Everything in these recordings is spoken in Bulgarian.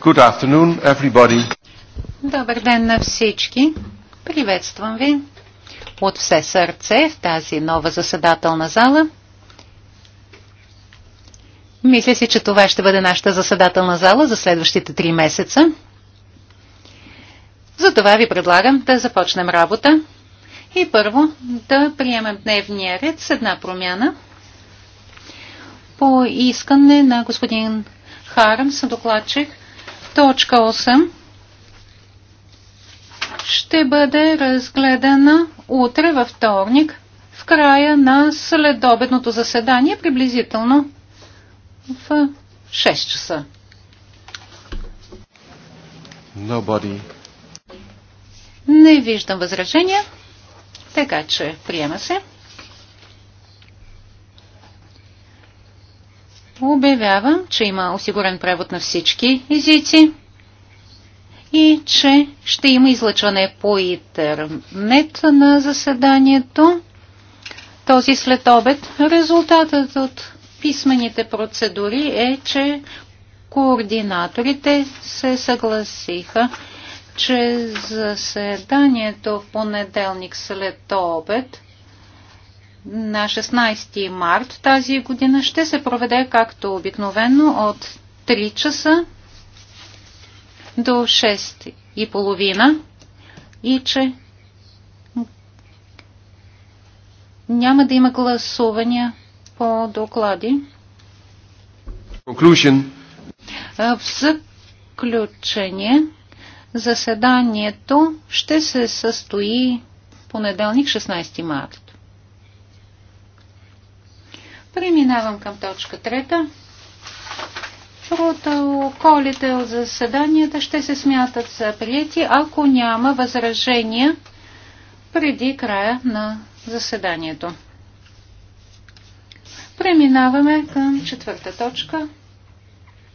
Good afternoon, everybody. Добър ден на всички. Приветствам ви от все сърце в тази нова заседателна зала. Мисля си, че това ще бъде нашата заседателна зала за следващите три месеца. Затова ви предлагам да започнем работа и първо да приемем дневния ред с една промяна по искане на господин Харамс, докладчик Точка 8 ще бъде разгледана утре във вторник в края на следобедното заседание, приблизително в 6 часа. Nobody. Не виждам възражения, така че приема се. Обявявам, че има осигурен превод на всички езици и че ще има излъчване по интернет на заседанието. Този след обед резултатът от писмените процедури е, че координаторите се съгласиха, че заседанието в понеделник след обед на 16 март тази година ще се проведе както обикновено от 3 часа до 6 и половина и че няма да има гласувания по доклади. Conclusion. В заключение заседанието ще се състои понеделник 16 март. Преминавам към точка трета. Протоколите от заседанията ще се смятат за прияти, ако няма възражения преди края на заседанието. Преминаваме към четвърта точка.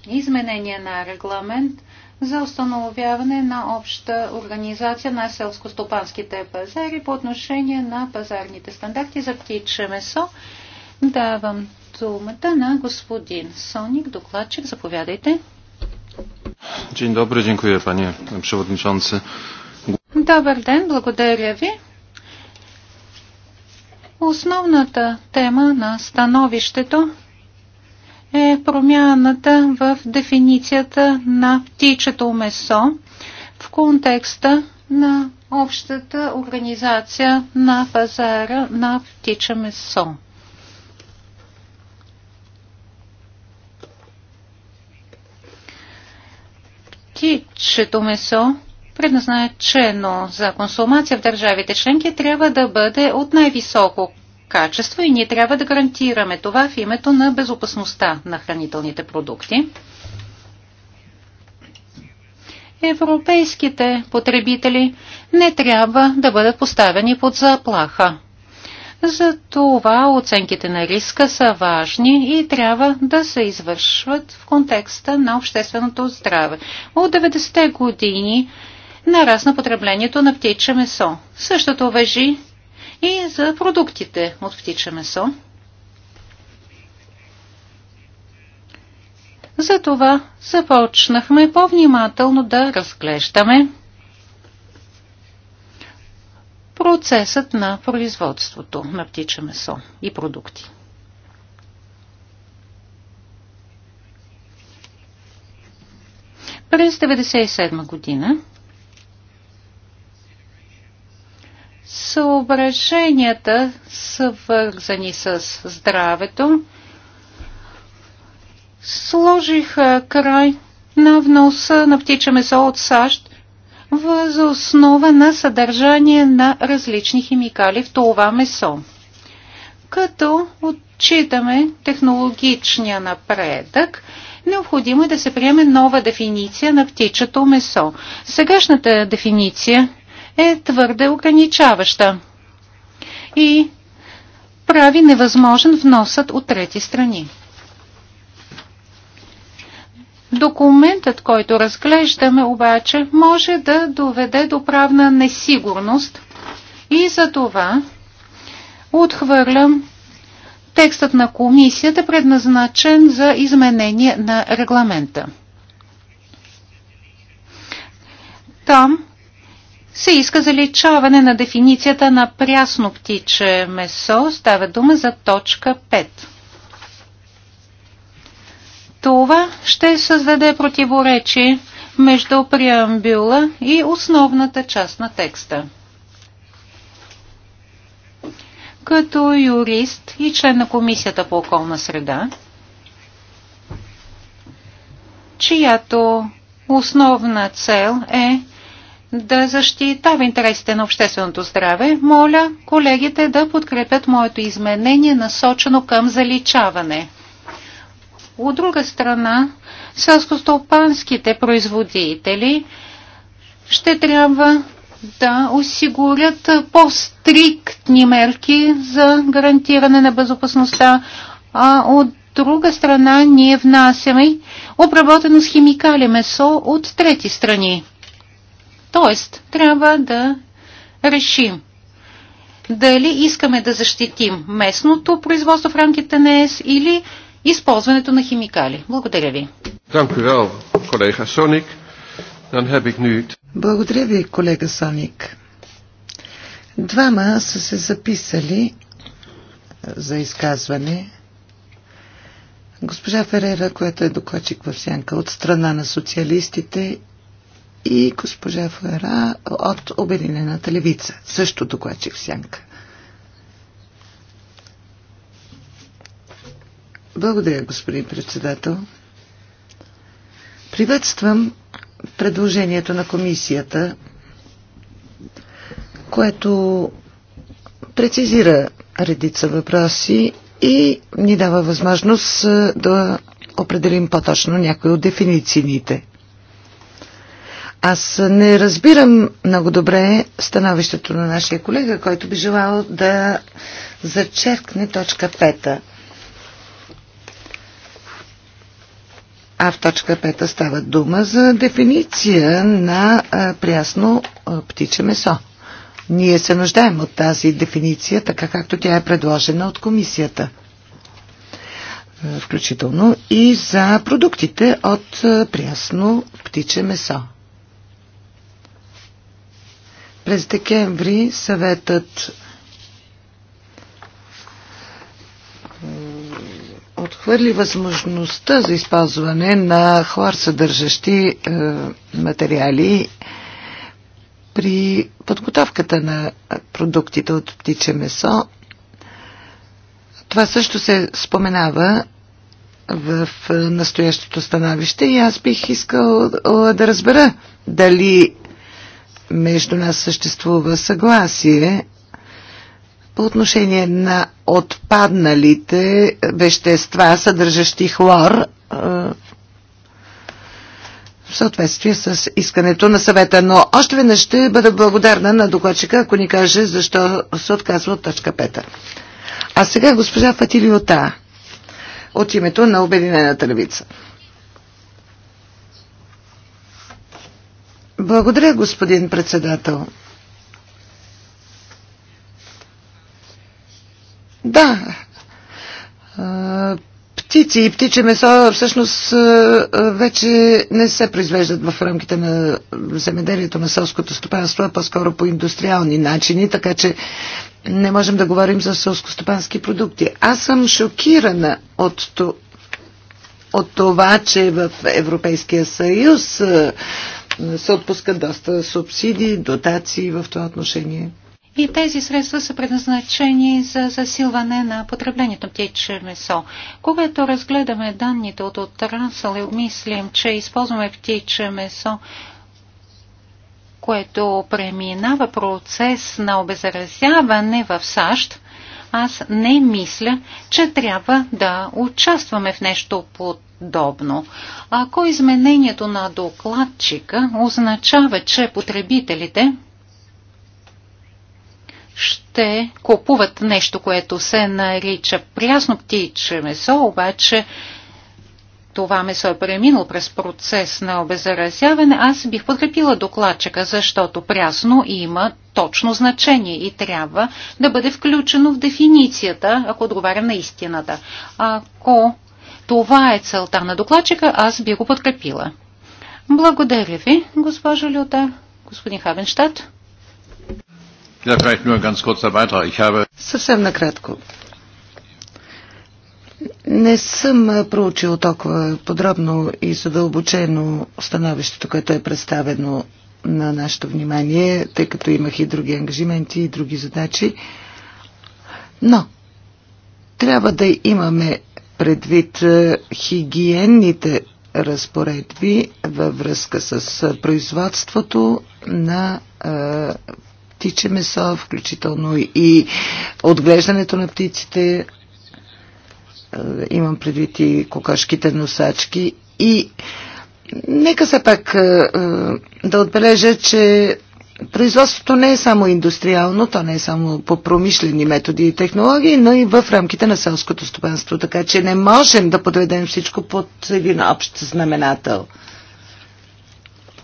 Изменение на регламент за установяване на обща организация на селско-стопанските пазари по отношение на пазарните стандарти за птиче месо Давам думата на господин Соник, докладчик. Заповядайте. Dzień dobry, dziękuję panie przewodniczący. Добър ден, благодаря ви. Основната тема на становището е промяната в дефиницията на птичето месо в контекста на общата организация на пазара на птиче месо. то месо, предназначено за консумация в държавите членки, трябва да бъде от най-високо качество и ние трябва да гарантираме това в името на безопасността на хранителните продукти. Европейските потребители не трябва да бъдат поставени под заплаха. За това оценките на риска са важни и трябва да се извършват в контекста на общественото здраве. От 90-те години нарасна потреблението на птиче месо. Същото въжи и за продуктите от птиче месо. Затова започнахме по-внимателно да разглеждаме процесът на производството на птиче месо и продукти. През 1997 година съображенията, свързани с здравето, сложиха край на вноса на птиче месо от САЩ въз основа на съдържание на различни химикали в това месо. Като отчитаме технологичния напредък, необходимо е да се приеме нова дефиниция на птичето месо. Сегашната дефиниция е твърде ограничаваща и прави невъзможен вносът от трети страни. Документът, който разглеждаме обаче, може да доведе до правна несигурност и за това отхвърлям текстът на комисията, предназначен за изменение на регламента. Там се иска заличаване на дефиницията на прясно птиче месо. Става дума за точка 5. Това ще създаде противоречие между преамбюла и основната част на текста. Като юрист и член на Комисията по околна среда, чиято основна цел е да защитава интересите на общественото здраве, моля колегите да подкрепят моето изменение насочено към заличаване от друга страна, селскостопанските производители ще трябва да осигурят по-стриктни мерки за гарантиране на безопасността, а от друга страна ние внасяме обработено с химикали месо от трети страни. Тоест, трябва да решим дали искаме да защитим местното производство в рамките на ЕС или използването на химикали. Благодаря ви. Благодаря ви, колега Соник. Двама са се записали е, за изказване. Госпожа Ферера, която е докладчик в сянка от страна на социалистите и госпожа Ферера от Обединената левица, също докладчик в сянка. Благодаря, господин председател. Приветствам предложението на комисията, което прецизира редица въпроси и ни дава възможност да определим по-точно някои от дефинициите. Аз не разбирам много добре становището на нашия колега, който би желал да зачеркне точка 5. А в точка 5 става дума за дефиниция на а, прясно а, птиче месо. Ние се нуждаем от тази дефиниция, така както тя е предложена от комисията. Включително и за продуктите от прясно птиче месо. През декември съветът отхвърли възможността за използване на хлор съдържащи е, материали при подготовката на продуктите от птиче месо. Това също се споменава в е, настоящото становище и аз бих искал е, да разбера дали между нас съществува съгласие по отношение на отпадналите вещества, съдържащи хлор, е, в съответствие с искането на съвета. Но още веднъж ще бъда благодарна на докладчика, ако ни каже защо се отказва от точка 5. А сега госпожа Фатилиота от името на Обединената левица. Благодаря, господин председател. Да. Птици и птиче месо всъщност вече не се произвеждат в рамките на земеделието на селското стопанство, а по-скоро по индустриални начини, така че не можем да говорим за селскостопански продукти. Аз съм шокирана от, от това, че в Европейския съюз се отпускат доста субсидии, дотации в това отношение. И тези средства са предназначени за засилване на потреблението на птиче месо. Когато разгледаме данните от отрасъл и обмислим, че използваме птиче месо, което преминава процес на обезразяване в САЩ, аз не мисля, че трябва да участваме в нещо подобно. Ако изменението на докладчика означава, че потребителите ще купуват нещо, което се нарича прясно птиче месо, обаче това месо е преминало през процес на обеззаразяване, аз бих подкрепила докладчика, защото прясно има точно значение и трябва да бъде включено в дефиницията, ако отговаря на истината. Ако това е целта на докладчика, аз би го подкрепила. Благодаря ви, госпожо Люта. Господин Хабенштадт. Съвсем накратко. Не съм проучил толкова подробно и задълбочено становището, което е представено на нашето внимание, тъй като имах и други ангажименти и други задачи. Но трябва да имаме предвид е, хигиенните разпоредби във връзка с е, производството на е, птиче месо, включително и отглеждането на птиците, е, имам предвид и кокошките носачки. И нека се пак е, е, да отбележа, че производството не е само индустриално, то не е само по промишлени методи и технологии, но и в рамките на селското стопанство, така че не можем да подведем всичко под един общ знаменател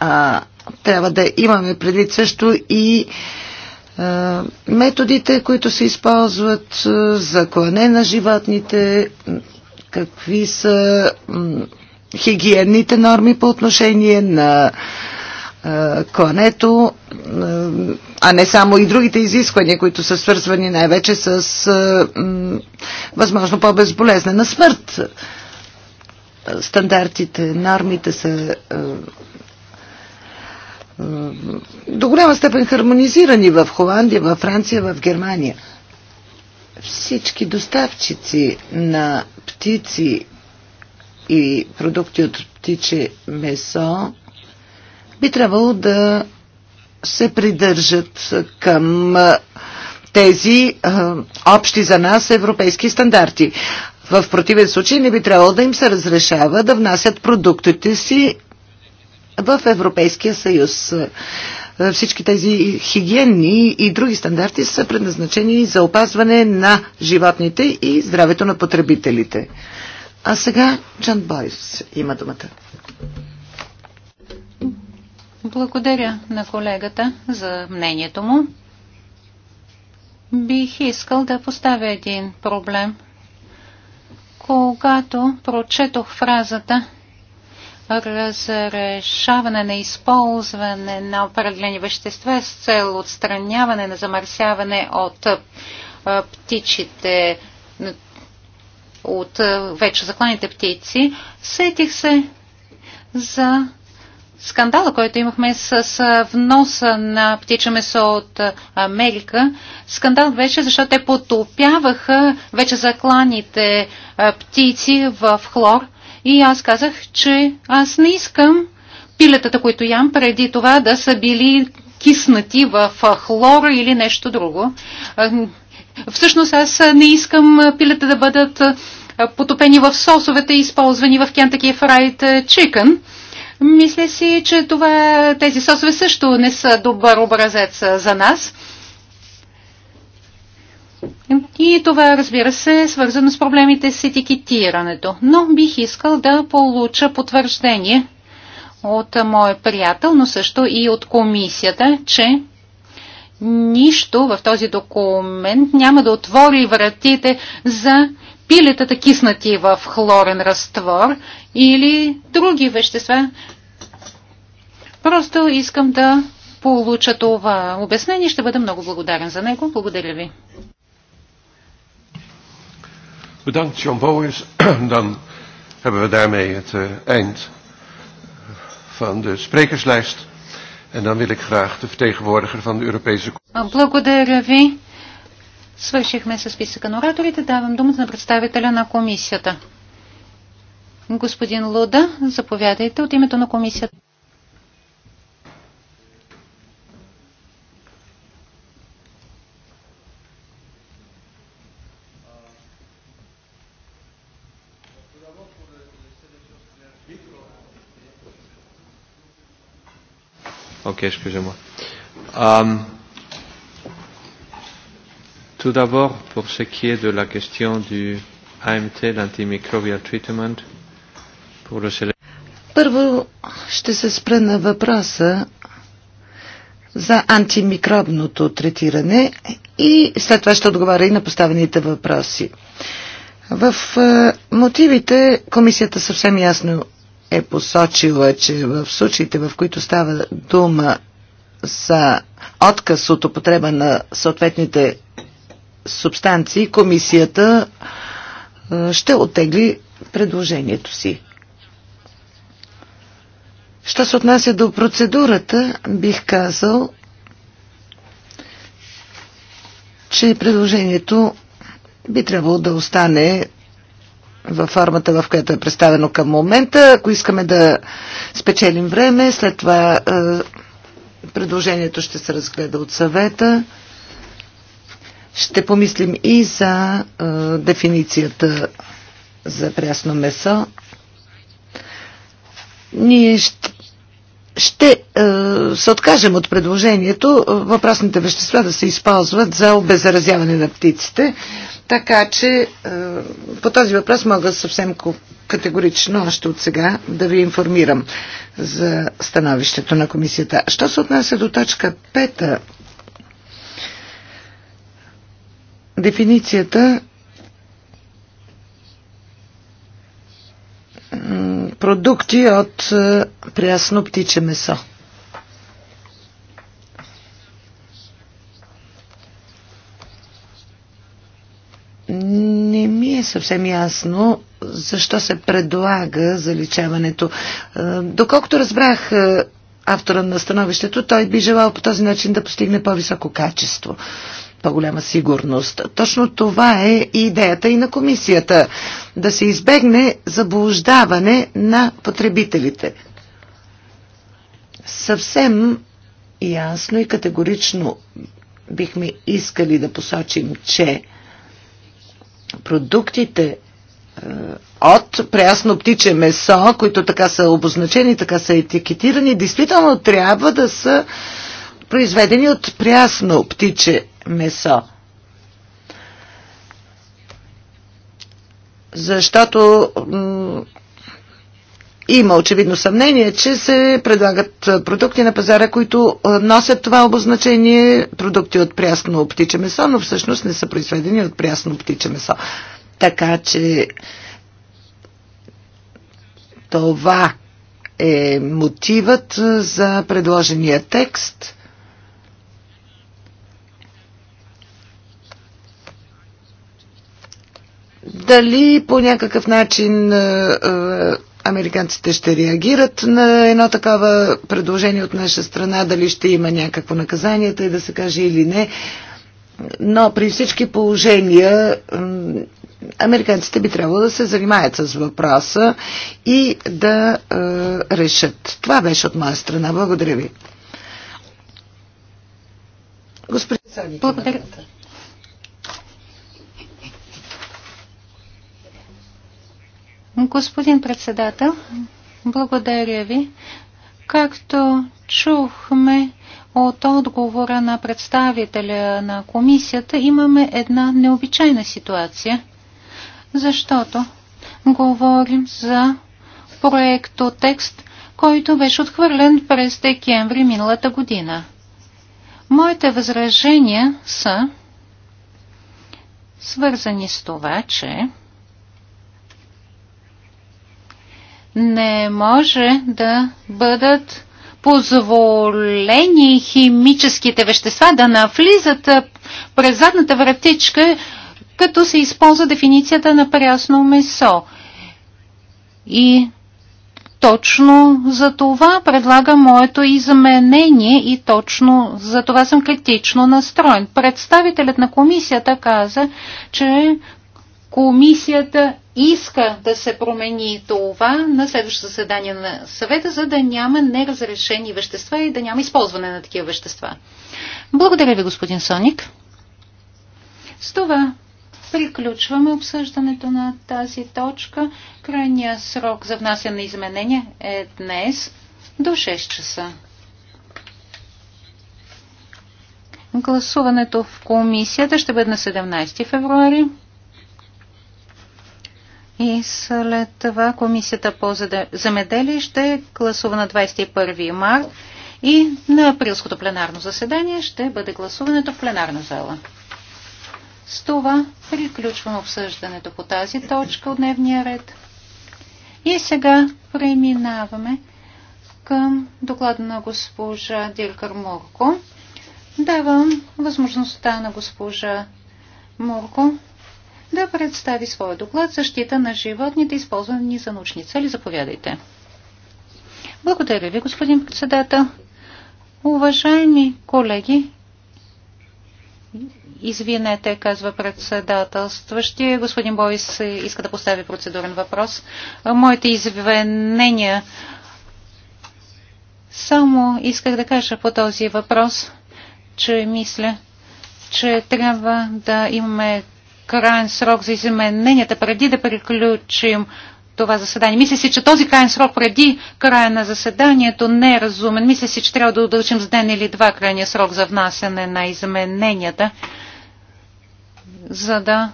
а, трябва да имаме предвид също и а, методите, които се използват за клане на животните, какви са хигиенните норми по отношение на клането, а не само и другите изисквания, които са свързвани най-вече с възможно по-безболезнена смърт. Стандартите, нормите са до голяма степен хармонизирани в Холандия, във Франция, в Германия. Всички доставчици на птици и продукти от птиче месо би трябвало да се придържат към тези общи за нас европейски стандарти. В противен случай не би трябвало да им се разрешава да внасят продуктите си в Европейския съюз. Всички тези хигиенни и други стандарти са предназначени за опазване на животните и здравето на потребителите. А сега Джан Бойс има думата. Благодаря на колегата за мнението му. Бих искал да поставя един проблем. Когато прочетох фразата разрешаване на използване на определени вещества с цел отстраняване на замърсяване от птичите, от вече закланите птици, сетих се за скандала, който имахме с вноса на птиче месо от Америка. Скандал беше, защото те потопяваха вече закланите птици в хлор – и аз казах, че аз не искам пилетата, които ям преди това да са били киснати в хлор или нещо друго. Всъщност аз не искам пилета да бъдат потопени в сосовете, използвани в Kentucky Fried Chicken. Мисля си, че това, тези сосове също не са добър образец за нас. И това, разбира се, е свързано с проблемите с етикетирането. Но бих искал да получа потвърждение от моя приятел, но също и от комисията, че нищо в този документ няма да отвори вратите за пилетата киснати в хлорен разтвор или други вещества. Просто искам да получа това обяснение. Ще бъда много благодарен за него. Благодаря ви. Bedankt John Bowis. Dan hebben we daarmee het uh, eind van de sprekerslijst. En dan wil ik graag de vertegenwoordiger van de Europese Commissie. Свършихме с списъка на ораторите. Давам думата на представителя на комисията. Господин Луда, заповядайте от името на комисията. Ok, excusez-moi. Um, tout d'abord, pour ce qui est de la question du AMT, l'antimicrobial treatment, pour le célèbre. Първо ще се спра на въпроса за антимикробното третиране и след това ще отговаря и на поставените въпроси. В е, мотивите комисията съвсем ясно е посочила, че в случаите, в които става дума за отказ от употреба на съответните субстанции, комисията ще отегли предложението си. Що се отнася до процедурата, бих казал, че предложението би трябвало да остане във формата, в която е представено към момента. Ако искаме да спечелим време, след това е, предложението ще се разгледа от съвета. Ще помислим и за е, дефиницията за прясно месо. Ние ще, ще е, се откажем от предложението въпросните вещества да се използват за обеззаразяване на птиците. Така че е, по този въпрос мога съвсем категорично още от сега да ви информирам за становището на комисията. Що се отнася до точка 5, дефиницията продукти от е, прясно птиче месо. не ми е съвсем ясно защо се предлага заличаването. Е, доколкото разбрах е, автора на становището, той би желал по този начин да постигне по-високо качество, по-голяма сигурност. Точно това е и идеята и на комисията да се избегне заблуждаване на потребителите. Съвсем ясно и категорично бихме искали да посочим, че продуктите е, от прясно птиче месо, които така са обозначени, така са етикетирани, действително трябва да са произведени от прясно птиче месо. Защото има очевидно съмнение, че се предлагат продукти на пазара, които носят това обозначение продукти от прясно птиче месо, но всъщност не са произведени от прясно птиче месо. Така че това е мотивът за предложения текст. Дали по някакъв начин американците ще реагират на едно такова предложение от наша страна, дали ще има някакво наказание, тъй да се каже или не. Но при всички положения американците би трябвало да се занимаят с въпроса и да е, решат. Това беше от моя страна. Благодаря ви. Господин Соник, благодаря. Господин председател, благодаря ви. Както чухме от отговора на представителя на комисията, имаме една необичайна ситуация, защото говорим за проекто текст, който беше отхвърлен през декември миналата година. Моите възражения са свързани с това, че не може да бъдат позволени химическите вещества да навлизат през задната вратичка, като се използва дефиницията на прясно месо. И точно за това предлагам моето изменение и точно за това съм критично настроен. Представителят на комисията каза, че комисията иска да се промени това на следващото заседание на съвета, за да няма неразрешени вещества и да няма използване на такива вещества. Благодаря ви, господин Соник. С това приключваме обсъждането на тази точка. Крайният срок за внасяне на изменения е днес до 6 часа. Гласуването в комисията ще бъде на 17 февруари. И след това Комисията по замеделие ще гласува на 21 март и на априлското пленарно заседание ще бъде гласуването в пленарна зала. С това приключвам обсъждането по тази точка от дневния ред. И сега преминаваме към доклада на госпожа Диркър Мурко. Давам възможността на госпожа Мурко да представи своя доклад защита на животните, използвани за научни цели. Заповядайте. Благодаря ви, господин председател. Уважаеми колеги, Извинете, казва председателстващия. Господин Бойс иска да постави процедурен въпрос. Моите извинения. Само исках да кажа по този въпрос, че мисля, че трябва да имаме крайен срок за измененията, преди да приключим това заседание. Мисля си, че този крайен срок преди края на заседанието не е разумен. Мисля си, че трябва да удължим с ден или два крайния срок за внасяне на измененията, за да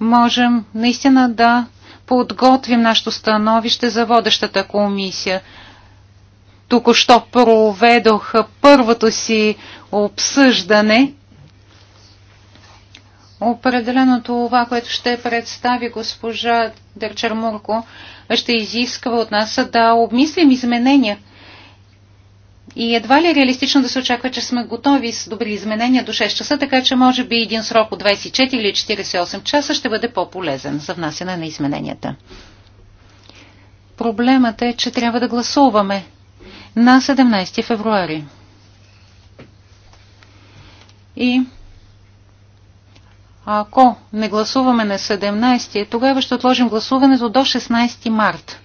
можем наистина да подготвим нашето становище за водещата комисия. Току-що проведох първото си обсъждане определено това, което ще представи госпожа Дърчермурко, ще изисква от нас да обмислим изменения. И едва ли е реалистично да се очаква, че сме готови с добри изменения до 6 часа, така че може би един срок от 24 или 48 часа ще бъде по-полезен за внасяне на измененията. Проблемът е, че трябва да гласуваме на 17 февруари. И ако не гласуваме на 17, тогава ще отложим гласуването до 16 март.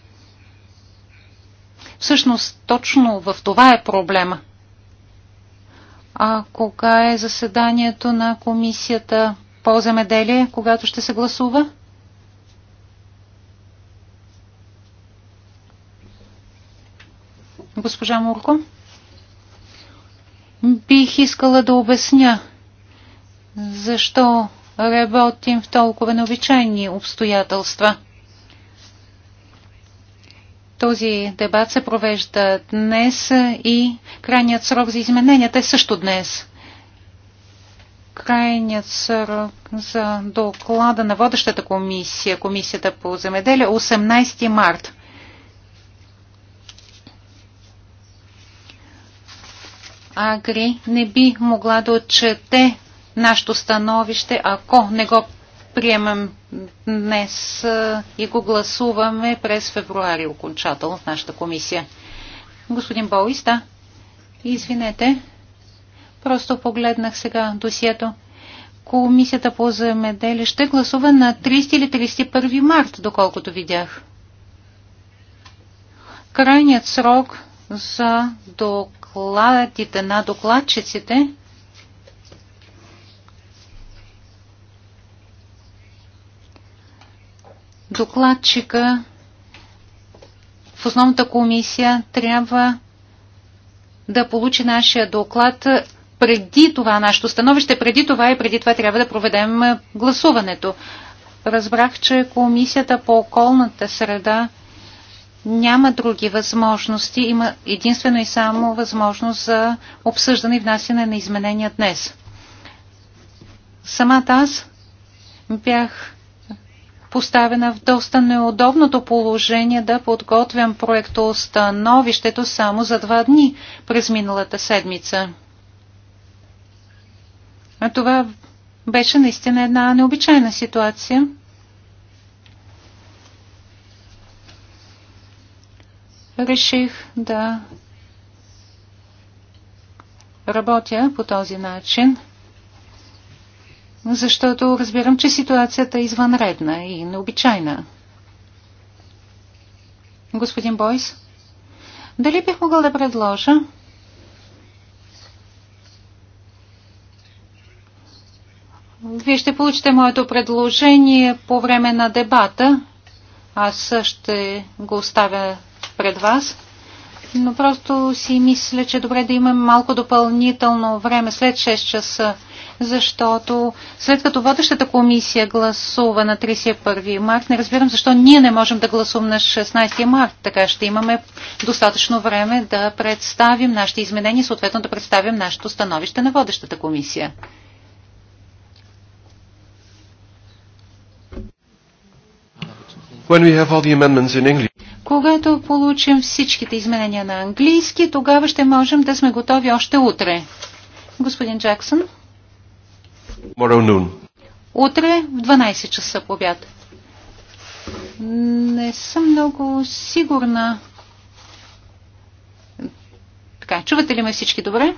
Всъщност, точно в това е проблема. А кога е заседанието на комисията по земеделие, когато ще се гласува? Госпожа Мурко? Бих искала да обясня защо работим в толкова необичайни обстоятелства. Този дебат се провежда днес и крайният срок за измененията е също днес. Крайният срок за доклада на водещата комисия, комисията по земеделие, 18 е март. Агри не би могла да отчете нашето становище, ако не го приемем днес и го гласуваме през февруари окончателно в нашата комисия. Господин Боис, да. Извинете. Просто погледнах сега досието. Комисията по земеделие ще гласува на 30 или 31 март, доколкото видях. Крайният срок за докладите на докладчиците докладчика в основната комисия трябва да получи нашия доклад преди това, нашето становище преди това и преди това трябва да проведем гласуването. Разбрах, че комисията по околната среда няма други възможности, има единствено и само възможност за обсъждане и внасяне на изменения днес. Самата аз бях поставена в доста неудобното положение да подготвям проектоустановището само за два дни през миналата седмица. А това беше наистина една необичайна ситуация. Реших да работя по този начин – защото разбирам, че ситуацията е извънредна и необичайна. Господин Бойс, дали бих могъл да предложа Вие ще получите моето предложение по време на дебата. Аз ще го оставя пред вас но просто си мисля, че е добре да имаме малко допълнително време след 6 часа, защото след като водещата комисия гласува на 31 март, не разбирам защо ние не можем да гласувам на 16 март, така ще имаме достатъчно време да представим нашите изменения, съответно да представим нашето становище на водещата комисия. When we have all the amendments in English. Когато получим всичките изменения на английски, тогава ще можем да сме готови още утре. Господин Джаксън? Утре в 12 часа по обяд. Не съм много сигурна. Така, чувате ли ме всички добре?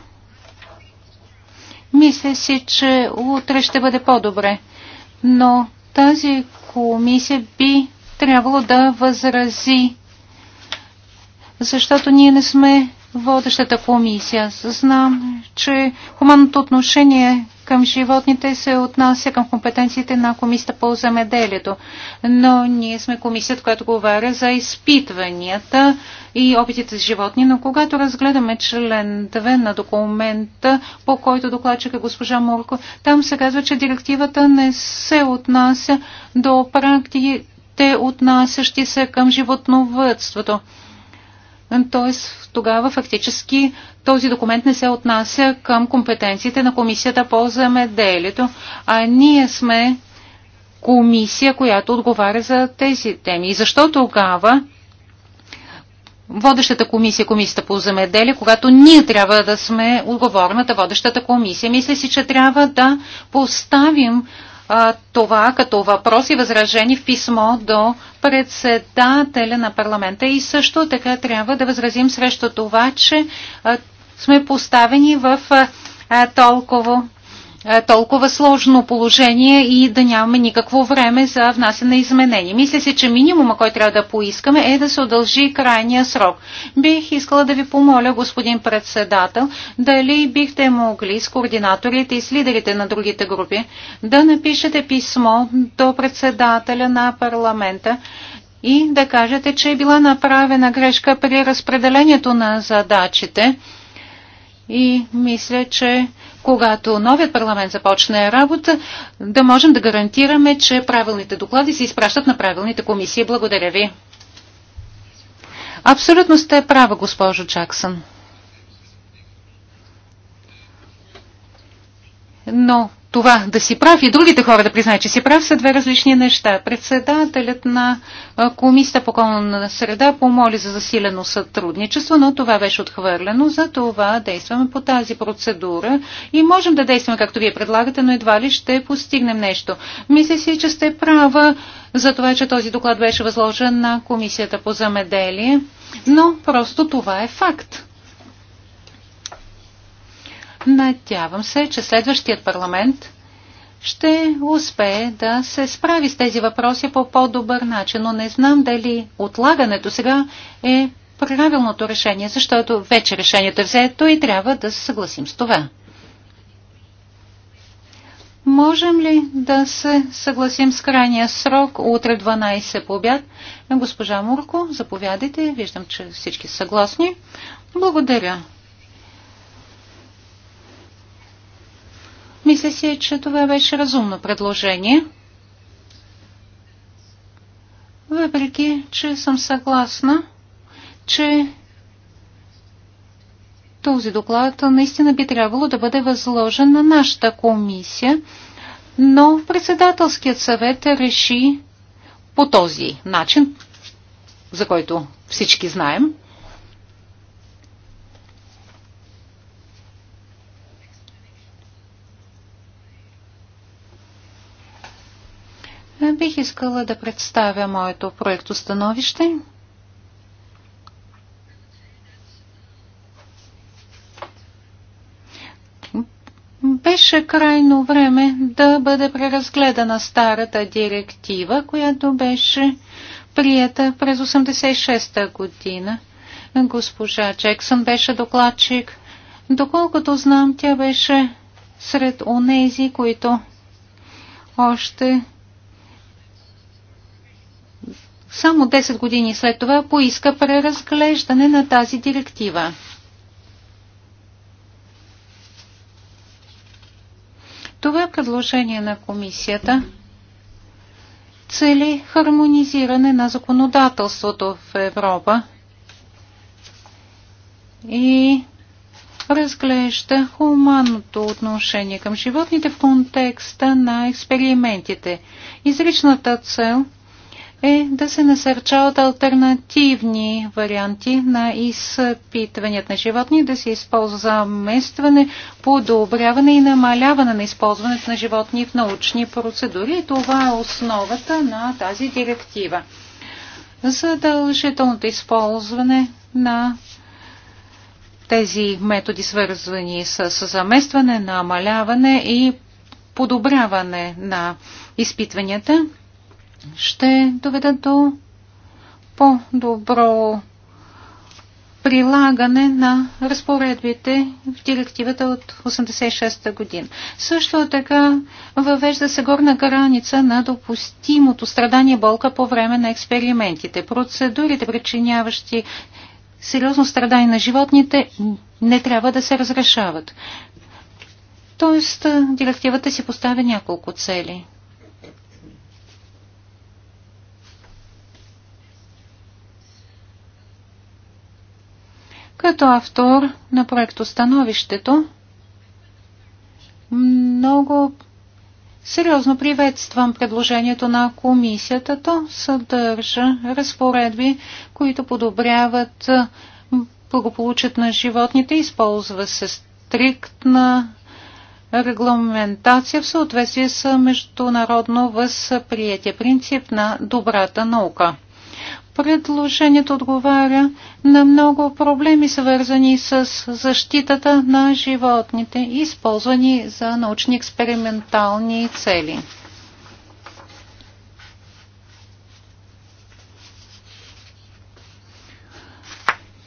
Мисля си, че утре ще бъде по-добре. Но тази комисия би трябвало да възрази защото ние не сме водещата комисия. Знам, че хуманното отношение към животните се отнася към компетенциите на комисията по земеделието. Но ние сме комисията, която говоря за изпитванията и опитите с животни. Но когато разгледаме член 2 на документа, по който докладчик е госпожа Морко, там се казва, че директивата не се отнася до практиките, отнасящи се към животновътството т.е. тогава фактически този документ не се отнася към компетенциите на Комисията по земеделието, а ние сме комисия, която отговаря за тези теми. И защо тогава водещата комисия, комисията по земеделие, когато ние трябва да сме отговорната водещата комисия. Мисля си, че трябва да поставим а, това като въпрос и възражение в писмо до председателя на парламента. И също така трябва да възразим срещу това, че а, сме поставени в а, толкова е, толкова сложно положение и да нямаме никакво време за внасяне изменения. Мисля се, че минимума, който трябва да поискаме е да се удължи крайния срок. Бих искала да ви помоля, господин председател, дали бихте могли с координаторите и с лидерите на другите групи да напишете писмо до председателя на парламента, и да кажете, че е била направена грешка при разпределението на задачите. И мисля, че когато новият парламент започне работа, да можем да гарантираме, че правилните доклади се изпращат на правилните комисии. Благодаря ви. Абсолютно сте права, госпожо Джаксън. Но това да си прав и другите хора да признаят, че си прав, са две различни неща. Председателят на Комисията по околна среда помоли за засилено сътрудничество, но това беше отхвърлено. За това действаме по тази процедура и можем да действаме както вие предлагате, но едва ли ще постигнем нещо. Мисля си, че сте права за това, че този доклад беше възложен на Комисията по замеделие, но просто това е факт. Надявам се, че следващият парламент ще успее да се справи с тези въпроси по по-добър начин, но не знам дали отлагането сега е правилното решение, защото вече решението е взето и трябва да се съгласим с това. Можем ли да се съгласим с крайния срок утре 12 по обяд? Госпожа Мурко, заповядайте. Виждам, че всички са съгласни. Благодаря. Мисля си, че това беше разумно предложение. Въпреки, че съм съгласна, че този доклад наистина би трябвало да бъде възложен на нашата комисия, но председателският съвет реши по този начин, за който всички знаем, Бих искала да представя моето проекто становище. Беше крайно време да бъде преразгледана старата директива, която беше прията през 86-та година. Госпожа Джексън беше докладчик. Доколкото знам, тя беше сред онези, които още само 10 години след това поиска преразглеждане на тази директива. Това предложение на комисията цели хармонизиране на законодателството в Европа и разглежда хуманното отношение към животните в контекста на експериментите. Изричната цел – е да се насърчават альтернативни варианти на изпитванията на животни, да се използва заместване, подобряване и намаляване на използването на животни в научни процедури. Това е основата на тази директива. Задължителното използване на тези методи, свързвани с заместване, намаляване и подобряване на изпитванията, ще доведат до по-добро прилагане на разпоредбите в директивата от 86-та година. Също така въвежда се горна граница на допустимото страдание болка по време на експериментите. Процедурите, причиняващи сериозно страдание на животните, не трябва да се разрешават. Тоест, директивата си поставя няколко цели – Като автор на проектостановището, много сериозно приветствам предложението на комисията. То съдържа разпоредби, които подобряват благополучат на животните, използва се стриктна регламентация в съответствие с международно възприятие принцип на добрата наука. Предложението отговаря на много проблеми, свързани с защитата на животните, използвани за научни експериментални цели.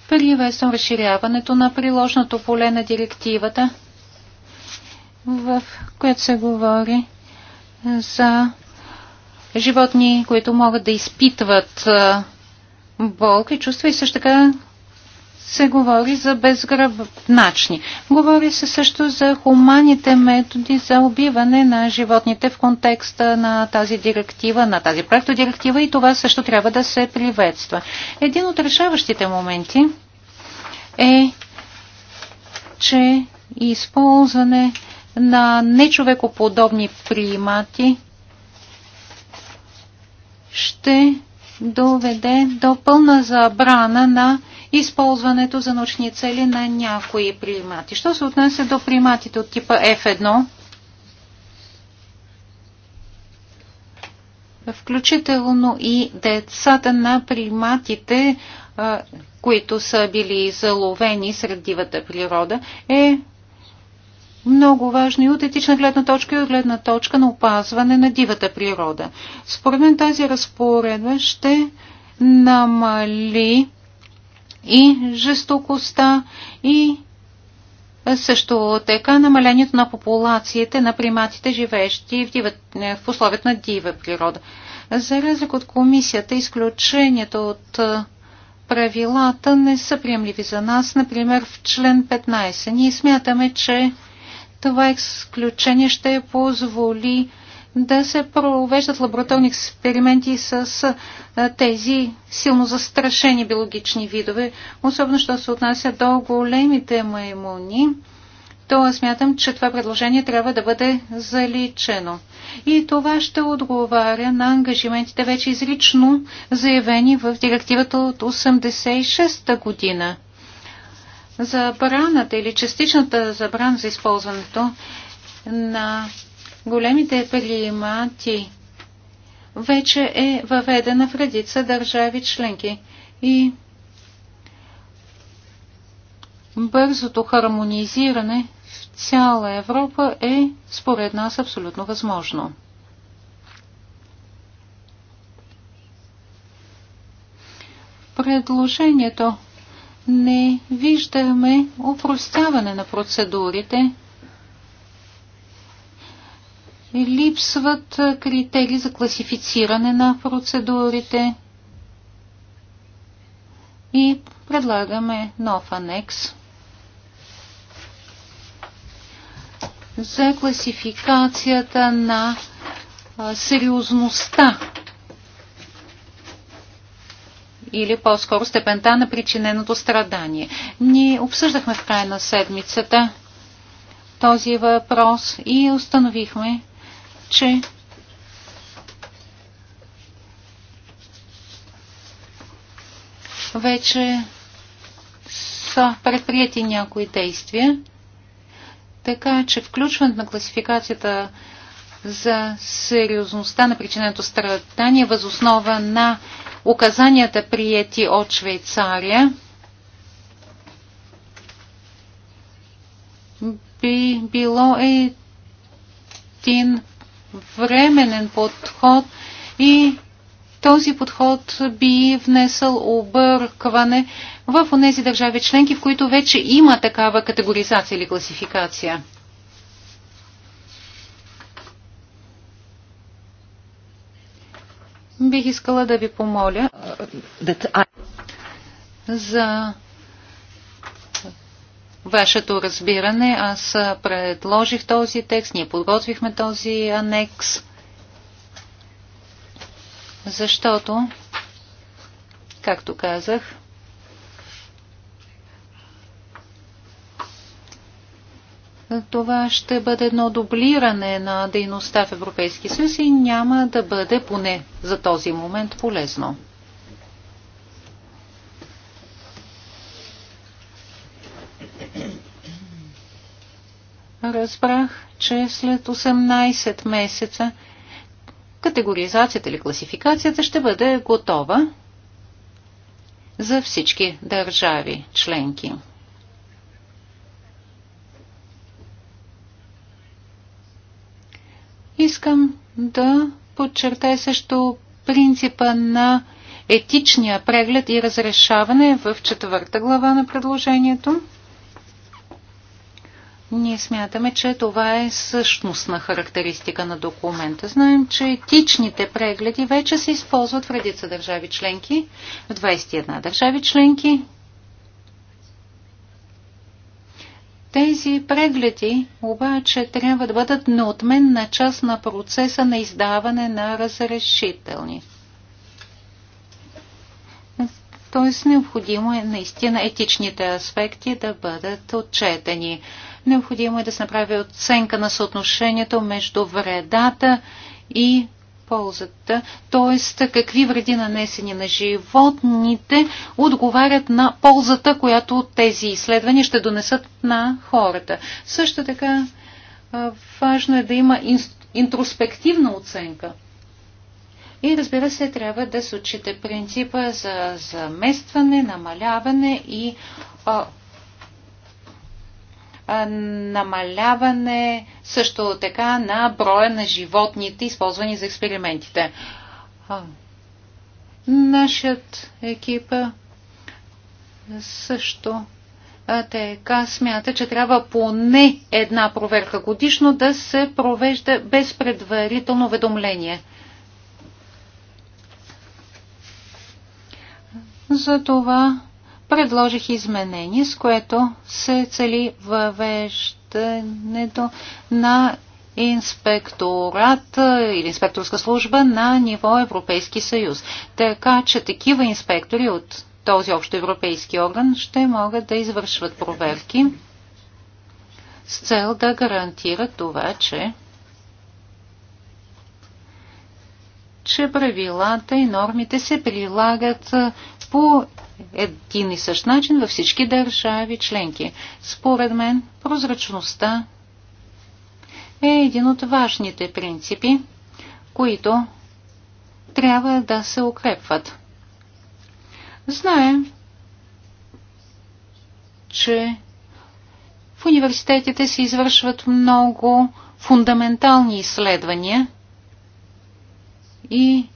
Приветствам разширяването на приложното поле на директивата, в която се говори за животни, които могат да изпитват Болка и чувства и също така се говори за безгръбначни. Говори се също за хуманите методи за убиване на животните в контекста на тази директива, на тази проектодиректива и това също трябва да се приветства. Един от решаващите моменти е, че използване на нечовекоподобни примати ще доведе до пълна забрана на използването за научни цели на някои примати. Що се отнася до приматите от типа F1, включително и децата на приматите, които са били заловени сред дивата природа, е много важно и от етична гледна точка и от гледна точка на опазване на дивата природа. Според мен тази разпоредба ще намали и жестокостта и също така намалението на популациите на приматите, живеещи в, дива, в условията на дива природа. За разлика от комисията, изключението от правилата не са приемливи за нас. Например, в член 15 ние смятаме, че това изключение ще позволи да се провеждат лабораторни експерименти с тези силно застрашени биологични видове, особено що се отнася до големите маймуни то смятам, че това предложение трябва да бъде заличено. И това ще отговаря на ангажиментите вече изрично заявени в директивата от 86-та година забраната или частичната забрана за използването на големите приемати вече е въведена в редица държави членки и бързото хармонизиране в цяла Европа е според нас абсолютно възможно. Предложението не виждаме упростяване на процедурите. Липсват критерии за класифициране на процедурите. И предлагаме нов анекс за класификацията на сериозността или по-скоро степента на причиненото страдание. Ние обсъждахме в края на седмицата този въпрос и установихме, че вече са предприяти някои действия, така че включването на класификацията за сериозността на причиненото страдание възоснова на указанията, приети от Швейцария, би било един временен подход и този подход би внесъл объркване в тези държави членки, в които вече има такава категоризация или класификация. бих искала да ви помоля за вашето разбиране. Аз предложих този текст, ние подготвихме този анекс, защото, както казах, това ще бъде едно дублиране на дейността в Европейски съюз и няма да бъде поне за този момент полезно. Разбрах, че след 18 месеца категоризацията или класификацията ще бъде готова за всички държави членки. Искам да подчертая също принципа на етичния преглед и разрешаване в четвърта глава на предложението. Ние смятаме, че това е същностна характеристика на документа. Знаем, че етичните прегледи вече се използват в редица държави членки, в 21 държави членки Тези прегледи обаче трябва да бъдат неотменна част на процеса на издаване на разрешителни. Тоест необходимо е наистина етичните аспекти да бъдат отчетени. Необходимо е да се направи оценка на съотношението между вредата и ползата, т.е. какви вреди нанесени на животните отговарят на ползата, която тези изследвания ще донесат на хората. Също така важно е да има интроспективна оценка. И разбира се, трябва да се отчита принципа за заместване, намаляване и намаляване също така на броя на животните, използвани за експериментите. Нашият екип също така смята, че трябва поне една проверка годишно да се провежда без предварително За Затова предложих изменение, с което се цели въвеждането на инспекторат или инспекторска служба на ниво Европейски съюз. Така че такива инспектори от този общо европейски орган ще могат да извършват проверки с цел да гарантират това, че че правилата и нормите се прилагат по един и същ начин във всички държави членки. Според мен, прозрачността е един от важните принципи, които трябва да се укрепват. Знаем, че в университетите се извършват много фундаментални изследвания и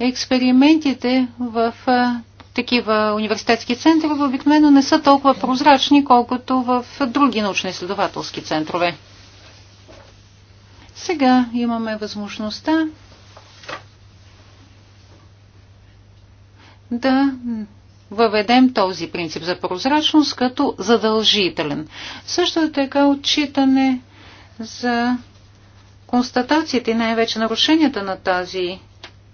експериментите в такива университетски центрове обикновено не са толкова прозрачни, колкото в други научно-изследователски центрове. Сега имаме възможността да въведем този принцип за прозрачност като задължителен. Също е така отчитане за констатациите и най-вече нарушенията на тази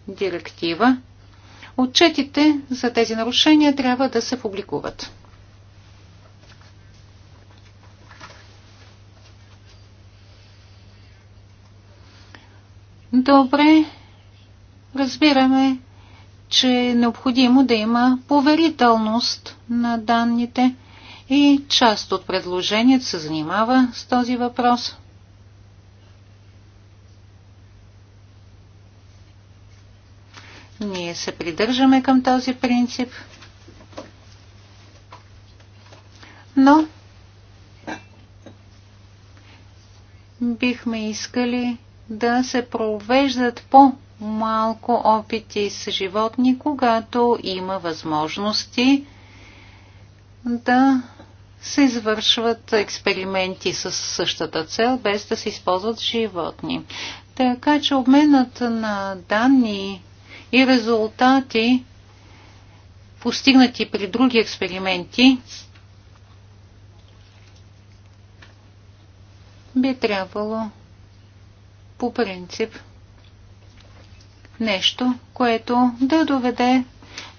директива Отчетите за тези нарушения трябва да се публикуват. Добре, разбираме, че е необходимо да има поверителност на данните и част от предложението се занимава с този въпрос. Ние се придържаме към този принцип. Но бихме искали да се провеждат по-малко опити с животни, когато има възможности да се извършват експерименти с същата цел, без да се използват животни. Така че обменът на данни и резултати, постигнати при други експерименти, би трябвало по принцип нещо, което да доведе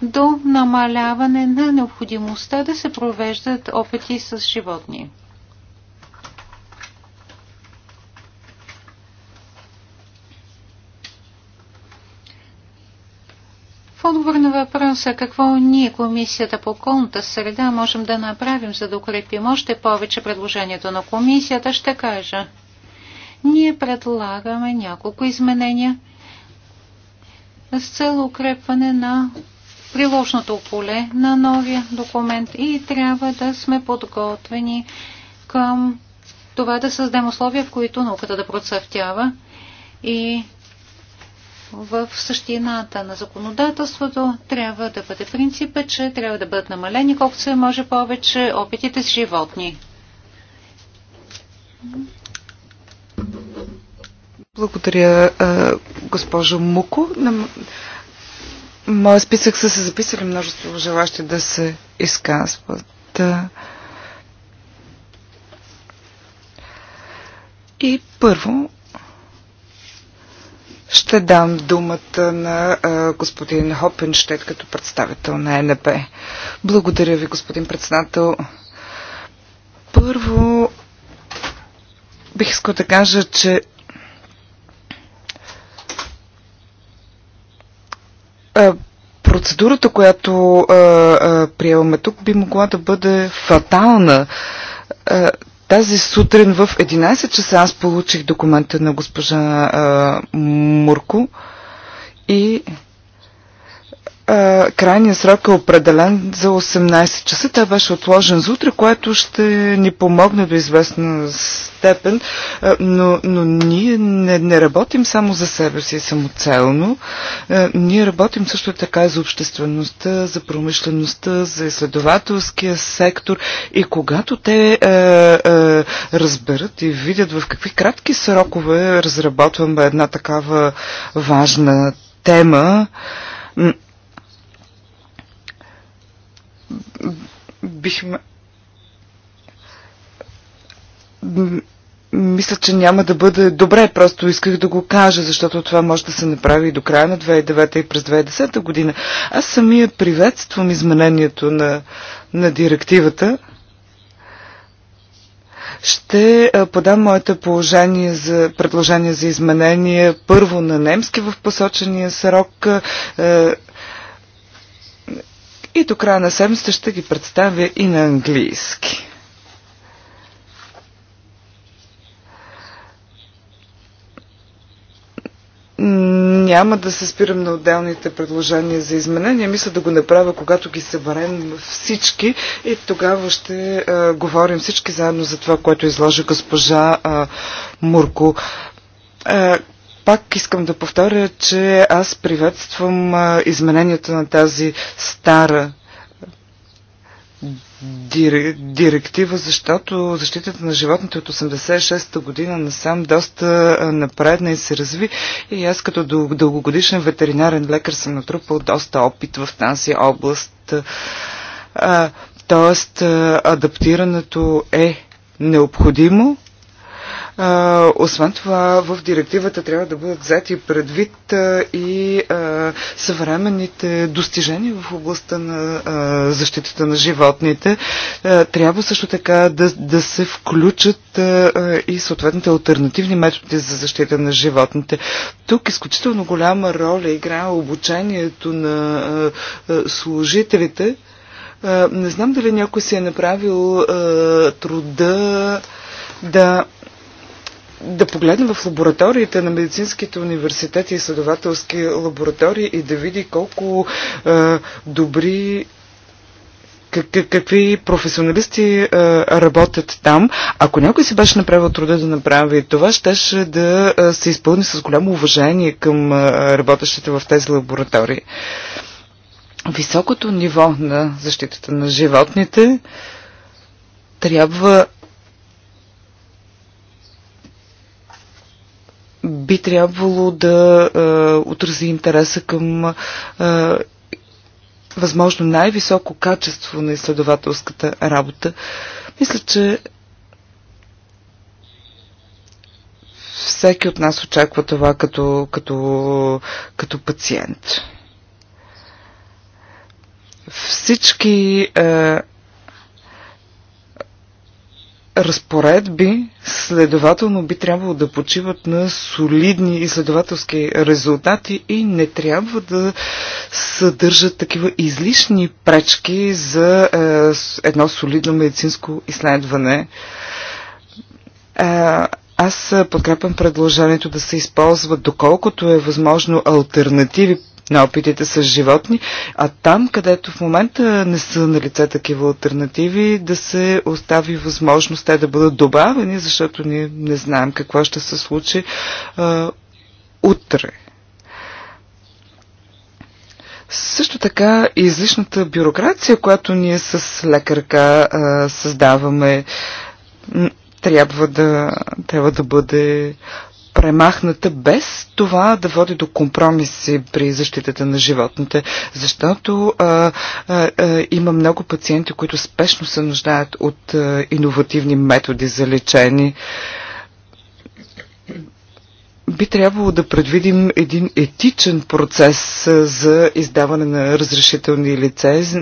до намаляване на необходимостта да се провеждат опити с животни. отговор на въпроса какво ние, Комисията по околната среда, можем да направим, за да укрепим още повече предложението на Комисията, ще кажа. Ние предлагаме няколко изменения с цел укрепване на приложното поле на новия документ и трябва да сме подготвени към това да създадем условия, в които науката да процъфтява и в същината на законодателството трябва да бъде принципа, че трябва да бъдат намалени колкото се може повече опитите с животни. Благодаря, госпожо Муко. На моя списък са се записали множество желащи да се изказват. И първо ще дам думата на а, господин Хопенштед като представител на НП. Благодаря ви, господин председател. Първо, бих искал да кажа, че а, процедурата, която а, а, приемаме тук, би могла да бъде фатална. А, тази сутрин в 11 часа аз получих документа на госпожа а, Мурко и крайният срок е определен за 18 часа. Той беше отложен за утре, което ще ни помогне до известна степен, но, но ние не, не работим само за себе си самоцелно. Ние работим също така и за обществеността, за промишлеността, за изследователския сектор и когато те е, е, разберат и видят в какви кратки срокове разработваме една такава важна тема, бихме... Мисля, че няма да бъде добре, просто исках да го кажа, защото това може да се направи и до края на 2009 и през 2010 година. Аз самия приветствам изменението на, на директивата ще подам моето положение за, предложение за изменение първо на немски в посочения срок. Е, и до края на седмицата ще ги представя и на английски. Няма да се спирам на отделните предложения за изменения. Мисля да го направя, когато ги съберем всички и тогава ще а, е, говорим всички заедно за това, което изложи госпожа а, е, Мурко. А, е, пак искам да повторя, че аз приветствам изменението на тази стара директива, защото защитата на животните от 86-та година насам доста напредна и се разви. И аз като дългогодишен ветеринарен лекар съм натрупал доста опит в тази област. Тоест, адаптирането е необходимо а, освен това, в директивата трябва да бъдат взети предвид а, и а, съвременните достижения в областта на а, защитата на животните. А, трябва също така да, да се включат а, и съответните альтернативни методи за защита на животните. Тук изключително голяма роля играе обучението на а, служителите. А, не знам дали някой си е направил а, труда да да погледне в лабораториите на медицинските университети и следователски лаборатории и да види колко а, добри какви професионалисти а, работят там. Ако някой си беше направил труда да направи това, щеше да а, се изпълни с голямо уважение към а, работещите в тези лаборатории. Високото ниво на защитата на животните трябва би трябвало да а, е, отрази интереса към а, е, възможно най-високо качество на изследователската работа. Мисля, че всеки от нас очаква това като, като, като пациент. Всички е, разпоредби следователно би трябвало да почиват на солидни изследователски резултати и не трябва да съдържат такива излишни пречки за е, едно солидно медицинско изследване. Е, аз подкрепям предложението да се използват доколкото е възможно альтернативи на опитите с животни, а там, където в момента не са на лице такива альтернативи, да се остави възможност те да бъдат добавени, защото ние не знаем какво ще се случи а, утре. Също така излишната бюрокрация, която ние с лекарка а, създаваме, трябва да, трябва да бъде премахната без това да води до компромиси при защитата на животните, защото а, а, а, има много пациенти, които спешно се нуждаят от а, иновативни методи за лечение. А, би трябвало да предвидим един етичен процес за издаване на разрешителни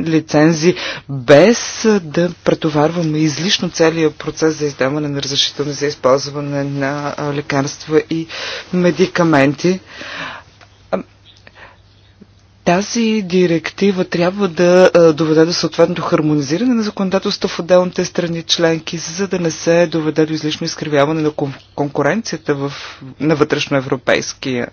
лицензи, без да претоварваме излишно целия процес за издаване на разрешителни за използване на лекарства и медикаменти. Тази директива трябва да доведе до съответното хармонизиране на законодателство в отделните страни членки, за да не се доведе до излишно изкривяване на конкуренцията в, на вътрешноевропейския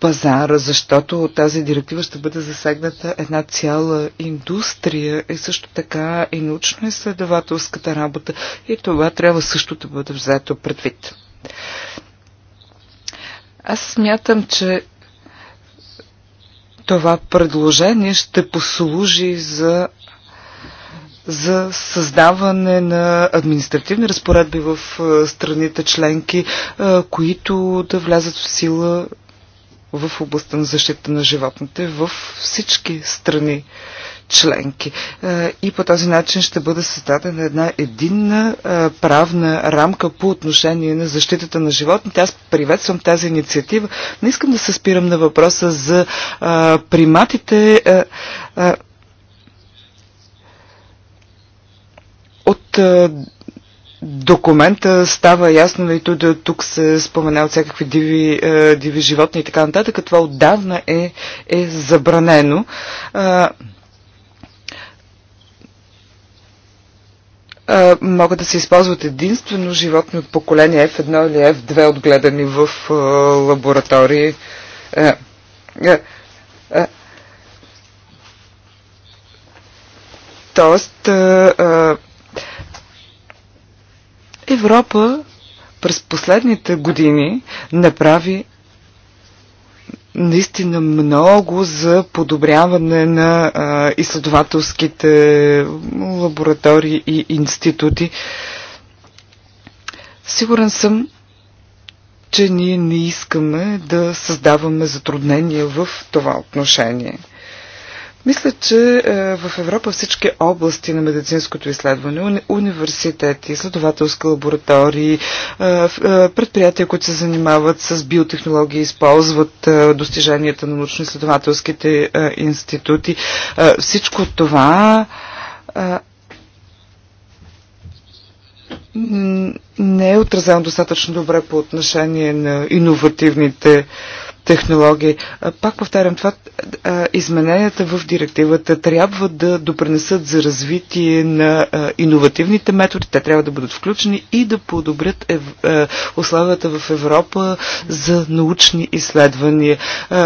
пазар. защото тази директива ще бъде засегната една цяла индустрия и също така и научно-изследователската работа и това трябва също да бъде взето предвид. Аз смятам, че това предложение ще послужи за, за създаване на административни разпоредби в е, страните членки, е, които да влязат в сила в областта на защита на животните във всички страни членки. Е, и по този начин ще бъде създадена една единна е, правна рамка по отношение на защитата на животните. Аз приветствам тази инициатива. Не искам да се спирам на въпроса за е, приматите. От документа става ясно, и нали, тук, тук се спомена от всякакви диви, диви животни и така нататък, това отдавна е, е забранено. а, могат да се използват единствено животни от поколение F1 или F2, отгледани в а, лаборатории. А, а, а. Тоест, а, а, Европа през последните години направи наистина много за подобряване на а, изследователските лаборатории и институти. Сигурен съм, че ние не искаме да създаваме затруднения в това отношение. Мисля, че е, в Европа всички области на медицинското изследване, университети, изследователски лаборатории, е, е, предприятия, които се занимават с биотехнологии, използват достиженията на научно-изследователските институти, всичко това не е отразено достатъчно добре по отношение на иновативните технологии. Пак повтарям това, измененията в директивата трябва да допренесат за развитие на иновативните методи, те трябва да бъдат включени и да подобрят условията в Европа за научни изследвания.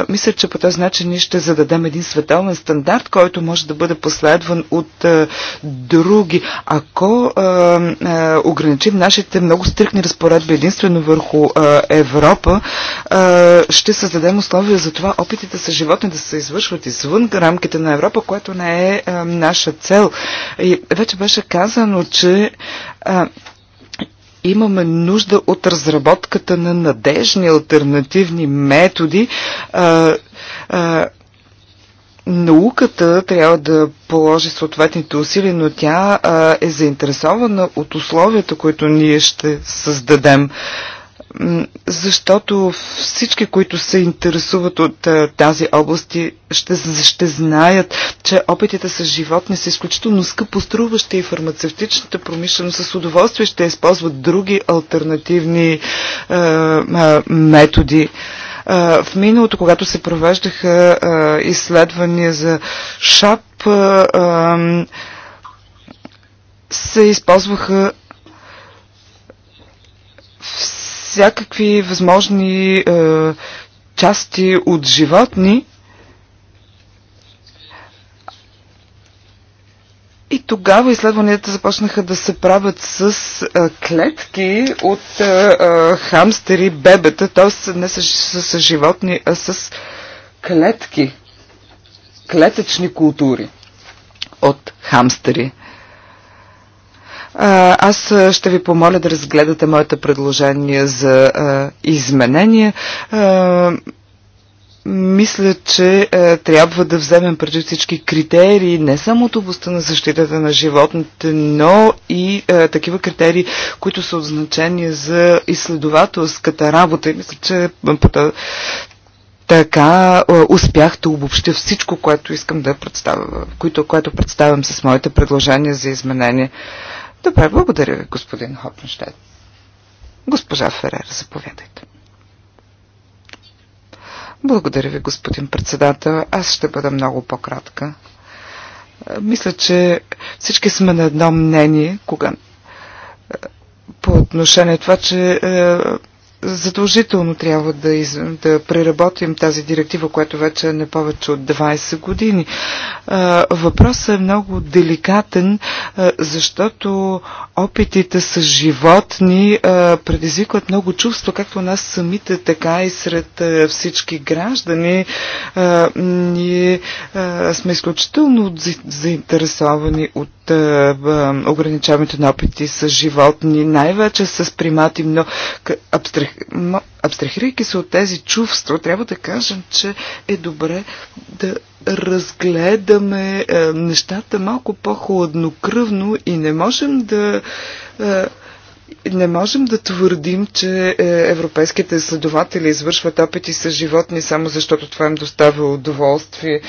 Мисля, че по този начин ние ще зададем един световен стандарт, който може да бъде последван от други. Ако ограничим нашите много стрикни разпоредби единствено върху Европа, ще се създадем условия за това опитите с животни да се извършват извън рамките на Европа, което не е а, наша цел. И вече беше казано, че а, имаме нужда от разработката на надежни альтернативни методи. А, а, науката трябва да положи съответните усилия, но тя а, е заинтересована от условията, които ние ще създадем. А, защото всички, които се интересуват от тази област, ще, ще знаят, че опитите с животни са изключително скъпо струващи и фармацевтичната промишленост с удоволствие ще използват други альтернативни е, методи. В миналото, когато се провеждаха изследвания за ШАП, се използваха всякакви възможни е, части от животни. И тогава изследванията започнаха да се правят с а, е, клетки от а, е, а, е, хамстери, бебета, т.е. не с, с, с животни, а с клетки, клетъчни култури от хамстери. Аз ще ви помоля да разгледате моите предложения за изменения. Мисля, че е, трябва да вземем преди всички критерии, не само от областта на защитата на животните, но и е, такива критерии, които са от значение за изследователската работа. И мисля, че така успях да обобщя всичко, което искам да представя, което, което представям с моите предложения за изменение. Добре, благодаря ви, господин Хопенштед. Госпожа Ферер, заповядайте. Благодаря ви, господин председател. Аз ще бъда много по-кратка. Мисля, че всички сме на едно мнение, кога по отношение това, че е, задължително трябва да, из, да преработим тази директива, която вече е не повече от 20 години. Въпросът е много деликатен, защото опитите с животни а, предизвикват много чувства, както у нас самите, така и сред а, всички граждани. А, ние а, сме изключително заинтересовани от ограничаването на опити с животни, най-вече с примати, но абстрах, абстрахирайки се от тези чувства, трябва да кажем, че е добре да разгледаме е, нещата малко по-хладнокръвно и не можем да. Е, не можем да твърдим, че е, европейските изследователи извършват опити с животни само защото това им доставя удоволствие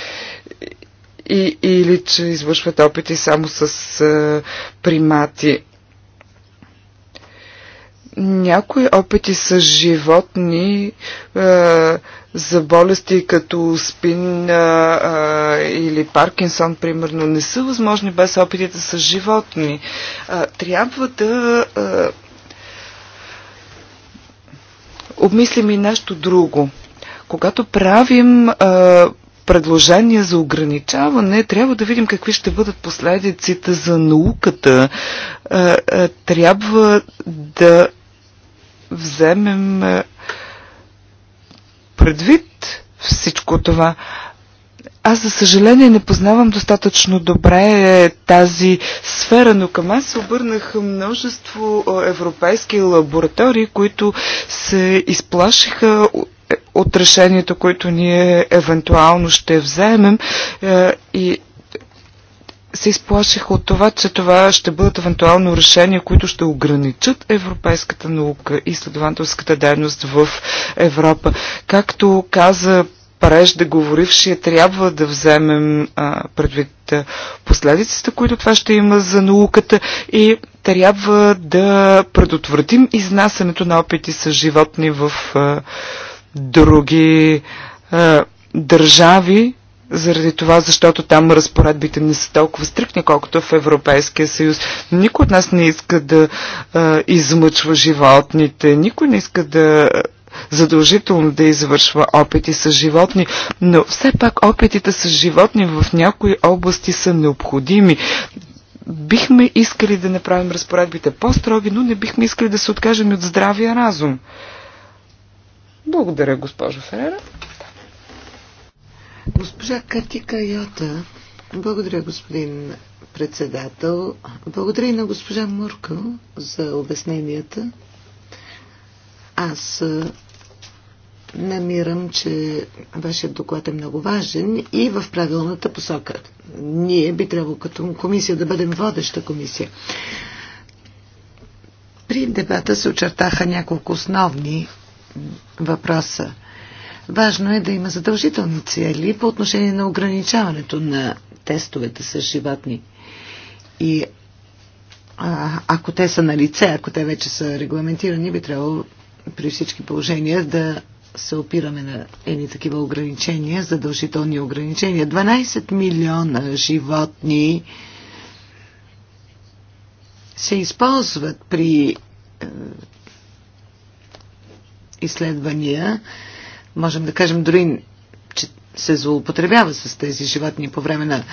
и, или че извършват опити само с е, примати някои опити с животни е, за болести като спин а, а, или Паркинсон, примерно, не са възможни без опитите с животни. А, трябва да обмислим и нещо друго. Когато правим а, предложения за ограничаване, трябва да видим какви ще бъдат последиците за науката. А, а, трябва да вземем. А, Предвид всичко това, аз, за съжаление, не познавам достатъчно добре тази сфера, но към аз се обърнаха множество европейски лаборатории, които се изплашиха е, от решението, което ние евентуално ще вземем е, и се изплаших от това, че това ще бъдат евентуално решения, които ще ограничат европейската наука и следователската дейност в Европа. Както каза преждеговорившия, трябва да вземем а, предвид последиците, които това ще има за науката и трябва да предотвратим изнасянето на опити с животни в а, други а, държави, заради това, защото там разпоредбите не са толкова стрикни, колкото в Европейския съюз. Никой от нас не иска да а, измъчва животните, никой не иска да задължително да извършва опити с животни, но все пак опитите с животни в някои области са необходими. Бихме искали да направим разпоредбите по-строги, но не бихме искали да се откажем от здравия разум. Благодаря, госпожо Ферера. Госпожа Картика Йота, благодаря господин председател. Благодаря и на госпожа Муркъл за обясненията. Аз намирам, че вашия доклад е много важен и в правилната посока. Ние би трябвало като комисия да бъдем водеща комисия. При дебата се очертаха няколко основни въпроса. Важно е да има задължителни цели по отношение на ограничаването на тестовете с животни. И а, ако те са на лице, ако те вече са регламентирани, би трябвало при всички положения да се опираме на едни такива ограничения, задължителни ограничения. 12 милиона животни се използват при е, изследвания можем да кажем дори, че се злоупотребява с тези животни по време на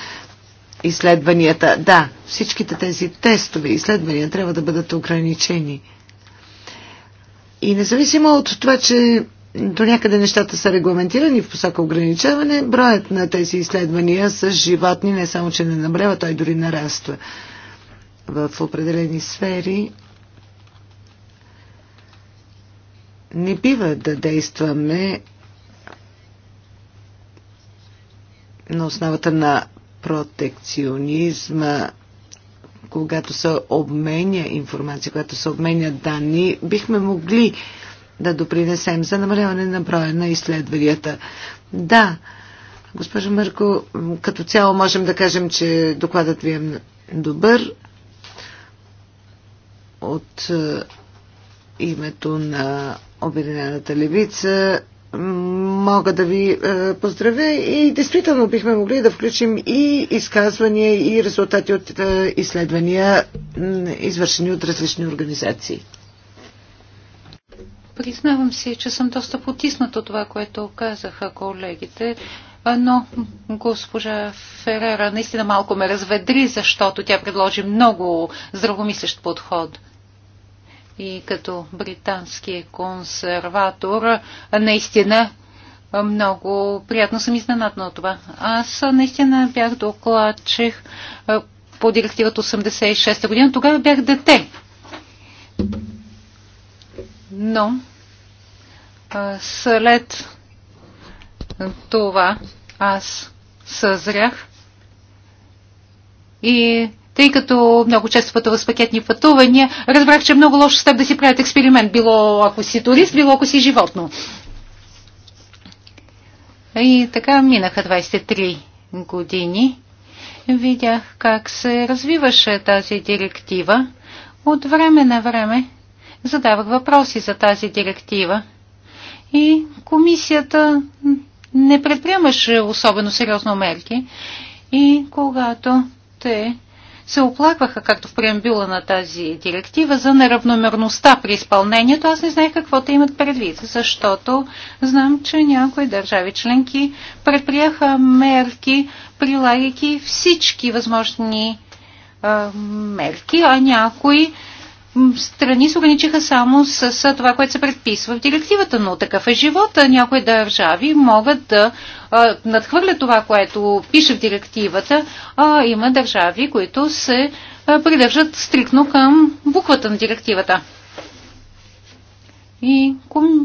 изследванията. Да, всичките тези тестове, изследвания трябва да бъдат ограничени. И независимо от това, че до някъде нещата са регламентирани в посока ограничаване, броят на тези изследвания с животни не само, че не набрева, той дори нараства в определени сфери. Не бива да действаме на основата на протекционизма, когато се обменя информация, когато се обменя данни, бихме могли да допринесем за намаляване на броя на изследванията. Да, госпожо Мърко, като цяло можем да кажем, че докладът ви е добър. От е, името на Обединената левица мога да ви е, поздравя и действително бихме могли да включим и изказвания и резултати от е, изследвания, извършени от различни организации. Признавам си, че съм доста потиснат от това, което казаха колегите, но госпожа Ферера наистина малко ме разведри, защото тя предложи много здравомислещ подход и като британски консерватор, наистина много приятно съм изненадна от това. Аз наистина бях докладчих по директивата 86-та година. Тогава бях дете. Но след това аз съзрях и тъй като много често пътува с пакетни пътувания, разбрах, че е много лошо с теб да си правят експеримент, било ако си турист, било ако си животно. И така минаха 23 години. Видях как се развиваше тази директива. От време на време задавах въпроси за тази директива. И комисията не предприемаше особено сериозно мерки. И когато те се оплакваха, както в преамбюла на тази директива, за неравномерността при изпълнението. Аз не знаех какво те имат предвид, защото знам, че някои държави членки предприяха мерки, прилагайки всички възможни а, мерки, а някои страни се ограничиха само с, с това, което се предписва в директивата, но такъв е живота. Някои държави могат да а, надхвърлят това, което пише в директивата, а има държави, които се а, придържат стрикно към буквата на директивата. И, ком...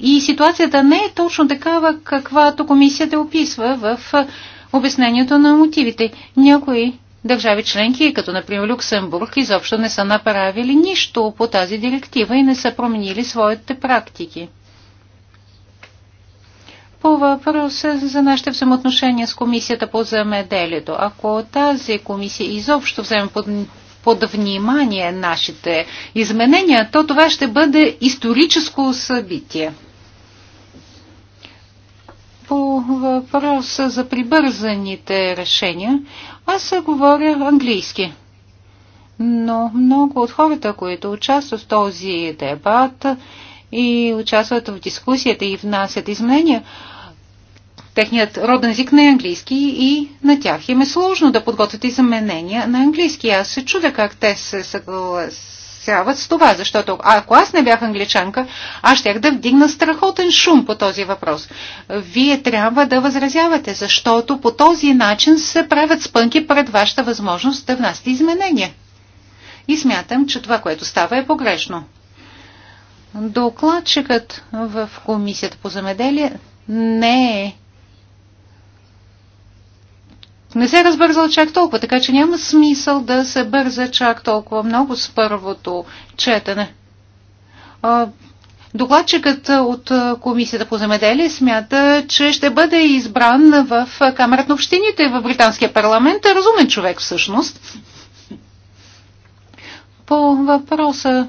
и ситуацията не е точно такава, каквато комисията описва в обяснението на мотивите. Някои държави членки, като например Люксембург, изобщо не са направили нищо по тази директива и не са променили своите практики. По въпроса за нашите взаимоотношения с Комисията по земеделието, ако тази комисия изобщо вземе под, под внимание нашите изменения, то това ще бъде историческо събитие по въпроса за прибързаните решения, аз говоря английски. Но много от хората, които участват в този дебат и участват в дискусията и внасят изменения, техният роден език не е английски и на тях им е сложно да подготвят изменения на английски. Аз се чудя как те се съгласят съгласяват с това, защото ако аз не бях англичанка, аз щях да вдигна страхотен шум по този въпрос. Вие трябва да възразявате, защото по този начин се правят спънки пред вашата възможност да внасяте изменения. И смятам, че това, което става, е погрешно. Докладчикът в Комисията по замеделие не е не се е разбързал чак толкова, така че няма смисъл да се бърза чак толкова много с първото четене. Докладчикът от Комисията по земеделие смята, че ще бъде избран в Камерата на общините в Британския парламент. Е разумен човек всъщност. По въпроса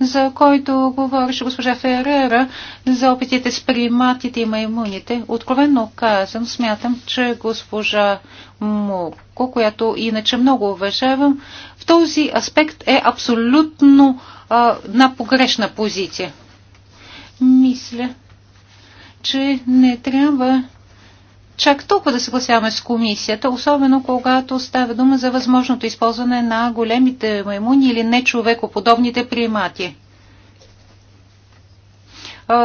за който говореше госпожа Ферера за опитите с приматите и маймуните. Откровенно казвам, смятам, че госпожа Моко, която иначе много уважавам, в този аспект е абсолютно а, на погрешна позиция. Мисля, че не трябва чак толкова да съгласяваме с комисията, особено когато става дума за възможното използване на големите маймуни или нечовекоподобните примати.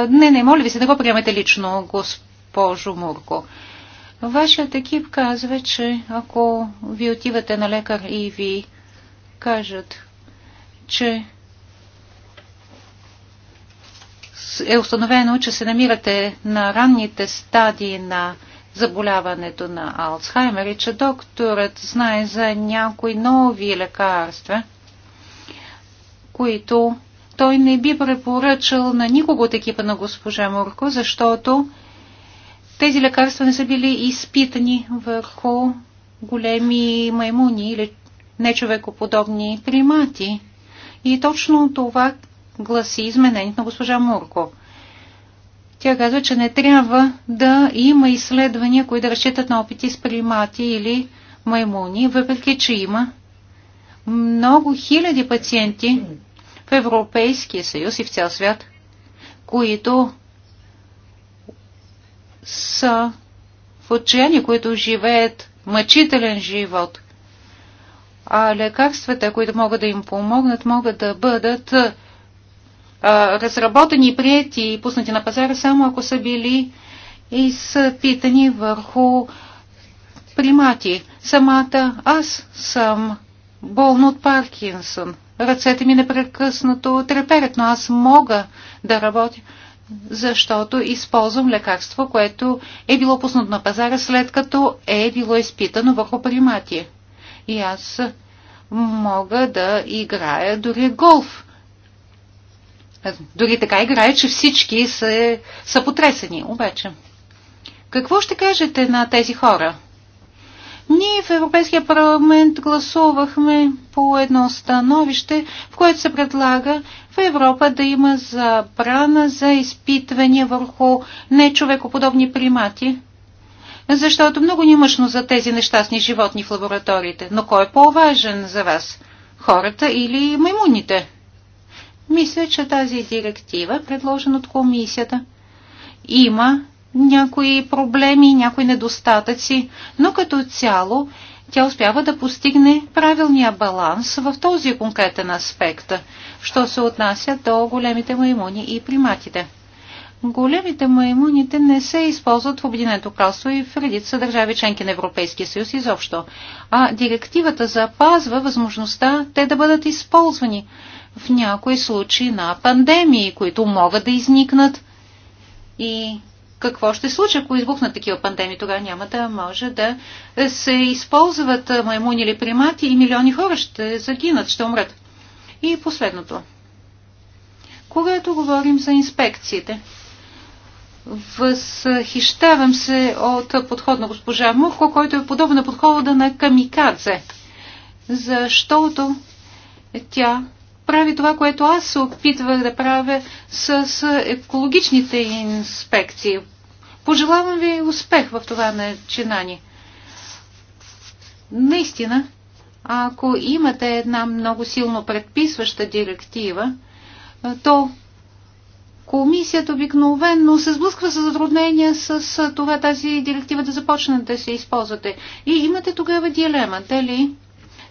Не, не, моля ви се, не го приемете лично, госпожо Мурко. Вашият екип казва, че ако ви отивате на лекар и ви кажат, че е установено, че се намирате на ранните стадии на заболяването на Алцхаймер и че докторът знае за някои нови лекарства, които той не би препоръчал на никого от екипа на госпожа Мурко, защото тези лекарства не са били изпитани върху големи маймуни или нечовекоподобни примати. И точно това гласи изменението на госпожа Мурко. Тя казва, че не трябва да има изследвания, които да разчитат на опити с примати или маймуни, въпреки че има много хиляди пациенти в Европейския съюз и в цял свят, които са в отчаяние, които живеят мъчителен живот. А лекарствата, които могат да им помогнат, могат да бъдат разработени, прияти и пуснати на пазара, само ако са били изпитани върху примати. Самата аз съм болна от Паркинсън. Ръцете ми непрекъснато треперят, но аз мога да работя, защото използвам лекарство, което е било пуснато на пазара след като е било изпитано върху примати. И аз мога да играя дори голф дори така играе, че всички са, са потресени. Обаче, какво ще кажете на тези хора? Ние в Европейския парламент гласувахме по едно становище, в което се предлага в Европа да има забрана за изпитвания върху нечовекоподобни примати, защото много ни мъчно за тези нещастни животни в лабораториите. Но кой е по-важен за вас? Хората или маймуните? Мисля, че тази директива, предложена от комисията, има някои проблеми, някои недостатъци, но като цяло тя успява да постигне правилния баланс в този конкретен аспект, що се отнася до големите маймуни и приматите. Големите маймуните не се използват в Обединеното кралство и в редица държави членки на Европейския съюз изобщо, а директивата запазва възможността те да бъдат използвани – в някои случаи на пандемии, които могат да изникнат. И какво ще случи, ако избухнат такива пандемии? Тогава няма да може да се използват маймуни или примати и милиони хора ще загинат, ще умрат. И последното. Когато говорим за инспекциите, възхищавам се от подход на госпожа Мухо, който е подобен на подхода на Камикадзе, защото тя прави това, което аз се опитвах да правя с екологичните инспекции. Пожелавам ви успех в това начинание. Наистина, ако имате една много силно предписваща директива, то комисията обикновено се сблъсква с затруднения с това тази директива да започне да се използвате. И имате тогава дилема дали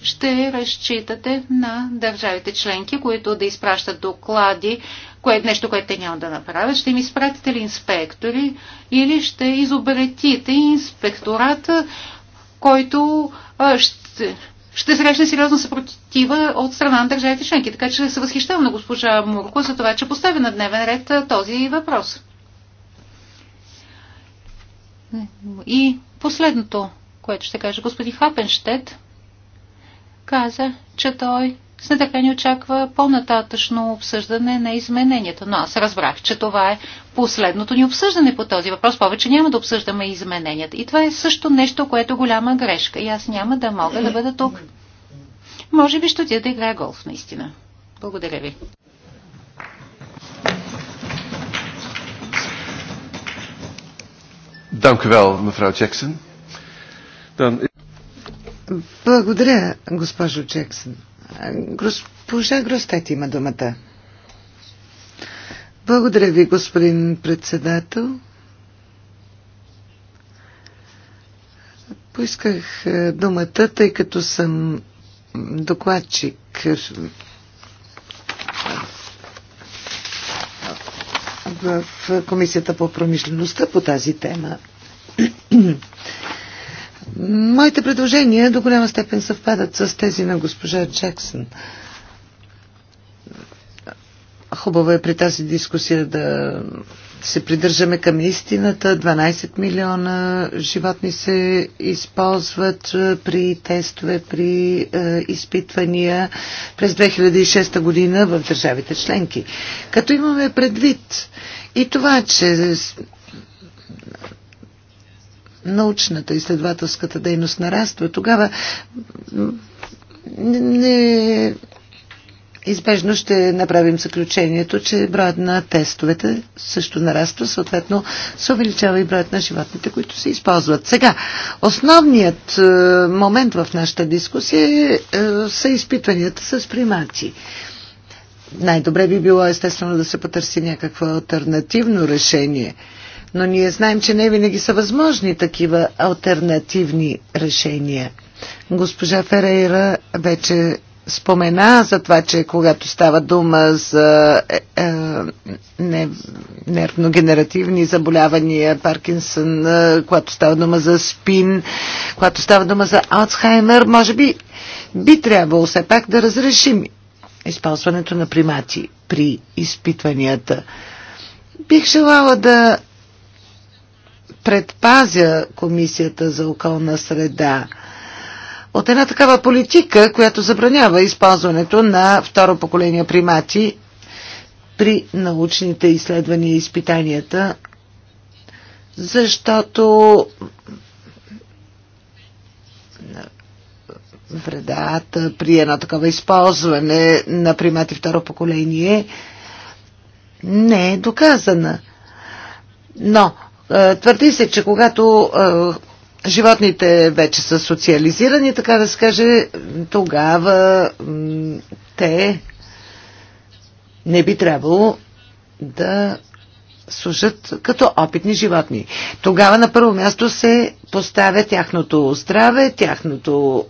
ще разчитате на държавите членки, които да изпращат доклади, кое, нещо, което те няма да направят. Ще им изпратите ли инспектори или ще изобретите инспектората, който а, ще, ще срещне сериозна съпротива от страна на държавите членки. Така че се възхищавам на госпожа Мурко за това, че поставя на дневен ред този въпрос. И последното, което ще каже господин Хапенштед, каза, че той с нетърпение очаква по-нататъчно обсъждане на измененията. Но аз разбрах, че това е последното ни обсъждане по този въпрос. Повече няма да обсъждаме измененията. И това е също нещо, което е голяма грешка. И аз няма да мога да бъда тук. Може би ще отида да играя голф, наистина. Благодаря ви. Dank u wel, mevrouw Jackson. Dan... Благодаря, госпожо Чексън. Госпожа Гростет има думата. Благодаря ви, господин председател. Поисках е, думата, тъй като съм докладчик е, в Комисията по промишлеността по тази тема. Моите предложения до голяма степен съвпадат с тези на госпожа Джексън. Хубаво е при тази дискусия да се придържаме към истината. 12 милиона животни се използват при тестове, при е, изпитвания през 2006 година в държавите членки. Като имаме предвид и това, че научната изследователската дейност нараства, тогава не Избежно ще направим заключението, че броят на тестовете също нараства, съответно се увеличава и броят на животните, които се използват. Сега, основният е, момент в нашата дискусия е, е, са изпитванията с примати. Най-добре би било естествено да се потърси някакво альтернативно решение – но ние знаем, че не винаги са възможни такива альтернативни решения. Госпожа Ферейра вече спомена за това, че когато става дума за е, е, не, нервно-генеративни заболявания, Паркинсън, е, когато става дума за спин, когато става дума за Алцхаймер, може би би трябвало все пак да разрешим използването на примати при изпитванията. Бих желала да предпазя Комисията за околна среда от една такава политика, която забранява използването на второ поколение примати при научните изследвания и изпитанията, защото вредата при едно такова използване на примати второ поколение не е доказана. Но е, твърди се, че когато е, животните вече са социализирани, така да се каже, тогава те не би трябвало да служат като опитни животни. Тогава на първо място се поставя тяхното здраве, тяхното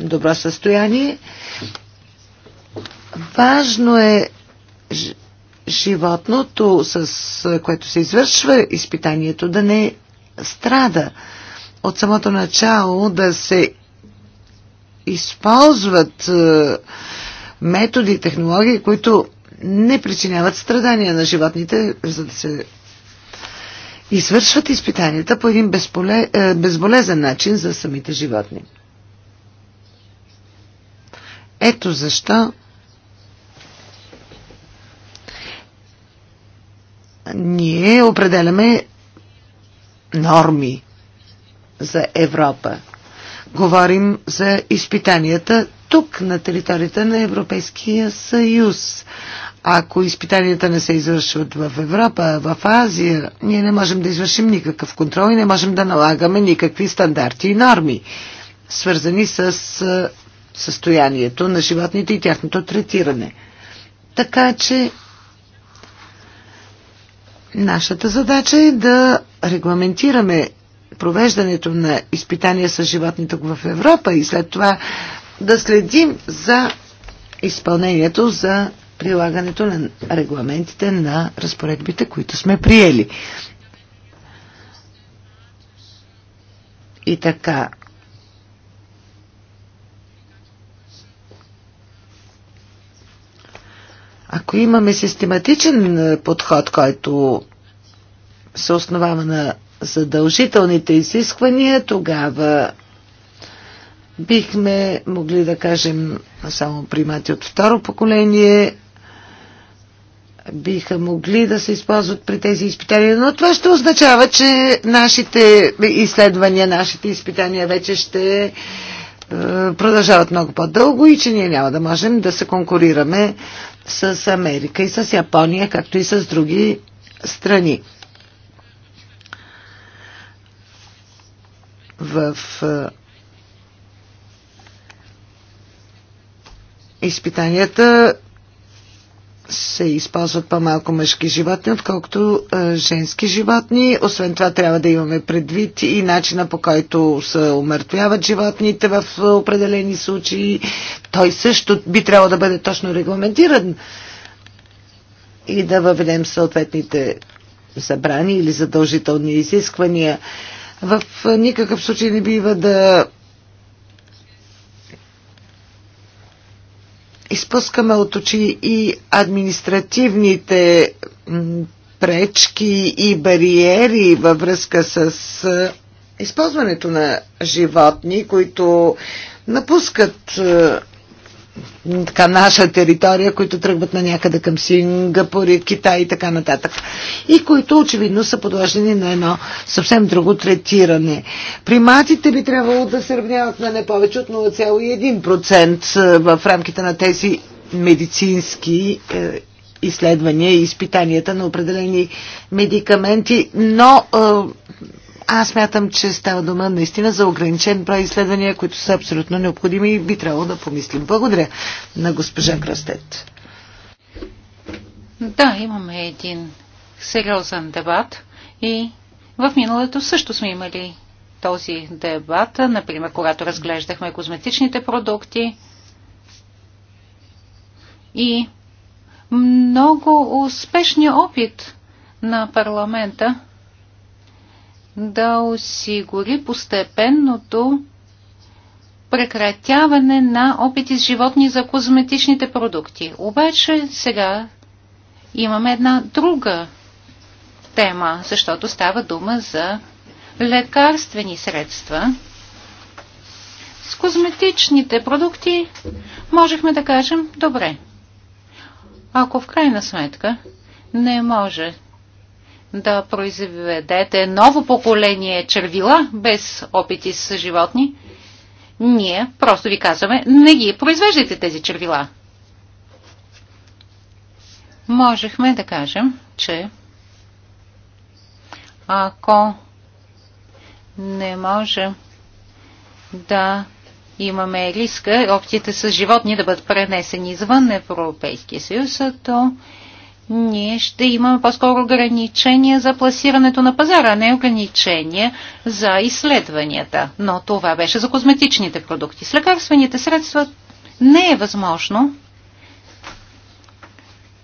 е, добро състояние. Важно е животното, с което се извършва изпитанието, да не страда. От самото начало да се използват е, методи технологии, които не причиняват страдания на животните, за да се извършват изпитанията по един безполе, е, безболезен начин за самите животни. Ето защо ние определяме норми за Европа. Говорим за изпитанията тук, на територията на Европейския съюз. Ако изпитанията не се извършват в Европа, в Азия, ние не можем да извършим никакъв контрол и не можем да налагаме никакви стандарти и норми, свързани с състоянието на животните и тяхното третиране. Така че Нашата задача е да регламентираме провеждането на изпитания с животни тук в Европа и след това да следим за изпълнението, за прилагането на регламентите на разпоредбите, които сме приели. И така, Ако имаме систематичен е, подход, който се основава на задължителните изисквания, тогава бихме могли да кажем само примати от второ поколение биха могли да се използват при тези изпитания, но това ще означава, че нашите изследвания, нашите изпитания вече ще е, продължават много по-дълго и че ние няма да можем да се конкурираме с Америка и с Япония, както и с други страни. В е, изпитанията се използват по-малко мъжки животни, отколкото е, женски животни. Освен това трябва да имаме предвид и начина по който се умъртвяват животните в определени случаи. Той също би трябвало да бъде точно регламентиран и да въведем съответните забрани или задължителни изисквания. В никакъв случай не бива да изпускаме от очи и административните пречки и бариери във връзка с използването на животни, които напускат така, наша територия, които тръгват на някъде към Сингапур, Китай и така нататък. И които очевидно са подложени на едно съвсем друго третиране. Приматите би трябвало да се равняват на не повече от 0,1% е, в рамките на тези медицински е, изследвания и изпитанията на определени медикаменти, но е, аз мятам, че става дума наистина за ограничен брой изследвания, които са абсолютно необходими и би трябвало да помислим. Благодаря на госпожа Кръстет. Да, имаме един сериозен дебат и в миналото също сме имали този дебат, например, когато разглеждахме козметичните продукти и много успешния опит на парламента да осигури постепенното прекратяване на опити с животни за козметичните продукти. Обаче сега имаме една друга тема, защото става дума за лекарствени средства. С козметичните продукти можехме да кажем добре. Ако в крайна сметка не може да произведете ново поколение червила без опити с животни, ние просто ви казваме, не ги произвеждайте тези червила. Можехме да кажем, че ако не можем да имаме риска опитите с животни да бъдат пренесени извън Европейския съюз, то ние ще имаме по-скоро ограничения за пласирането на пазара, а не ограничения за изследванията. Но това беше за козметичните продукти. С лекарствените средства не е възможно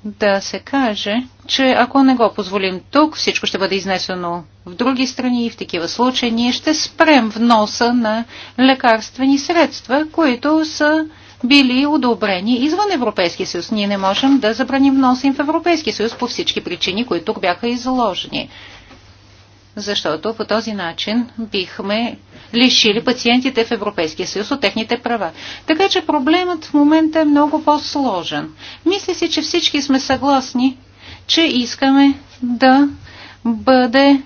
да се каже, че ако не го позволим тук, всичко ще бъде изнесено в други страни и в такива случаи ние ще спрем вноса на лекарствени средства, които са били одобрени извън Европейския съюз. Ние не можем да забраним вноса им в Европейския съюз по всички причини, които тук бяха изложени. Защото по този начин бихме лишили пациентите в Европейския съюз от техните права. Така че проблемът в момента е много по-сложен. Мисля си, че всички сме съгласни, че искаме да бъде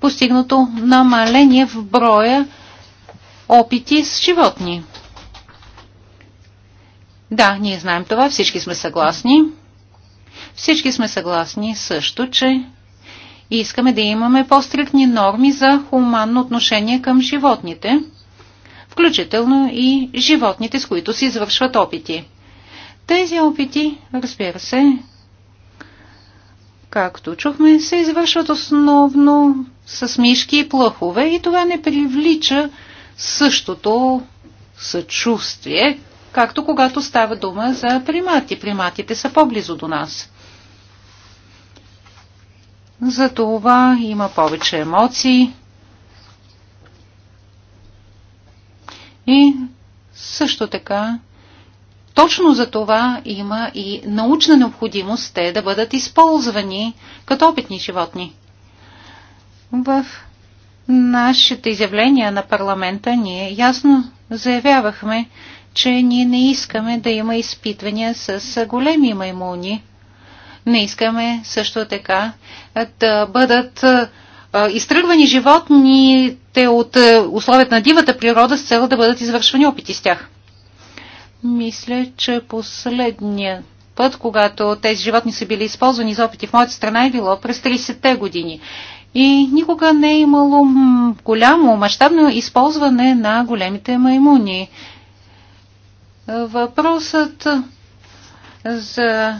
постигнато намаление в броя опити с животни. Да, ние знаем това, всички сме съгласни. Всички сме съгласни също, че искаме да имаме по-стрикни норми за хуманно отношение към животните, включително и животните, с които се извършват опити. Тези опити, разбира се, както чухме, се извършват основно с мишки и плъхове и това не привлича същото съчувствие, както когато става дума за примати. Приматите са по-близо до нас. За това има повече емоции и също така точно за това има и научна необходимост те да бъдат използвани като опитни животни. В нашите изявления на парламента ние ясно заявявахме, че ние не искаме да има изпитвания с големи маймуни. Не искаме също така да бъдат изтръгвани животните от условията на дивата природа с цел да бъдат извършвани опити с тях. Мисля, че последния път, когато тези животни са били използвани за опити в моята страна е било през 30-те години. И никога не е имало голямо мащабно използване на големите маймуни. Въпросът за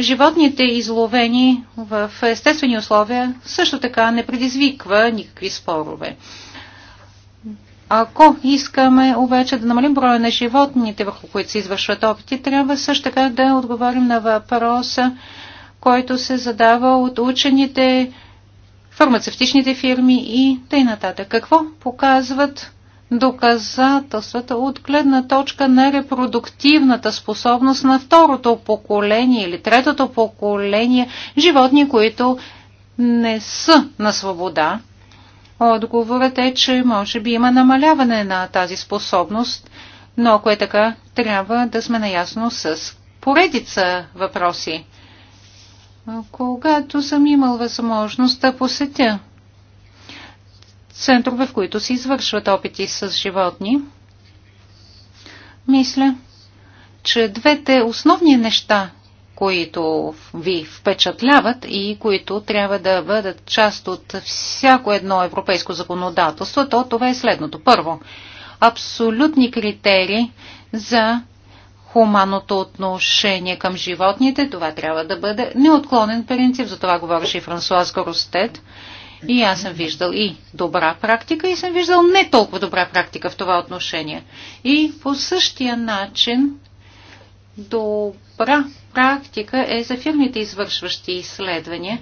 животните изловени в естествени условия също така не предизвиква никакви спорове. Ако искаме обаче да намалим броя на животните, върху които се извършват опити, трябва също така да отговорим на въпроса, който се задава от учените, фармацевтичните фирми и т.н. Какво показват доказателствата от гледна точка на репродуктивната способност на второто поколение или третото поколение животни, които не са на свобода. Отговорът е, че може би има намаляване на тази способност, но ако е така, трябва да сме наясно с поредица въпроси. Когато съм имал възможност да посетя центрове, в които се извършват опити с животни. Мисля, че двете основни неща, които ви впечатляват и които трябва да бъдат част от всяко едно европейско законодателство, то това е следното. Първо, абсолютни критерии за хуманното отношение към животните. Това трябва да бъде неотклонен принцип, за това говореше и Франсуаз Горостет. И аз съм виждал и добра практика, и съм виждал не толкова добра практика в това отношение. И по същия начин добра практика е за фирмите, извършващи изследвания,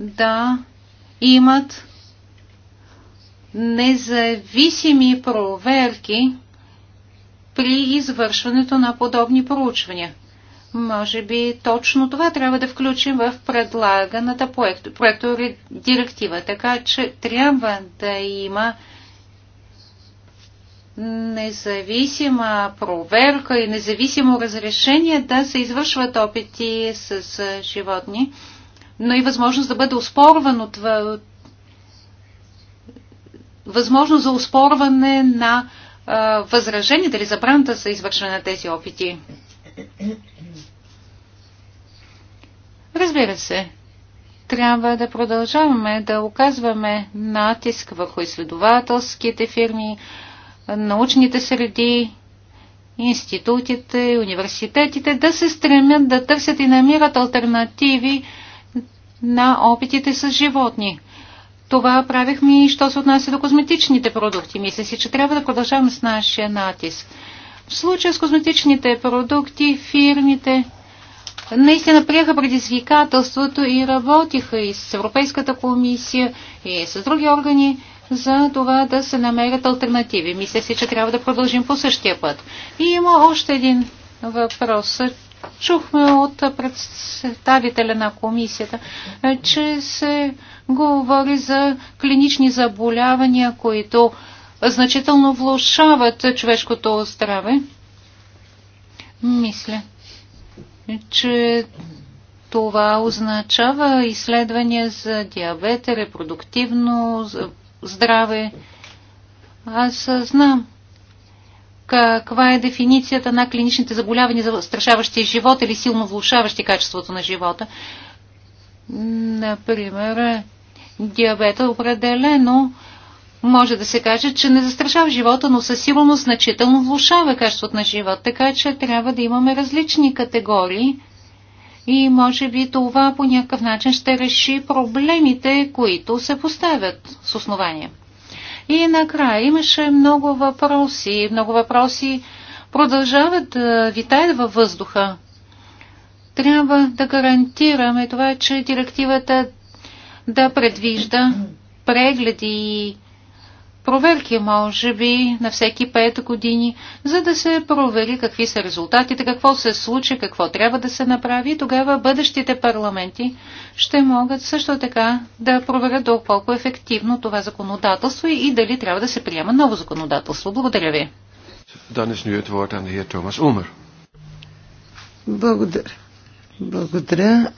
да имат независими проверки при извършването на подобни проучвания. Може би точно това трябва да включим в предлаганата проекто, директива, така че трябва да има независима проверка и независимо разрешение да се извършват опити с животни, но и възможност да бъде успорвано това, възможност за успорване на възражение, дали забраната за извършване на тези опити. Разбира се, трябва да продължаваме да оказваме натиск върху изследователските фирми, научните среди, институтите, университетите да се стремят да търсят и намират альтернативи на опитите с животни. Това правихме и що се отнася до козметичните продукти. Мисля си, че трябва да продължаваме с нашия натиск. В случая с козметичните продукти фирмите наистина приеха предизвикателството и работиха и с Европейската комисия, и с други органи за това да се намерят альтернативи. Мисля си, че трябва да продължим по същия път. И има още един въпрос. Чухме от представителя на комисията, че се говори за клинични заболявания, които значително влушават човешкото здраве. Мисля, че това означава изследвания за диабет, репродуктивно здраве. Аз знам каква е дефиницията на клиничните заболявания, застрашаващи живота или силно влушаващи качеството на живота. Например, диабета е определено може да се каже, че не застрашава живота, но със сигурност значително влушава качеството на живот. Така че трябва да имаме различни категории и може би това по някакъв начин ще реши проблемите, които се поставят с основание. И накрая имаше много въпроси. Много въпроси продължават да витаят във въздуха. Трябва да гарантираме това, че директивата да предвижда прегледи и проверки, може би, на всеки пет години, за да се провери какви са резултатите, какво се случи, какво трябва да се направи. И тогава бъдещите парламенти ще могат също така да проверят доколко ефективно това законодателство и дали трябва да се приема ново законодателство. Благодаря ви. Благодаря. Благодаря.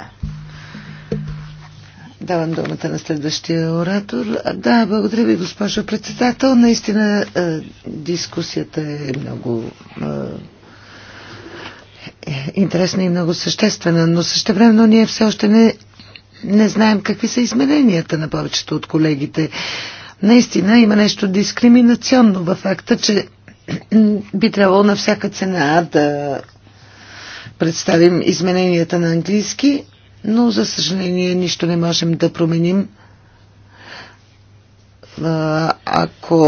Давам думата на следващия оратор. Да, благодаря ви, госпожо председател. Наистина е, дискусията е много е, е интересна и много съществена, но същевременно ние все още не, не знаем какви са измененията на повечето от колегите. Наистина има нещо дискриминационно във факта, че би трябвало на всяка цена да представим измененията на английски, но за съжаление нищо не можем да променим. Ако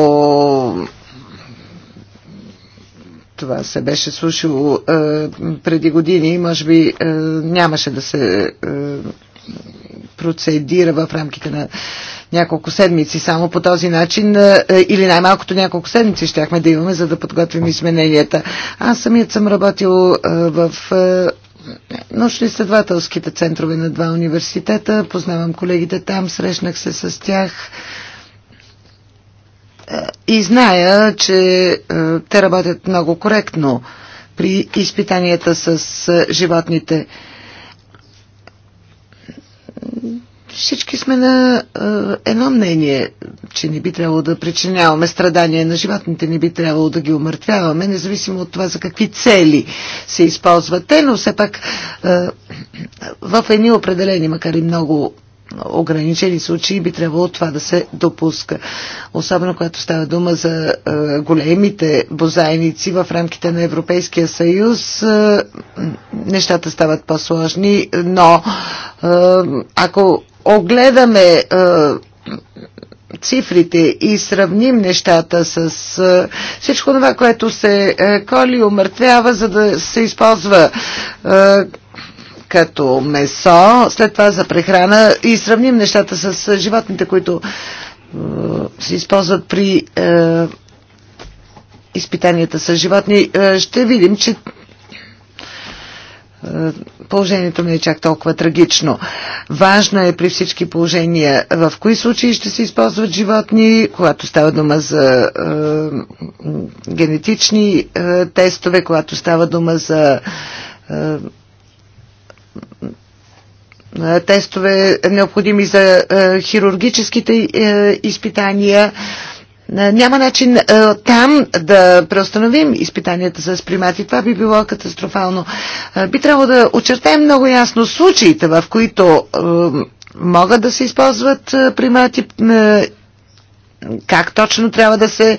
това се беше слушало а, преди години, може би а, нямаше да се а, процедира в рамките на няколко седмици. Само по този начин а, или най-малкото няколко седмици щяхме да имаме, за да подготвим измененията. Аз самият съм работил а, в А, научно-изследователските центрове на два университета. Познавам колегите там, срещнах се с тях е, и зная, че е, те работят много коректно при изпитанията с е, животните. Всички сме на е, едно мнение, че не би трябвало да причиняваме страдания на животните, не би трябвало да ги умъртвяваме, независимо от това за какви цели се използват те, но все пак е, в едни определени, макар и много ограничени случаи, би трябвало това да се допуска. Особено когато става дума за е, големите бозайници в рамките на Европейския съюз, е, нещата стават по-сложни, но е, ако огледаме е, цифрите и сравним нещата с е, всичко това, което се е, коли, умъртвява, за да се използва като месо, след това за прехрана и сравним нещата с животните, които се използват при изпитанията с животни, ще видим, че е, положението не е чак толкова трагично. Важно е при всички положения в кои случаи ще се използват животни, когато става дума за е, генетични е, тестове, когато става дума за е, тестове необходими за е, хирургическите е, изпитания. Е, е, няма начин а, е, там да преустановим изпитанията с примати. Това би било катастрофално. А, е, би трябвало да очертаем много ясно случаите, в които а, могат да се използват а, примати. А, как точно трябва да се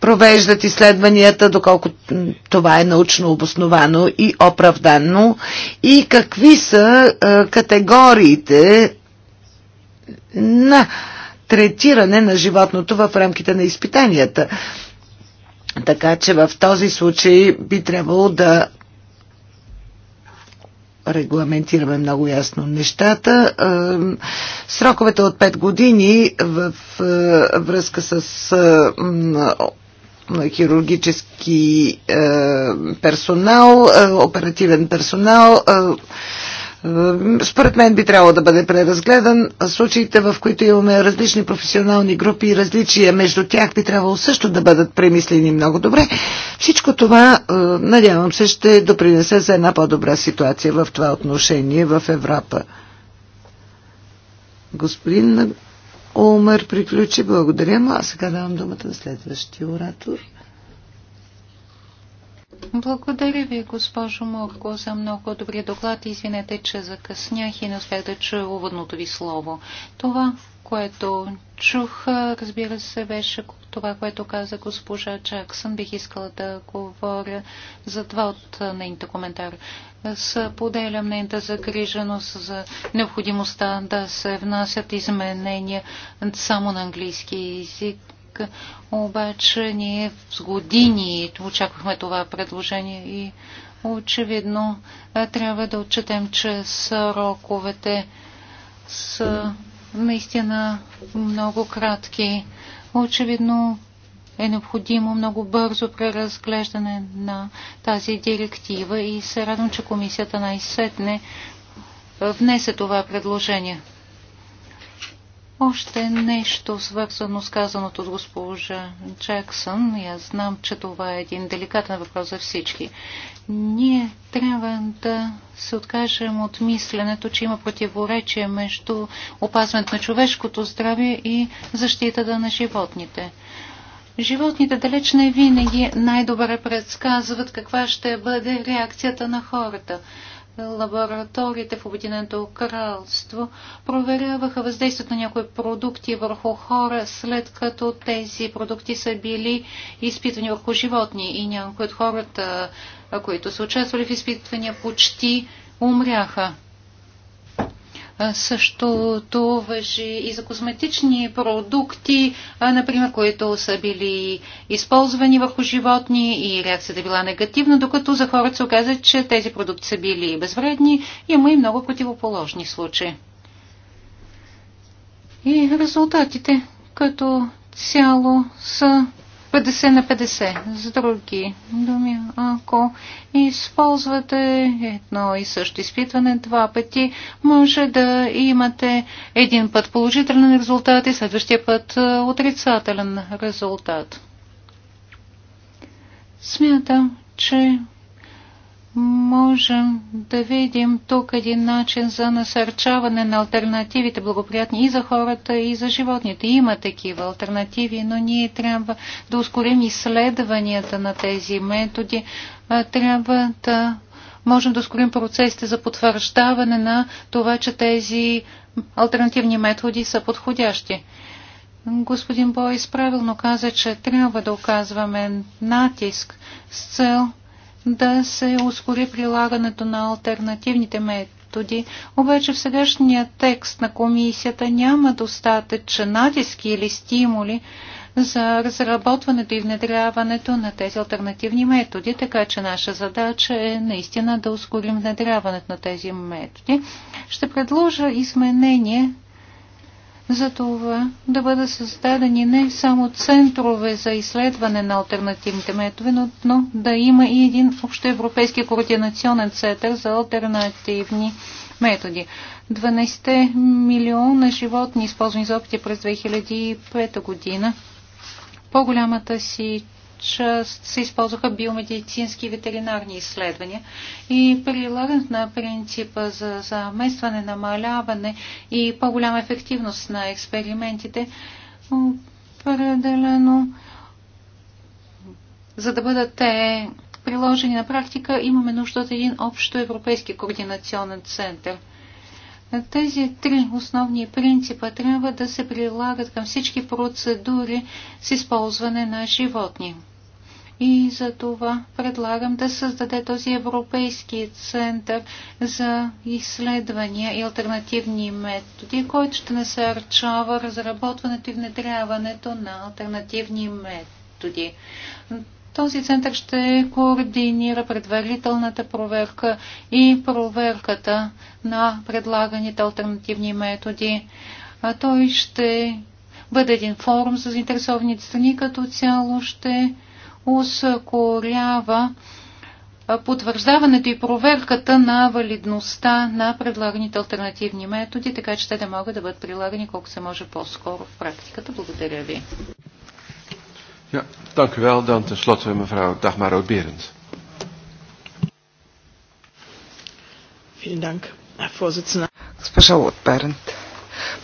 провеждат изследванията, доколко това е научно обосновано и оправдано и какви са а, категориите на третиране на животното в рамките на изпитанията. Така че в този случай би трябвало да регламентираме много ясно нещата. Е, сроковете от 5 години в е, връзка с е, хирургически персонал, оперативен персонал, според мен би трябвало да бъде преразгледан. Случаите, в които имаме различни професионални групи и различия между тях, би трябвало също да бъдат премислени много добре. Всичко това, е, надявам се, ще допринесе за една по-добра ситуация в това отношение в Европа. Господин Омер приключи. Благодаря му. А сега давам думата на следващия оратор. Благодаря ви, госпожо Морко, за много добрия доклад. Извинете, че закъснях и не успях да чуя уводното ви слово. Това, което чух, разбира се, беше това, което каза госпожа Джаксън. Бих искала да говоря за два от нейните коментари. Споделям нейната загриженост за необходимостта да се внасят изменения само на английски язик сметка. Обаче ние с години очаквахме това предложение и очевидно трябва да отчетем, че сроковете са наистина много кратки. Очевидно е необходимо много бързо преразглеждане на тази директива и се радвам, че комисията най-сетне внесе това предложение. Още нещо свързано с казаното от госпожа Джаксън. Я знам, че това е един деликатен въпрос за всички. Ние трябва да се откажем от мисленето, че има противоречие между опазването на човешкото здраве и защитата на животните. Животните далеч не винаги най-добре предсказват каква ще бъде реакцията на хората лабораториите в Обединеното кралство проверяваха въздействието на някои продукти върху хора, след като тези продукти са били изпитвани върху животни и някои от хората, които са участвали в изпитвания, почти умряха. Същото въжи и за козметични продукти, например, които са били използвани върху животни и реакцията е била негативна, докато за хората се оказа, че тези продукти са били безвредни. Има и много противоположни случаи. И резултатите като цяло са 50 на 50. С други думи, ако използвате едно и също изпитване два пъти, може да имате един път положителен резултат и следващия път е, отрицателен резултат. Смятам, че можем да видим тук един начин за насърчаване на альтернативите, благоприятни и за хората, и за животните. Има такива альтернативи, но ние трябва да ускорим изследванията на тези методи. Трябва да можем да ускорим процесите за потвърждаване на това, че тези альтернативни методи са подходящи. Господин Бойс правилно каза, че трябва да оказваме натиск с цел да се ускори прилагането на альтернативните методи, обаче в сегашния текст на комисията няма достатъчен натиск или стимули за разработването и внедряването на тези альтернативни методи, така че наша задача е наистина да ускорим внедряването на тези методи. Ще предложа изменение за това да бъдат създадени не само центрове за изследване на альтернативните методи, но, но да има и един общоевропейски координационен център за альтернативни методи. 12 милиона животни, използвани за опити през 2005 година, по-голямата си част се използваха биомедицински и ветеринарни изследвания. И прилагането на принципа за заместване, намаляване и по-голяма ефективност на експериментите определено за да бъдат те приложени на практика, имаме нужда от един общо европейски координационен център. Тези три основни принципа трябва да се прилагат към всички процедури с използване на животни и за това предлагам да създаде този Европейски център за изследвания и альтернативни методи, който ще насърчава разработването и внедряването на альтернативни методи. Този център ще координира предварителната проверка и проверката на предлаганите альтернативни методи. А той ще бъде един форум за заинтересованите страни, като цяло ще ускорява потвърждаването и проверката на валидността на предлаганите альтернативни методи, така че те да могат да бъдат прилагани колко се може по-скоро в практиката. Благодаря ви. Ja, dank u wel. Dan tenslotte mevrouw Dagmar Dank, Госпожа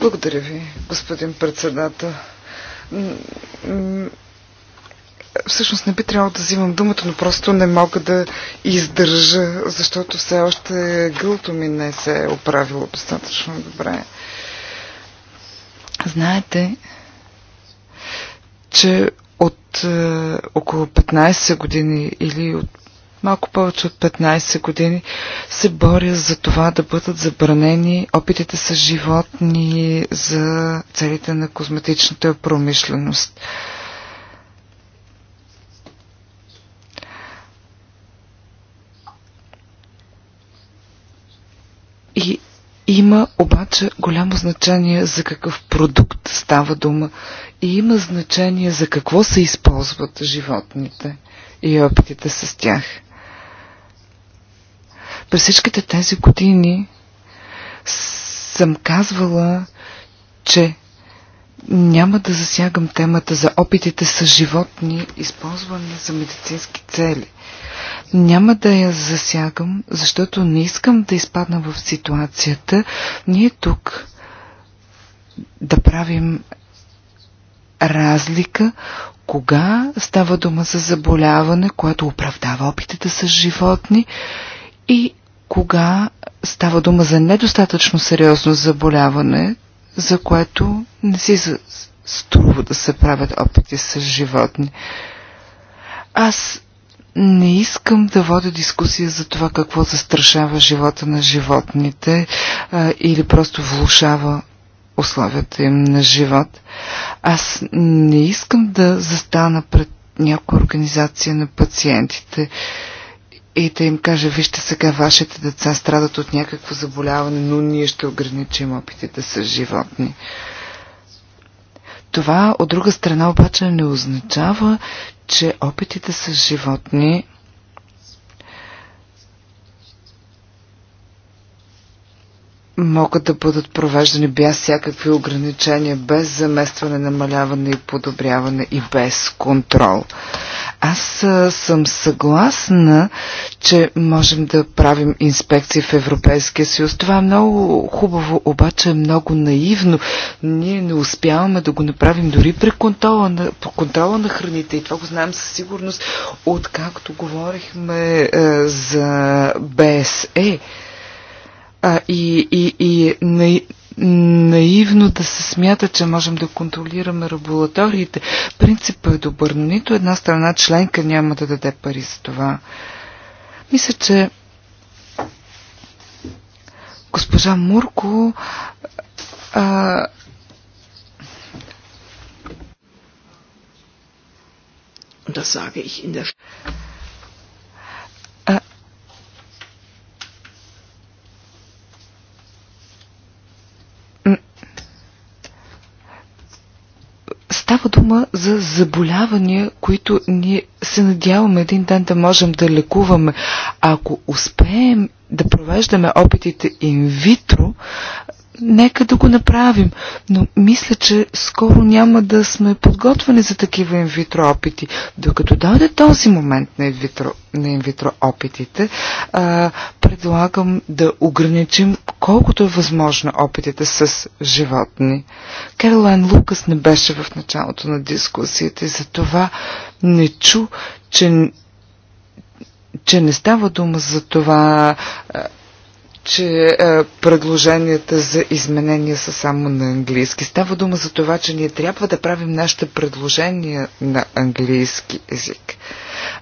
Благодаря ви, господин председател Всъщност не би трябвало да взимам думата, но просто не мога да издържа, защото все още гълто ми не се е оправило достатъчно добре. Знаете, че от е, около 15 години или от малко повече от 15 години се боря за това да бъдат забранени опитите с животни за целите на козметичната промишленост. Е, И има обаче голямо значение за какъв продукт става дума и има значение за какво се използват животните и опитите с тях. През всичките тези години съм казвала, че няма да засягам темата за опитите с животни, използвани за медицински цели. Няма да я засягам, защото не искам да изпадна в ситуацията ние тук да правим разлика, кога става дума за заболяване, което оправдава опитите с животни и кога става дума за недостатъчно сериозно заболяване, за което не си струва да се правят опити с животни. Аз не искам да водя дискусия за това какво застрашава живота на животните а, или просто влушава условията им на живот. Аз не искам да застана пред някоя организация на пациентите. А, и да им каже, вижте сега, вашите деца страдат от някакво заболяване, но ние ще ограничим опитите с животни. Това, от друга страна, обаче не означава, че опитите с животни могат да бъдат провеждани без всякакви ограничения, без заместване, намаляване и подобряване и без контрол. Аз съм съгласна, че можем да правим инспекции в Европейския съюз. Това е много хубаво, обаче е много наивно. Ние не успяваме да го направим дори при контрола на, при контрола на храните и това го знаем със сигурност, откакто говорихме е, за БСЕ а, и, и, и на, наивно да се смята, че можем да контролираме регулаториите. Принципът е добър, но нито една страна членка няма да даде пари за това. Мисля, че госпожа Мурко а, Да sage ich in der Става дума за заболявания, които ние се надяваме един ден да можем да лекуваме. ако успеем да провеждаме опитите инвитро, нека да го направим. Но мисля, че скоро няма да сме подготвени за такива инвитро опити. Докато дойде този момент на инвитро, на инвитро опитите, а, предлагам да ограничим колкото е възможно опитите с животни. Керолайн Лукас не беше в началото на дискусията и за това не чу, че че не става дума за това че е, предложенията за изменения са само на английски. Става дума за това, че ние трябва да правим нашите предложения на английски език.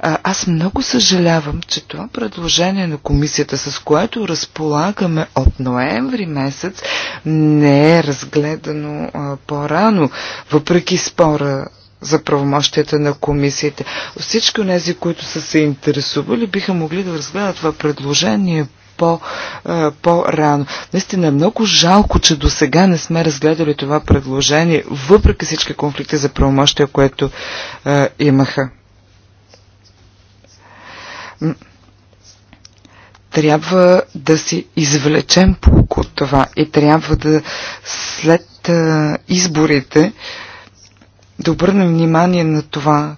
А, аз много съжалявам, че това предложение на комисията, с което разполагаме от ноември месец, не е разгледано по-рано, въпреки спора за правомощията на комисиите. Всички от тези, които са се интересували, биха могли да разгледат това предложение по, по-рано. Наистина е много жалко, че до сега не сме разгледали това предложение, въпреки всички конфликти за правомощия, което е, имаха. Трябва да си извлечем полука от това и трябва да след е, изборите да обърнем внимание на това,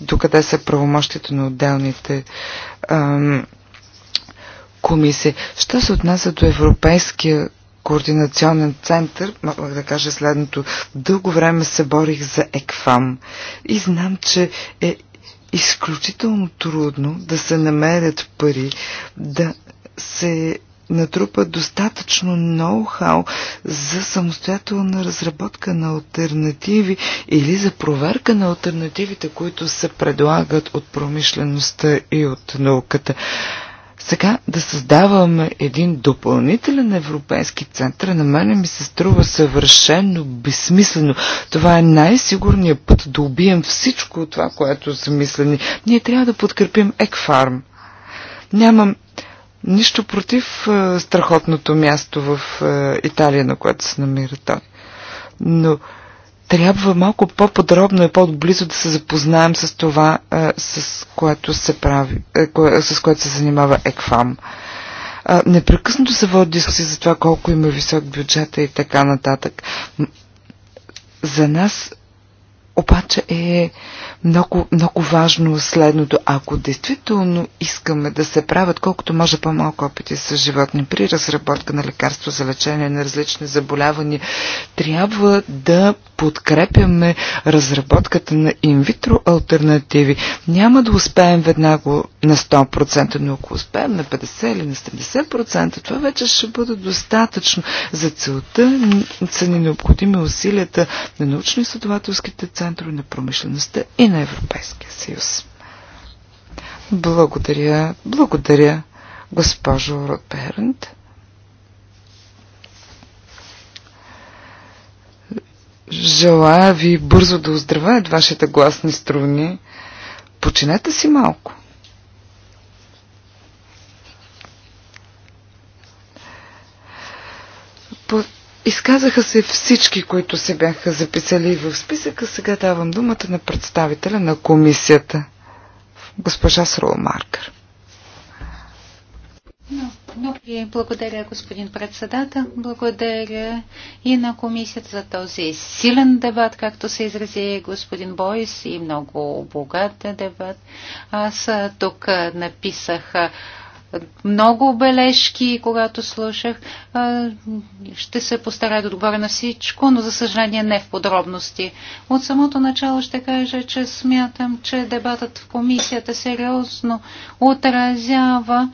докъде са правомощите на отделните Е, комисия. Що се отнася до Европейския координационен център, мога да кажа следното. Дълго време се борих за ЕКФАМ и знам, че е изключително трудно да се намерят пари, да се натрупа достатъчно ноу-хау за самостоятелна разработка на альтернативи или за проверка на альтернативите, които се предлагат от промишлеността и от науката. Сега да създаваме един допълнителен европейски център, на мене ми се струва съвършено безсмислено. Това е най-сигурният път да убием всичко това, което са мислени. Ние трябва да подкрепим Екфарм. Нямам нищо против е, страхотното място в е, Италия, на което се намира той. Но трябва малко по-подробно и по-близо да се запознаем с това, с което се прави, е, с което се занимава ЕКФАМ. Непрекъснато се води дискуси за това колко има висок бюджет и така нататък. За нас обаче е много, много важно е следното. Ако действително искаме да се правят колкото може по-малко опити с животни при разработка на лекарства за лечение на различни заболявания, трябва да подкрепяме разработката на инвитро альтернативи. Няма да успеем веднага на 100%, но ако успеем на 50 или на 70%, това вече ще бъде достатъчно. За целта са ни необходими усилията на научно-изследователските центрове, на промишлеността и на Европейския съюз. Благодаря, благодаря, госпожо Ротбернт. Желая ви бързо да оздравеят вашите гласни струни. Починете си малко. По Изказаха се всички, които се бяха записали в списъка. Сега давам думата на представителя на комисията, госпожа Маркър. Много ви благодаря, господин председател. Благодаря и на комисията за този силен дебат, както се изрази господин Бойс, и много богат дебат. Аз тук написах много бележки, когато слушах. Ще се постарая да отговоря на всичко, но за съжаление не в подробности. От самото начало ще кажа, че смятам, че дебатът в комисията сериозно отразява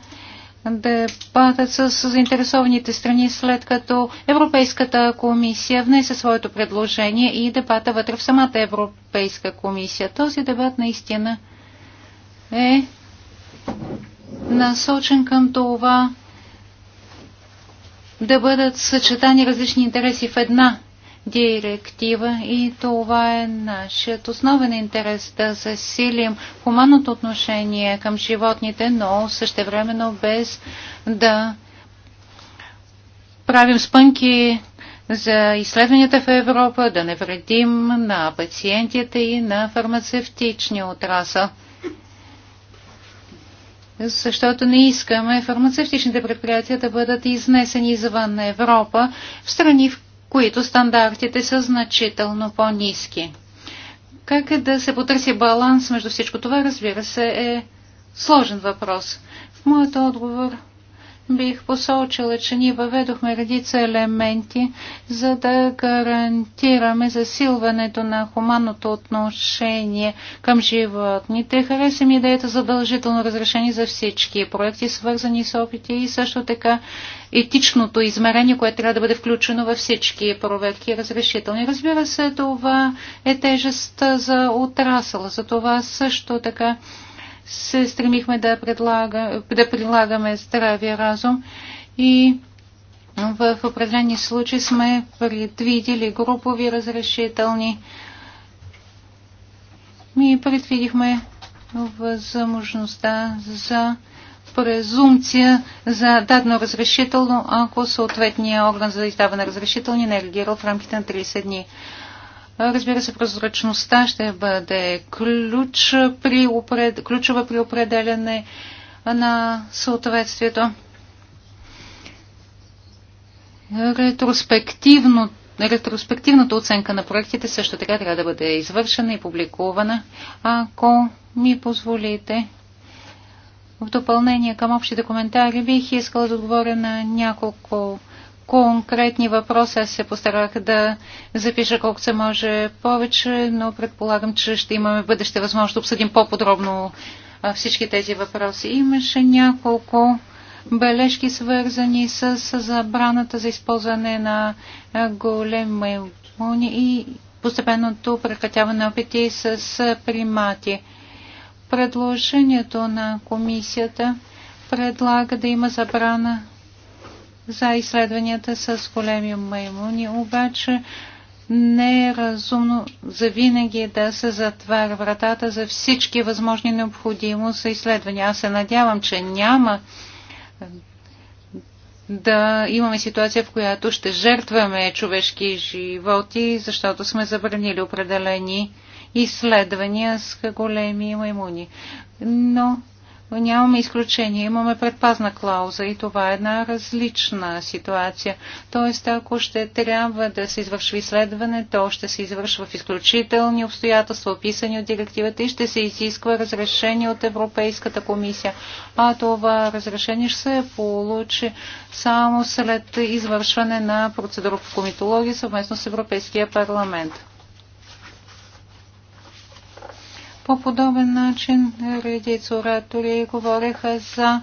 дебатът с заинтересованите страни, след като Европейската комисия внесе своето предложение и дебата вътре в самата Европейска комисия. Този дебат наистина е насочен към това да бъдат съчетани различни интереси в една директива и това е нашият основен интерес да засилим хуманното отношение към животните, но същевременно без да правим спънки за изследванията в Европа, да не вредим на пациентите и на фармацевтичния отрасъл защото не искаме фармацевтичните предприятия да бъдат изнесени извън Европа в страни, в които стандартите са значително по-низки. Как е да се потърси баланс между всичко това, разбира се, е сложен въпрос. В моят отговор бих посочила, че ние въведохме редица елементи, за да гарантираме засилването на хуманното отношение към животните. Хареса ми идеята задължително разрешение за всички проекти, свързани с опити и също така етичното измерение, което трябва да бъде включено във всички проверки разрешителни. Разбира се, това е тежест за отрасъл, за това също така се стремихме да, предлага, да прилагаме здравия разум и в определени случаи сме предвидели групови разрешителни и предвидихме възможността за презумпция за дадено разрешително, ако съответния орган за издаване на разрешителни не е реагирал в рамките на 30 дни. Разбира се, прозрачността ще бъде ключ при опред... ключова при определяне на съответствието. Ретроспективно, ретроспективната оценка на проектите също така трябва да бъде извършена и публикувана. Ако ми позволите, в допълнение към общите коментари бих искала да отговоря на няколко конкретни въпроси. Аз се постарах да запиша колкото се може повече, но предполагам, че ще имаме бъдеще възможност да обсъдим по-подробно всички тези въпроси. Имаше няколко бележки, свързани с забраната за използване на големи муни и постепенното прекратяване на опити с примати. Предложението на комисията предлага да има забрана за изследванията с големи маймуни, обаче не е разумно завинаги да се затваря вратата за всички възможни необходимо за изследвания. Аз се надявам, че няма да имаме ситуация, в която ще жертваме човешки животи, защото сме забранили определени изследвания с големи маймуни. Но нямаме изключение, имаме предпазна клауза и това е една различна ситуация. Тоест, ако ще трябва да се извършва изследване, то ще се извършва в изключителни обстоятелства, описани от директивата и ще се изисква разрешение от Европейската комисия. А това разрешение ще се получи само след извършване на процедура по комитология съвместно с Европейския парламент. По подобен начин редица оратори говореха за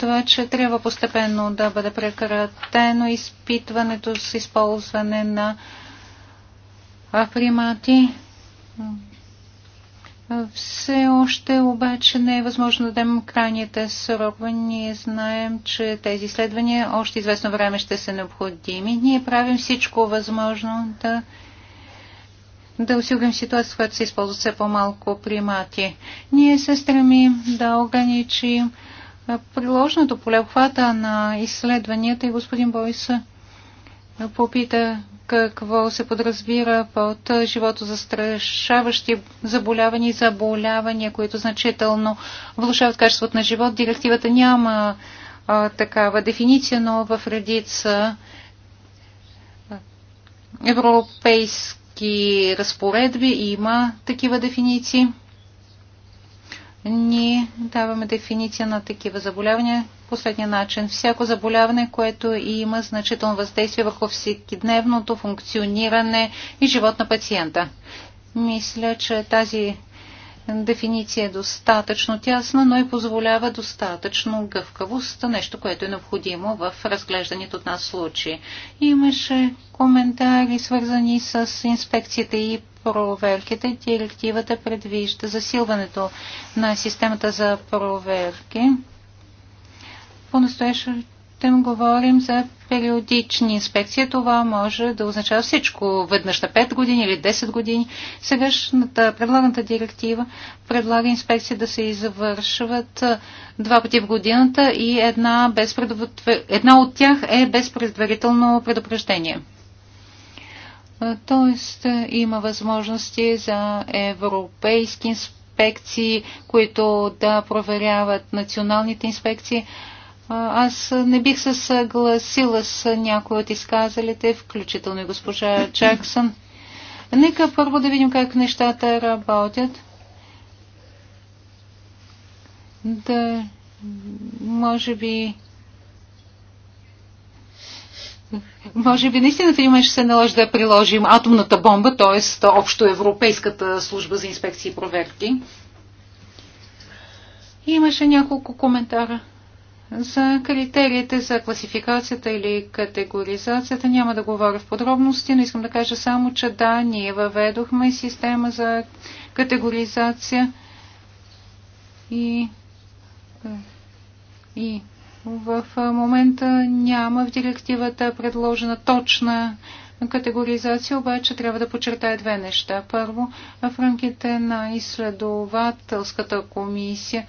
това, че трябва постепенно да бъде прекратено изпитването с използване на примати. Все още обаче не е възможно да дадем крайните срокове. Ние знаем, че тези изследвания още известно време ще са необходими. Ние правим всичко възможно да да осигурим ситуация, в която се използват все по-малко примати. Ние се стремим да ограничим приложното поле обхвата на изследванията и господин Бойс попита какво се подразбира под живото застрашаващи заболявания и заболявания, които значително влушават качеството на живот. Директивата няма а, такава дефиниция, но в редица европейска всички разпоредби има такива дефиниции. Ние даваме дефиниция на такива заболявания последния начин. Всяко заболяване, което има значително въздействие върху всекидневното функциониране и живот на пациента. Мисля, че тази дефиниция е достатъчно тясна, но и позволява достатъчно гъвкавост, нещо, което е необходимо в разглеждането от нас случаи. Имаше коментари, свързани с инспекциите и проверките. Директивата предвижда засилването на системата за проверки. по настояща по говорим за периодични инспекции. Това може да означава всичко. Веднъж на 5 години или 10 години. Сегашната предлаганата директива предлага инспекции да се извършват два пъти в годината и една, без предупред... една от тях е без предварително предупреждение. Тоест има възможности за европейски инспекции, които да проверяват националните инспекции. Аз не бих се съгласила с някои от изказалите, включително и госпожа Джаксън. Нека първо да видим как нещата работят. Да, може би... Може би наистина имаше се наложи да приложим атомната бомба, т.е. общо Европейската служба за инспекции и проверки. Имаше няколко коментара за критериите за класификацията или категоризацията няма да говоря в подробности, но искам да кажа само, че да, ние въведохме система за категоризация и, и в момента няма в директивата предложена точна категоризация, обаче трябва да подчертая две неща. Първо, в рамките на изследователската комисия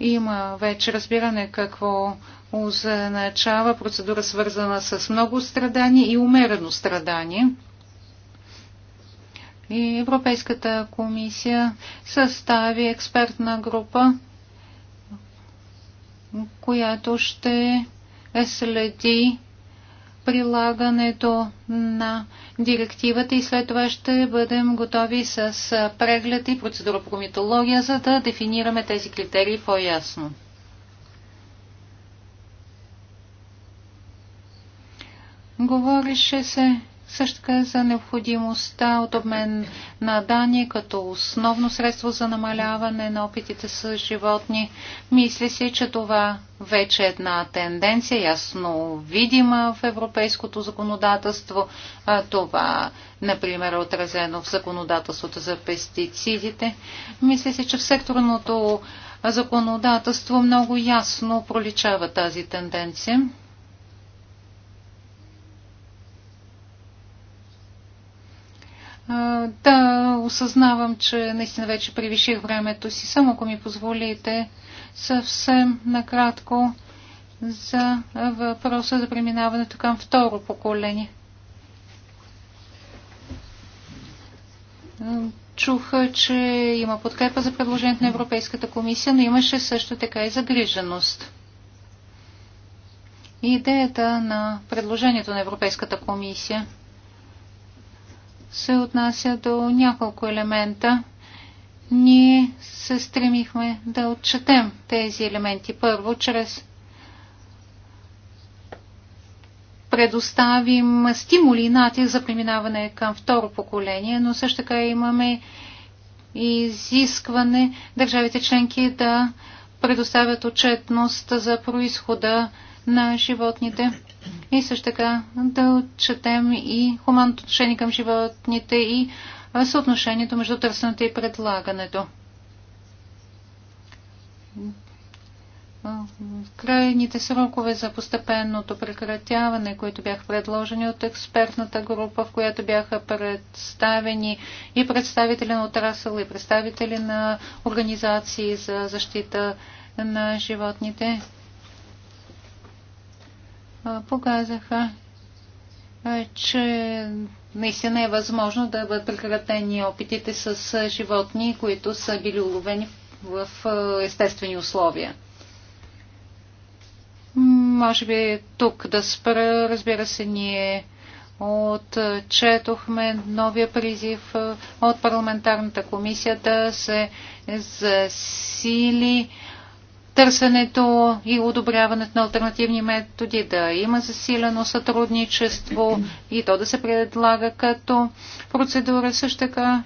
има вече разбиране какво означава процедура свързана с много страдания и умерено страдание. И Европейската комисия състави експертна група, която ще следи прилагането на директивата и след това ще бъдем готови с преглед и процедура по комитология, за да дефинираме тези критерии по-ясно. Говореше се също така за необходимостта от обмен на данни като основно средство за намаляване на опитите с животни. Мисля си, че това вече е една тенденция, ясно видима в европейското законодателство. Това, например, е отразено в законодателството за пестицидите. Мисля си, че в секторното законодателство много ясно проличава тази тенденция. Да, осъзнавам, че наистина вече превиших времето си. Само ако ми позволите съвсем накратко за въпроса за преминаването към второ поколение. Чуха, че има подкрепа за предложението на Европейската комисия, но имаше също така и загриженост. Идеята на предложението на Европейската комисия – се отнася до няколко елемента. Ние се стремихме да отчетем тези елементи първо чрез предоставим стимули и натиск за преминаване към второ поколение, но също така имаме изискване държавите членки да предоставят отчетност за происхода на животните. И също така да отчетем и хуманното отношение към животните и съотношението между търсенето и предлагането. Крайните срокове за постепенното прекратяване, които бяха предложени от експертната група, в която бяха представени и представители на отрасъл, и представители на организации за защита на животните, показаха, че наистина е възможно да бъдат прекратени опитите с животни, които са били уловени в естествени условия. Може би тук да спра, разбира се, ние отчетохме новия призив от парламентарната комисия да се засили търсенето и одобряването на альтернативни методи, да има засилено сътрудничество и то да се предлага като процедура. Също така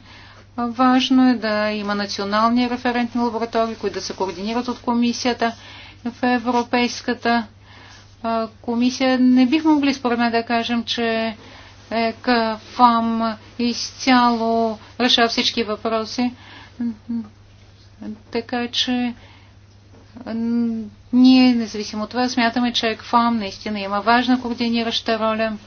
важно е да има национални референтни лаборатории, които да се координират от комисията в Европейската комисия. Не бих могли според мен да кажем, че е, КФАМ изцяло решава всички въпроси. Така че ние, независимо от това, смятаме, че ЕКФОМ наистина има важна координираща роля.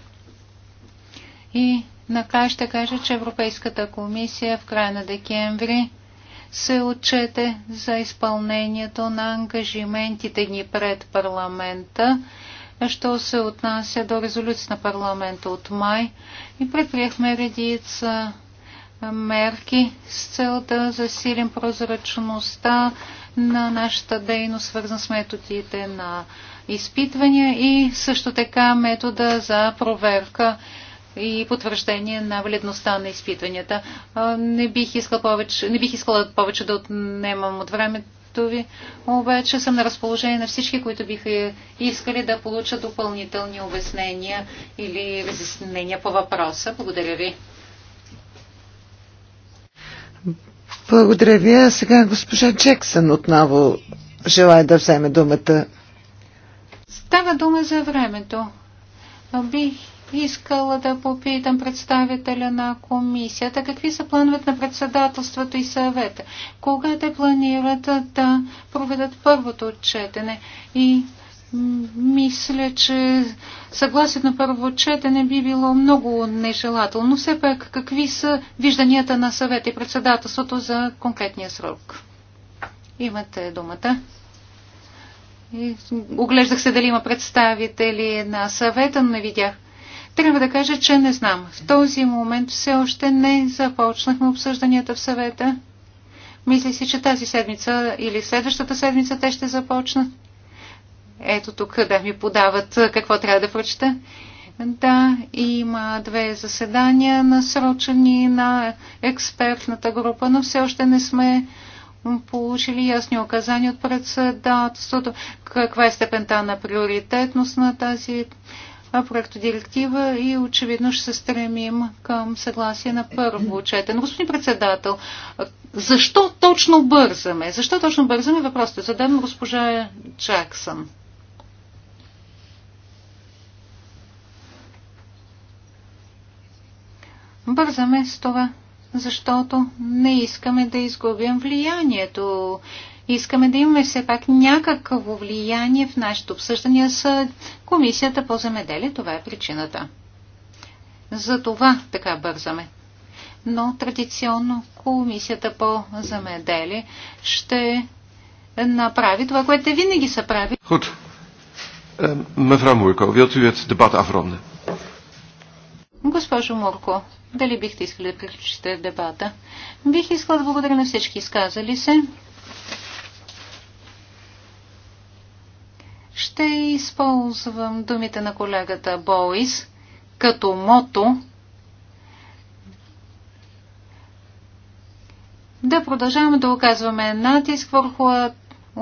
И накрая ще кажа, че Европейската комисия в края на декември се отчете за изпълнението на ангажиментите ни пред парламента, що се отнася до резолюция на парламента от май и предприехме редица мерки с цел да засилим прозрачността на нашата дейност, свързан с методите на изпитвания и също така метода за проверка и потвърждение на валидността на изпитванията. Не бих, искал повече, не бих искала повече да отнемам от времето ви, обаче съм на разположение на всички, които биха искали да получат допълнителни обяснения или разяснения по въпроса. Благодаря ви. Благодаря ви. А сега госпожа Джексън отново желая да вземе думата. Става дума за времето. Бих искала да попитам представителя на комисията какви са плановете на председателството и съвета. Кога те планират да проведат първото отчетене и мисля, че съгласието на първо четене би било много нежелателно. Все пак, какви са вижданията на съвет и председателството за конкретния срок? Имате думата. И оглеждах се дали има представители на съвета, но не видях. Трябва да кажа, че не знам. В този момент все още не започнахме обсъжданията в съвета. Мисля си, че тази седмица или следващата седмица те ще започнат. Ето тук да ми подават какво трябва да прочета. Да, има две заседания насрочени на експертната група, но все още не сме получили ясни указания от председателството, каква е степента на приоритетност на тази проектодиректива и очевидно ще се стремим към съгласие на първо четен. Господин председател, защо точно бързаме? Защо точно бързаме? Въпросът е задан госпожа Джаксън. Бързаме с това, защото не искаме да изгубим влиянието. Искаме да имаме все пак някакво влияние в нашето обсъждане с Комисията по земеделие. Това е причината. За това така бързаме. Но традиционно Комисията по земеделие ще направи това, което винаги са прави. Худ. Мефра Мойко, wilt u het debat afronden? Госпожо Мурко, дали бихте искали да приключите дебата? Бих искала да благодаря на всички изказали се. Ще използвам думите на колегата Боис като мото да продължаваме да оказваме натиск върху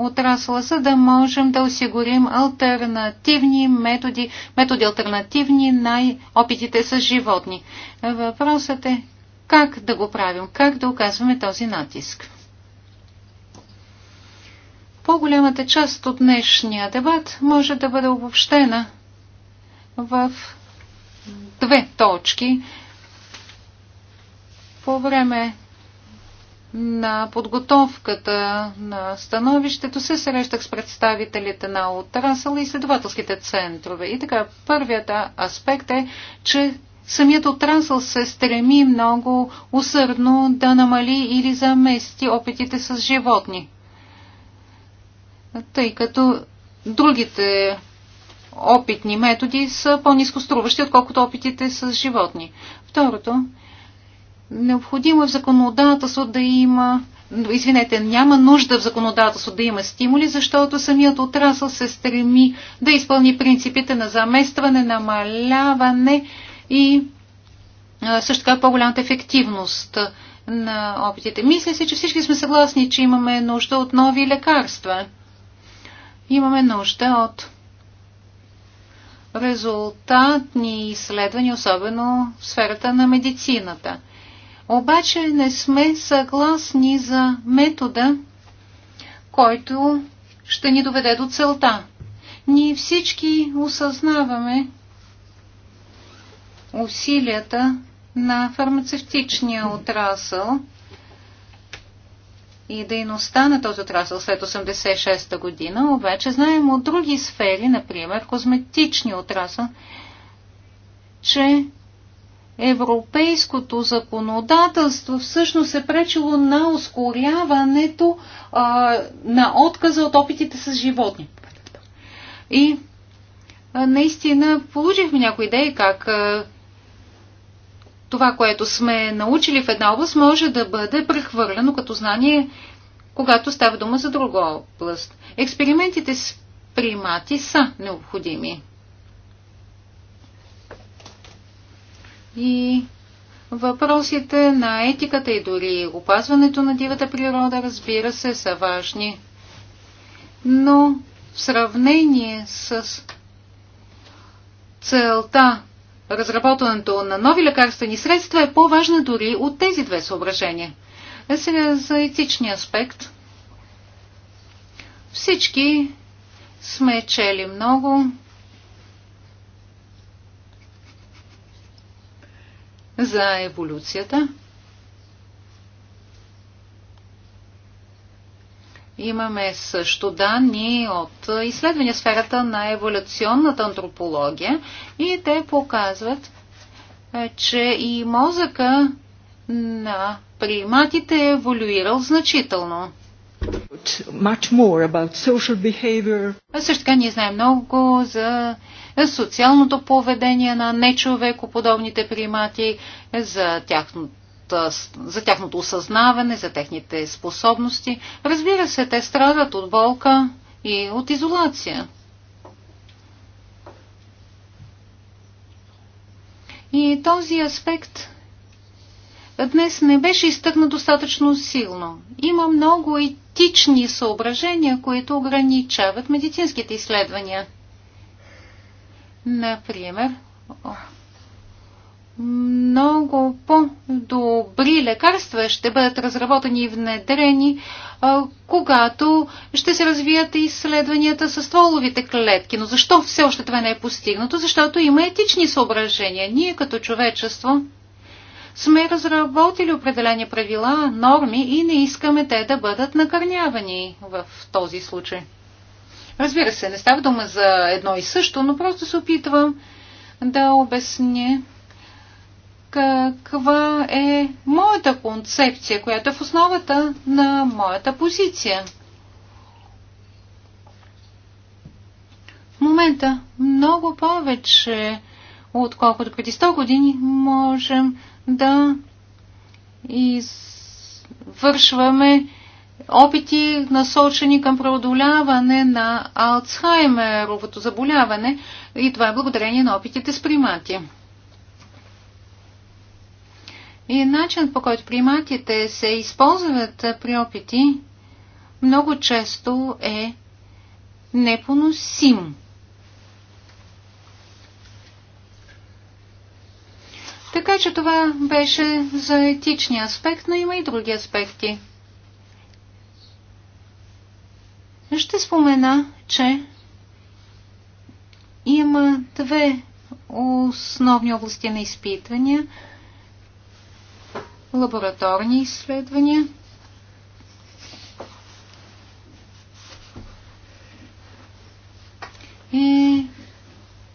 отрасла, за да можем да осигурим альтернативни методи, методи альтернативни на опитите с животни. Въпросът е как да го правим, как да оказваме този натиск. По-голямата част от днешния дебат може да бъде обобщена в две точки. По време на подготовката на становището се срещах с представителите на отрасъл и следователските центрове. И така, първият аспект е, че самият отрасъл се стреми много усърдно да намали или замести опитите с животни. Тъй като другите опитни методи са по-низко струващи, отколкото опитите с животни. Второто Необходимо е в законодателство да има извинете, няма нужда в законодателство да има стимули, защото самият отрасъл се стреми да изпълни принципите на заместване, намаляване и също така по-голямата ефективност на опитите. Мисля си, че всички сме съгласни, че имаме нужда от нови лекарства. Имаме нужда от резултатни изследвания, особено в сферата на медицината – обаче не сме съгласни за метода, който ще ни доведе до целта. Ние всички осъзнаваме усилията на фармацевтичния отрасъл и дейността на този отрасъл след 86-та година, обаче знаем от други сфери, например козметичния отрасъл, че европейското законодателство всъщност е пречило на ускоряването а, на отказа от опитите с животни. И а, наистина получихме някои идеи как а, това, което сме научили в една област, може да бъде прехвърлено като знание, когато става дума за друга област. Експериментите с примати са необходими. и въпросите на етиката и дори опазването на дивата природа, разбира се, са важни. Но в сравнение с целта разработването на нови лекарствени средства е по-важна дори от тези две съображения. А сега за етичния аспект. Всички сме чели много за еволюцията. Имаме също данни от изследвания сферата на еволюционната антропология и те показват, е, че и мозъка на приматите е еволюирал значително. Much more about social behavior. А също така ние знаем много за социалното поведение на нечовекоподобните примати, за тяхното за тяхното осъзнаване, за техните способности. Разбира се, те страдат от болка и от изолация. И този аспект днес не беше изтъкнат достатъчно силно. Има много етични съображения, които ограничават медицинските изследвания. Например, много по-добри лекарства ще бъдат разработени и внедрени, когато ще се развият изследванията с стволовите клетки. Но защо все още това не е постигнато? Защото има етични съображения. Ние като човечество сме разработили определени правила, норми и не искаме те да бъдат накърнявани в този случай. Разбира се, не става дума за едно и също, но просто се опитвам да обясня каква е моята концепция, която е в основата на моята позиция. В момента много повече, отколкото преди 100 години, можем да извършваме опити насочени към преодоляване на Алцхаймеровото заболяване и това е благодарение на опитите с примати. И начинът по който приматите се използват при опити много често е непоносим. Така че това беше за етичния аспект, но има и други аспекти – Ще спомена, че има две основни области на изпитвания. Лабораторни изследвания. И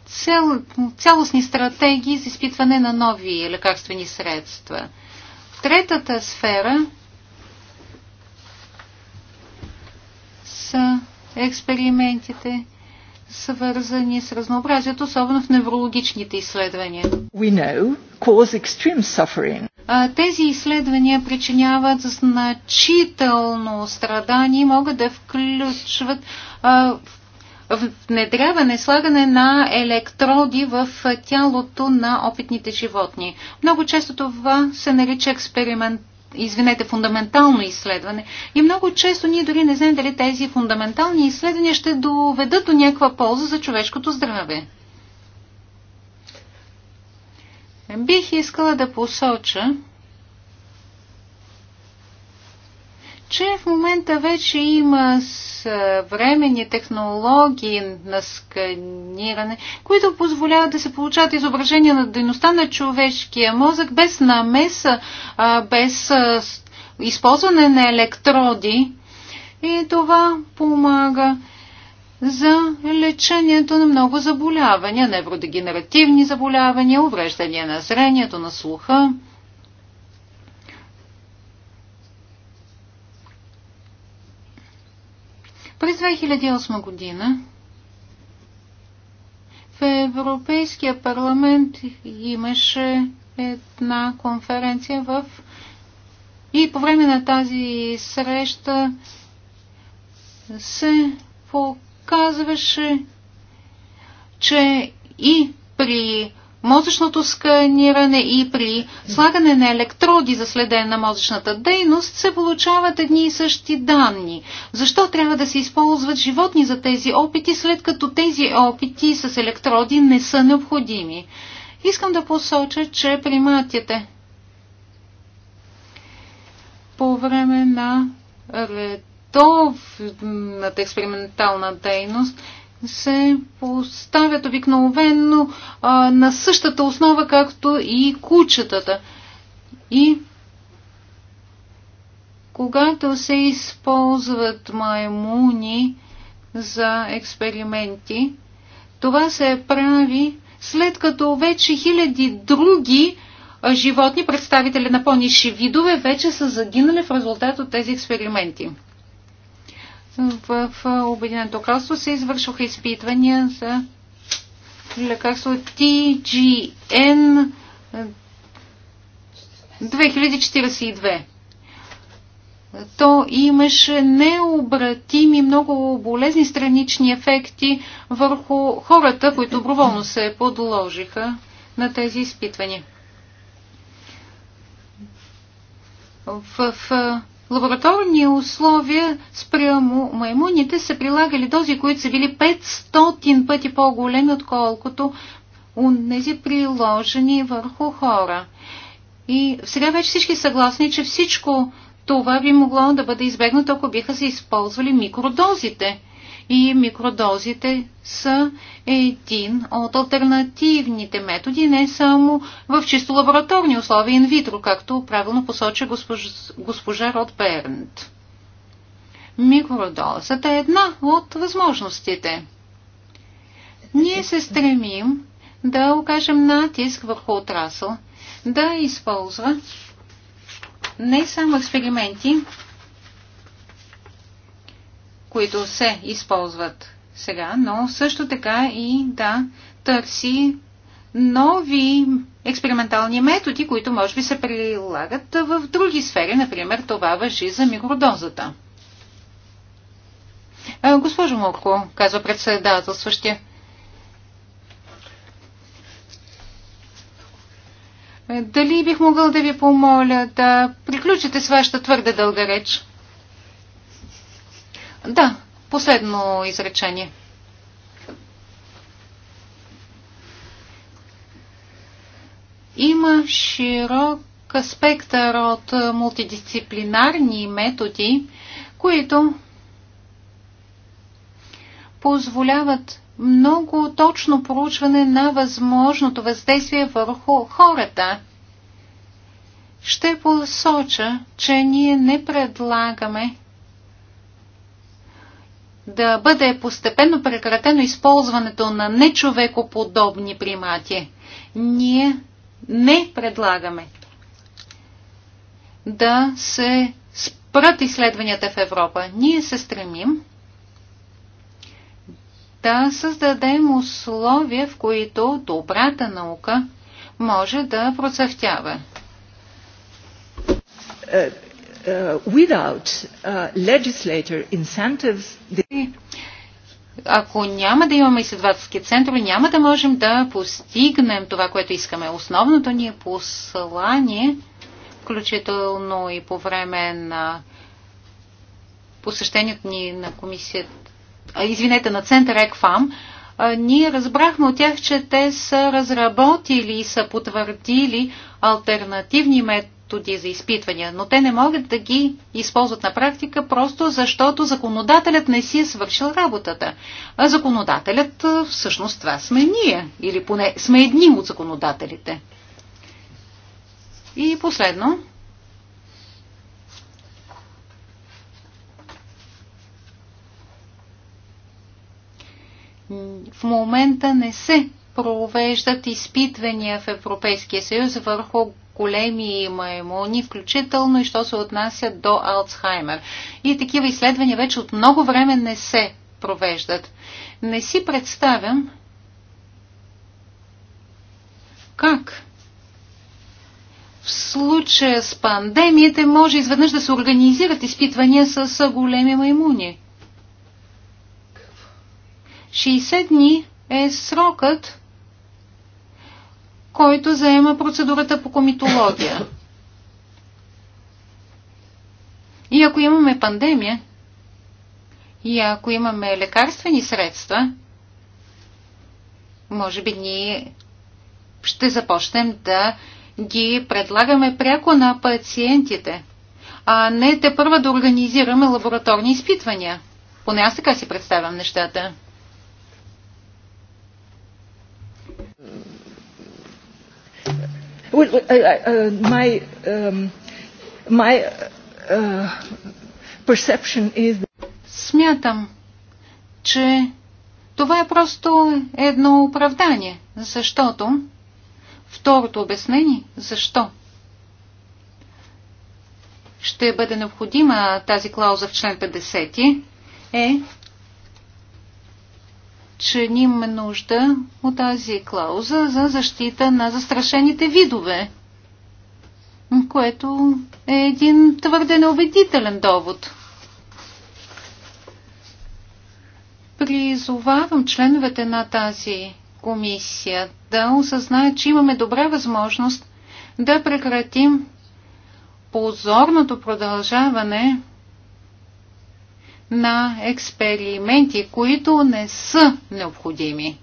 цял, цялостни стратегии за изпитване на нови лекарствени средства. Третата сфера експериментите, свързани с разнообразието, особено в неврологичните изследвания. We know cause extreme suffering. тези изследвания причиняват значително страдание и могат да включват внедряване, слагане на електроди в тялото на опитните животни. Много често това се нарича експеримент извинете, фундаментално изследване. И много често ние дори не знаем дали тези фундаментални изследвания ще доведат до някаква полза за човешкото здраве. Бих искала да посоча, че в момента вече има съвременни технологии на сканиране, които позволяват да се получават изображения на дейността на човешкия мозък без намеса, без използване на електроди. И това помага за лечението на много заболявания, невродегенеративни заболявания, увреждания на зрението, на слуха. През 2008 година в Европейския парламент имаше една конференция в и по време на тази среща се показваше, че и при мозъчното сканиране и при слагане на електроди за следене на мозъчната дейност се получават едни и същи данни. Защо трябва да се използват животни за тези опити, след като тези опити с електроди не са необходими? Искам да посоча, че приматите по време на редовната експериментална дейност се поставят обикновено а, на същата основа, както и кучетата. И когато се използват маймуни за експерименти, това се прави след като вече хиляди други животни, представители на по-ниши видове, вече са загинали в резултат от тези експерименти в Обединеното кралство се извършваха изпитвания за лекарство TGN 2042. То имаше необратими много болезни странични ефекти върху хората, които доброволно се подложиха на тези изпитвания. В, в лабораторни условия спрямо маймуните са прилагали дози, които са били 500 пъти по-големи, отколкото у нези приложени върху хора. И сега вече всички съгласни, че всичко това би могло да бъде избегнато, ако биха се използвали микродозите и микродозите са един от альтернативните методи, не само в чисто лабораторни условия инвитро, както правилно посочи госпожа, госпожа Род Бернт. Микродозата е една от възможностите. Ние се стремим да окажем натиск върху отрасъл, да използва не само експерименти, които се използват сега, но също така и да търси нови експериментални методи, които може би се прилагат в други сфери. Например, това въжи за микродозата. Госпожо Мурко, казва председателстващия, дали бих могъл да ви помоля да приключите с вашата твърде дълга реч? Да, последно изречение. Има широк спектър от мултидисциплинарни методи, които позволяват много точно проучване на възможното въздействие върху хората. Ще посоча, че ние не предлагаме да бъде постепенно прекратено използването на нечовекоподобни примати. Ние не предлагаме да се спрат изследванията в Европа. Ние се стремим да създадем условия, в които добрата наука може да процъфтява. Е, Uh, without uh, legislator incentives, Ако няма да имаме изследователски центрове, няма да можем да постигнем това, което искаме. Основното ни е послание, включително и по време на посещението ни на комисията, извинете, на център ЕКФАМ, ние разбрахме от тях, че те са разработили и са потвърдили альтернативни методи методи за изпитвания, но те не могат да ги използват на практика просто защото законодателят не си е свършил работата. А законодателят всъщност това сме ние, или поне сме едни от законодателите. И последно, в момента не се провеждат изпитвания в Европейския съюз върху големи маймуни, включително и що се отнася до Алцхаймер. И такива изследвания вече от много време не се провеждат. Не си представям как в случая с пандемията може изведнъж да се организират изпитвания с големи маймуни. 60 дни е срокът, който заема процедурата по комитология. И ако имаме пандемия, и ако имаме лекарствени средства, може би ние ще започнем да ги предлагаме пряко на пациентите, а не те първа да организираме лабораторни изпитвания. Поне аз така си представям нещата. Uh, uh, uh, my um, my uh, perception is. Смятам, че това е просто едно оправдание, защото второто обяснение, защо ще бъде необходима тази клауза в член 50, е, че ни има нужда от тази клауза за защита на застрашените видове, което е един твърде неубедителен довод. Призовавам членовете на тази комисия да осъзнаят, че имаме добра възможност да прекратим позорното продължаване на експерименти, които не са необходими.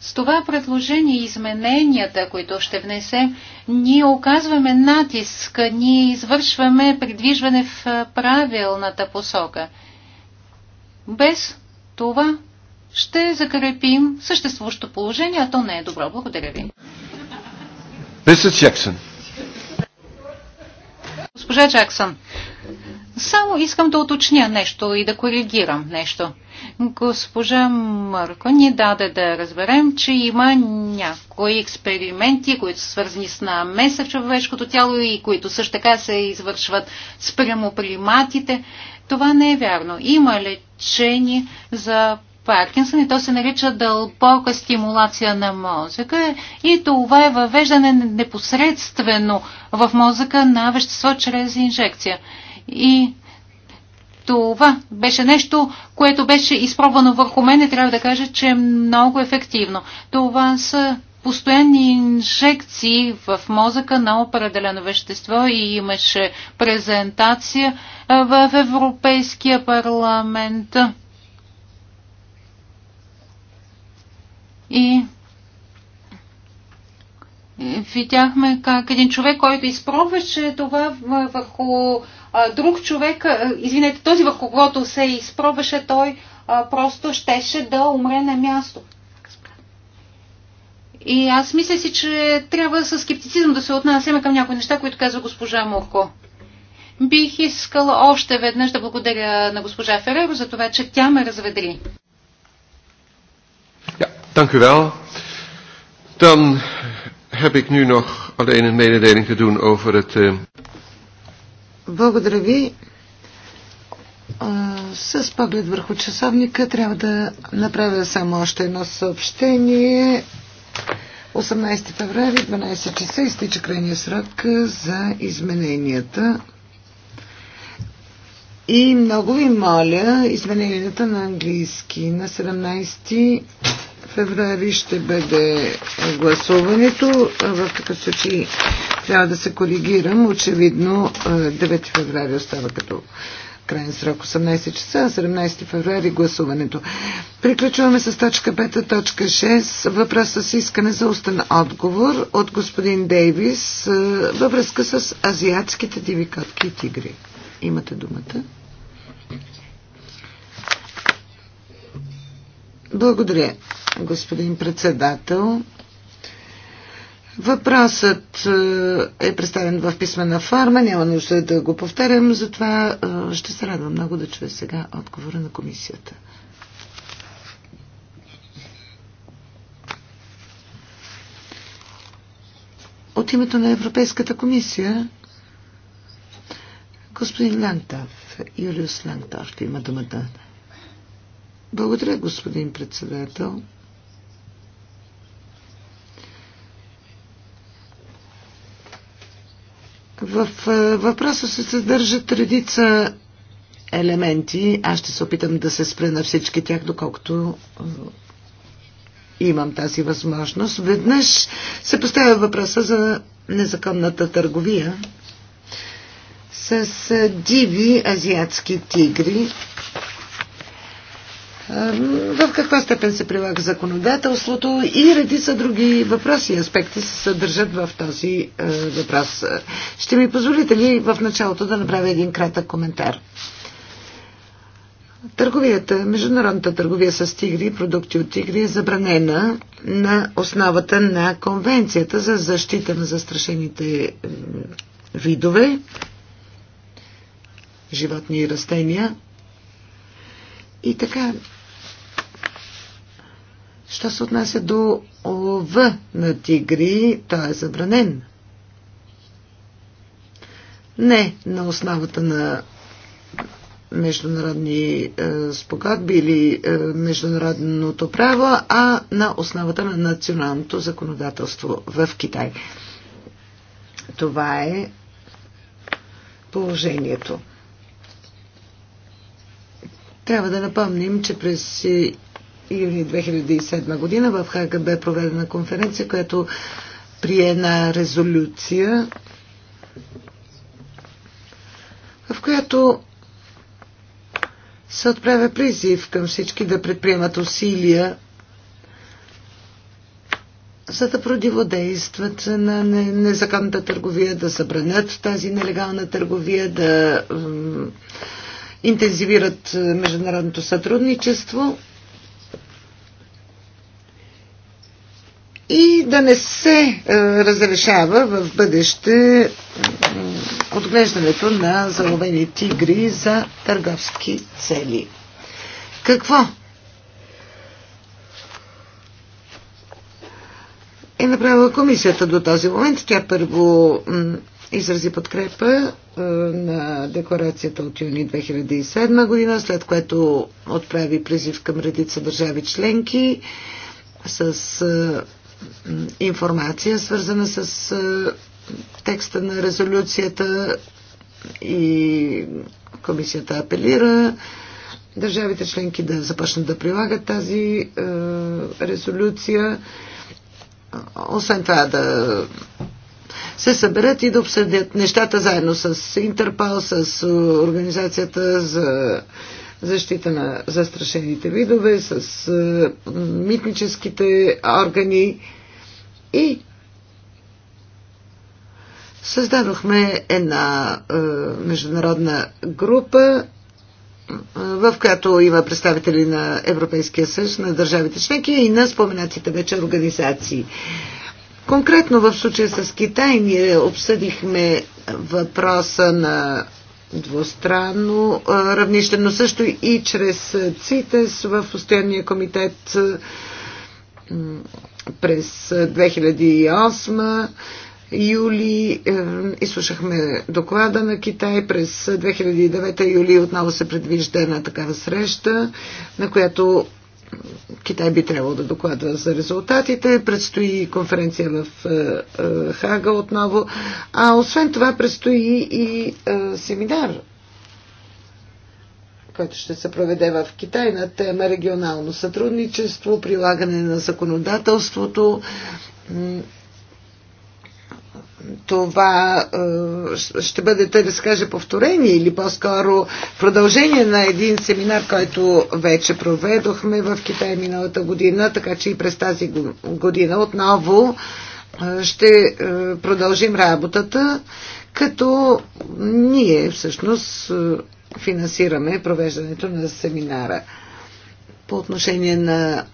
С това предложение и измененията, които ще внесем, ние оказваме натиск, ние извършваме придвижване в правилната посока. Без това ще закрепим съществуващото положение, а то не е добро. Благодаря ви. Мисъс Джексън. Госпожа Джаксън, само искам да уточня нещо и да коригирам нещо. Госпожа Мърко ни даде да разберем, че има някои експерименти, които са свързани с намеса в човешкото тяло и които също така се извършват спрямо приматите. Това не е вярно. Има лечение за Паркинсън и то се нарича дълбока стимулация на мозъка и това е въвеждане непосредствено в мозъка на вещество чрез инжекция. И това беше нещо, което беше изпробвано върху мен и трябва да кажа, че е много ефективно. Това са постоянни инжекции в мозъка на определено вещество и имаше презентация в Европейския парламент И видяхме как един човек, който изпробваше това върху друг човек, извинете, този върху когото се изпробваше, той просто щеше да умре на място. И аз мисля си, че трябва със скептицизъм да се отнасяме към някои неща, които казва госпожа Мурко. Бих искала още веднъж да благодаря на госпожа Фереро за това, че тя ме разведри. Dank u wel. Dan heb ik nu nog alleen een mededeling te doen over het. Eh, Благодаря ви. Е, с поглед върху часовника трябва да направя само още едно съобщение. 18 феврари, 12 часа, изтича крайния срок е, за измененията. И много ви моля, измененията на английски на 17 февруари ще бъде гласуването. В такъв случай трябва да се коригирам. Очевидно 9 е, февруари остава като крайен срок 18 часа, а 17 февруари гласуването. Приключваме с точка 5, точка 6, въпроса с искане за устен отговор от господин Дейвис е, във връзка с азиатските диви котки и тигри. Имате думата. Благодаря господин председател. Въпросът е, е представен в писмена форма, няма нужда да го повтарям, затова е, ще се радвам много да чуя сега отговора на комисията. От името на Европейската комисия господин Лантав, Юлиус Лантав има думата. Благодаря, господин председател. В е, въпроса се съдържат редица елементи. Аз ще се опитам да се спра на всички тях, доколкото е, имам тази възможност. Веднъж се поставя въпроса за незаконната търговия с диви азиатски тигри в каква степен се прилага законодателството и редица други въпроси и аспекти се съдържат в този е, въпрос. Ще ми позволите ли в началото да направя един кратък коментар? Търговията, международната търговия с тигри, продукти от тигри е забранена на основата на Конвенцията за защита на застрашените видове, животни и растения. И така, Що се отнася до лъва на тигри, той е забранен. Не на основата на международни е, спогадби или е, международното право, а на основата на националното законодателство в Китай. Това е положението. Трябва да напомним, че през юни 2007 година в Хага бе проведена конференция, която прие една резолюция, в която се отправя призив към всички да предприемат усилия за да противодействат на незаконната търговия, да събранят тази нелегална търговия, да интензивират международното сътрудничество. и да не се е, разрешава в бъдеще отглеждането на заловени тигри за търговски цели. Какво е направила комисията до този момент? Тя първо изрази подкрепа е, на декларацията от юни 2007 година, след което отправи призив към редица държави членки с е, информация, свързана с текста на резолюцията и комисията апелира държавите членки да започнат да прилагат тази е, резолюция. Освен това да се съберат и да обсъдят нещата заедно с Интерпал, с Организацията за защита на застрашените видове, с е, митническите органи и създадохме една е, международна група, е, в която има представители на Европейския съюз, на държавите членки и на споменатите вече организации. Конкретно в случая с Китай ние обсъдихме въпроса на двустранно равнище, но също и чрез ЦИТЕС в постоянния комитет през 2008 юли изслушахме доклада на Китай. През 2009 юли отново се предвижда една такава среща, на която Китай би трябвало да докладва за резултатите. Предстои конференция в е, е, Хага отново. А освен това предстои и е, семинар, който ще се проведе в Китай на тема регионално сътрудничество, прилагане на законодателството това е, ще бъде, тъй да се каже, повторение или по-скоро продължение на един семинар, който вече проведохме в Китай миналата година, така че и през тази година отново е, ще е, продължим работата, като ние всъщност финансираме провеждането на семинара. По отношение на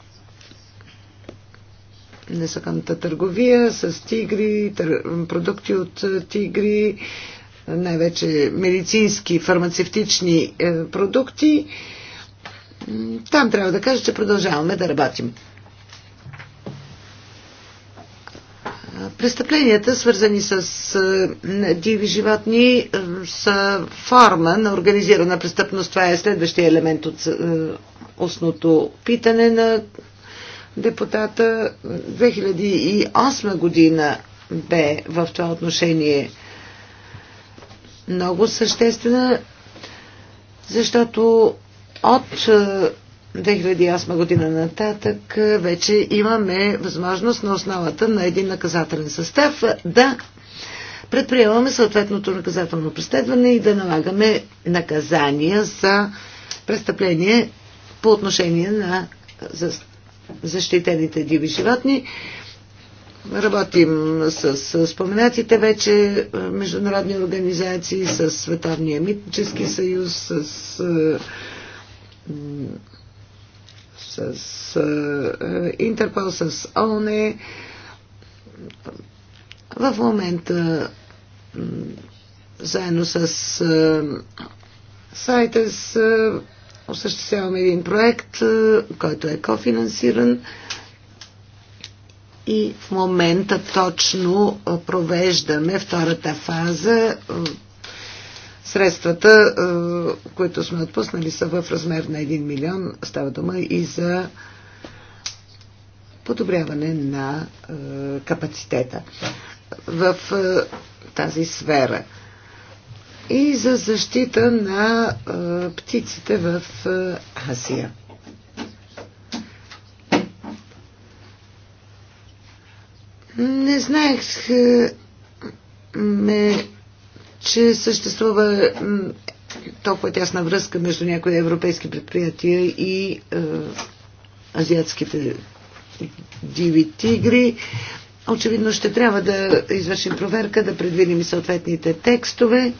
незаконната търговия с тигри, тър... продукти от е, тигри, най-вече медицински, фармацевтични е, продукти. Там трябва да кажа, че продължаваме да работим. Престъпленията, свързани с е, диви животни, са форма на организирана престъпност. Това е следващия елемент от устното питане на депутата. 2008 година бе в това отношение много съществена, защото от 2008 е, година нататък е, вече имаме възможност на основата на един наказателен състав да предприемаме съответното наказателно преследване и да налагаме наказания за престъпление по отношение на защитените диви животни. Работим с, с споменатите вече международни организации, с Световния митнически съюз, с, с, с, с Интерпол, с ОНЕ. В момента заедно с сайта с осъществяваме един проект, е, който е кофинансиран и в момента точно е, провеждаме втората фаза. Е, средствата, които сме отпуснали, са в размер на 1 милион. Става дума и за подобряване на капацитета в тази сфера и за защита на а, птиците в а, Азия. Не знаех, не, че съществува толкова тясна връзка между някои европейски предприятия и е, азиатските диви тигри. Очевидно ще трябва да извършим проверка, да предвидим и съответните текстове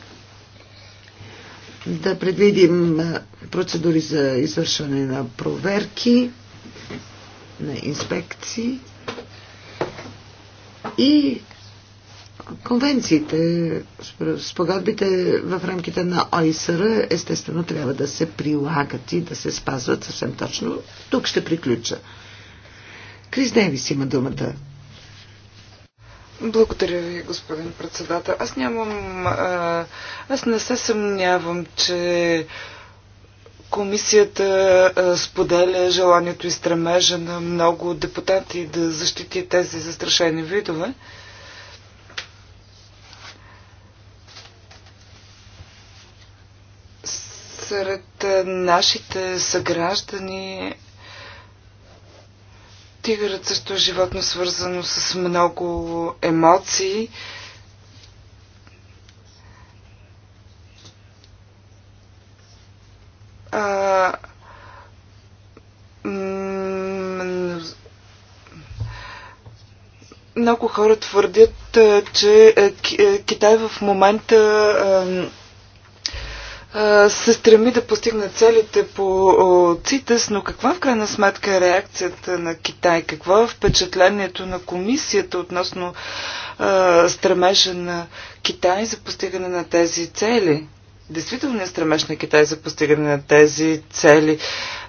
да предвидим процедури за извършване на проверки, на инспекции и конвенциите, спогодбите в рамките на ОИСР, естествено, трябва да се прилагат и да се спазват съвсем точно. Тук ще приключа. Крис Девис има думата. Благодаря ви, господин председател. Аз нямам. А, аз не се съмнявам, че комисията а, споделя желанието и стремежа на много депутати да защити тези застрашени видове. Сред нашите съграждани Тигърът също е животно свързано с много емоции. А, много хора твърдят, че е, е, Китай в момента се стреми да постигне целите по ЦИТЕС, но каква в крайна сметка е реакцията на Китай? Какво е впечатлението на комисията относно стремежа на Китай за постигане на тези цели? Действителният стремеж на Китай за постигане на тези цели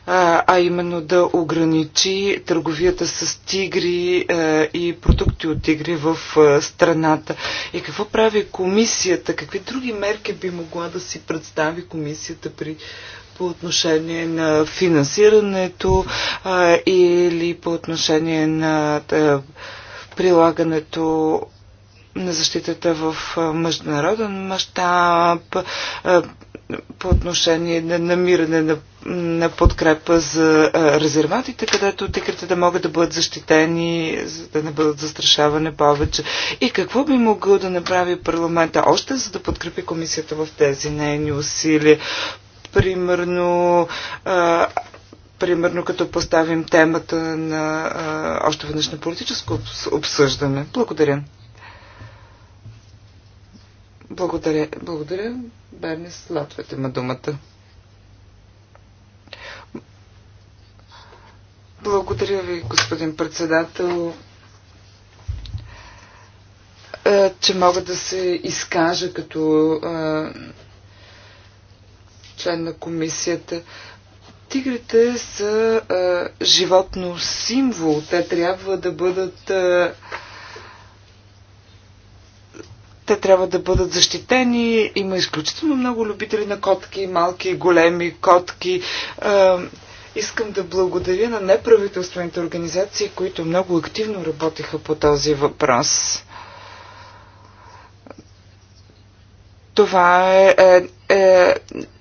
а именно да ограничи търговията с тигри е, и продукти от тигри в е, страната. И какво прави комисията? Какви други мерки би могла да си представи комисията при по отношение на финансирането а, или по отношение на да, е, прилагането на защитата в международен мащаб, по отношение на намиране на, на подкрепа за а, резерватите, където тигрите да могат да бъдат защитени, за да не бъдат застрашавани повече. И какво би могъл да направи парламента още, за да подкрепи комисията в тези нейни усилия? Примерно, а, примерно като поставим темата на, а, още веднъж на политическо обсъждане. Благодаря. Благодаря. Благодаря. Бернис Латвет има думата. Благодаря ви, господин председател, е, че мога да се изкажа като е, член на комисията. Тигрите са е, животно символ. Те трябва да бъдат те трябва да бъдат защитени. Има изключително много любители на котки, малки и големи котки. Искам да благодаря на неправителствените организации, които много активно работиха по този въпрос. Това е, е е,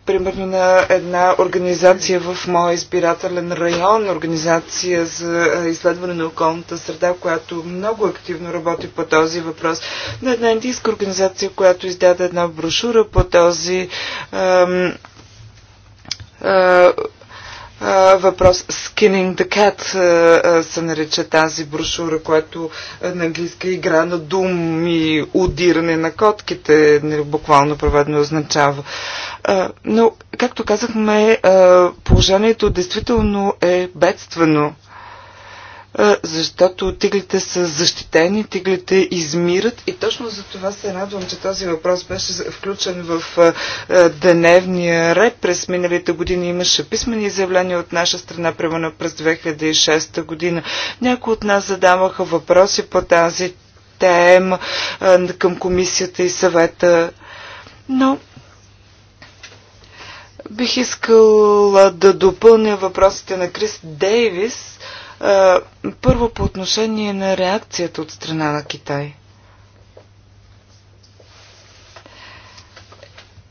примерно на една организация в моя избирателен район, организация за е, изследване на околната среда, която много активно работи по този въпрос, на една индийска организация, която издаде една брошура по този въпрос Skinning the Cat се нарича тази брошура, която на английска е игра на дум и удиране на котките, нали, буквално преведено означава. Но, както казахме, положението действително е бедствено защото тиглите са защитени, тиглите измират и точно за това се радвам, че този въпрос беше включен в дневния ред. През миналите години имаше писмени изявления от наша страна, примерно през 2006 година. Някои от нас задаваха въпроси по тази тема към комисията и съвета, но бих искала да допълня въпросите на Крис Дейвис, първо по отношение на реакцията от страна на Китай.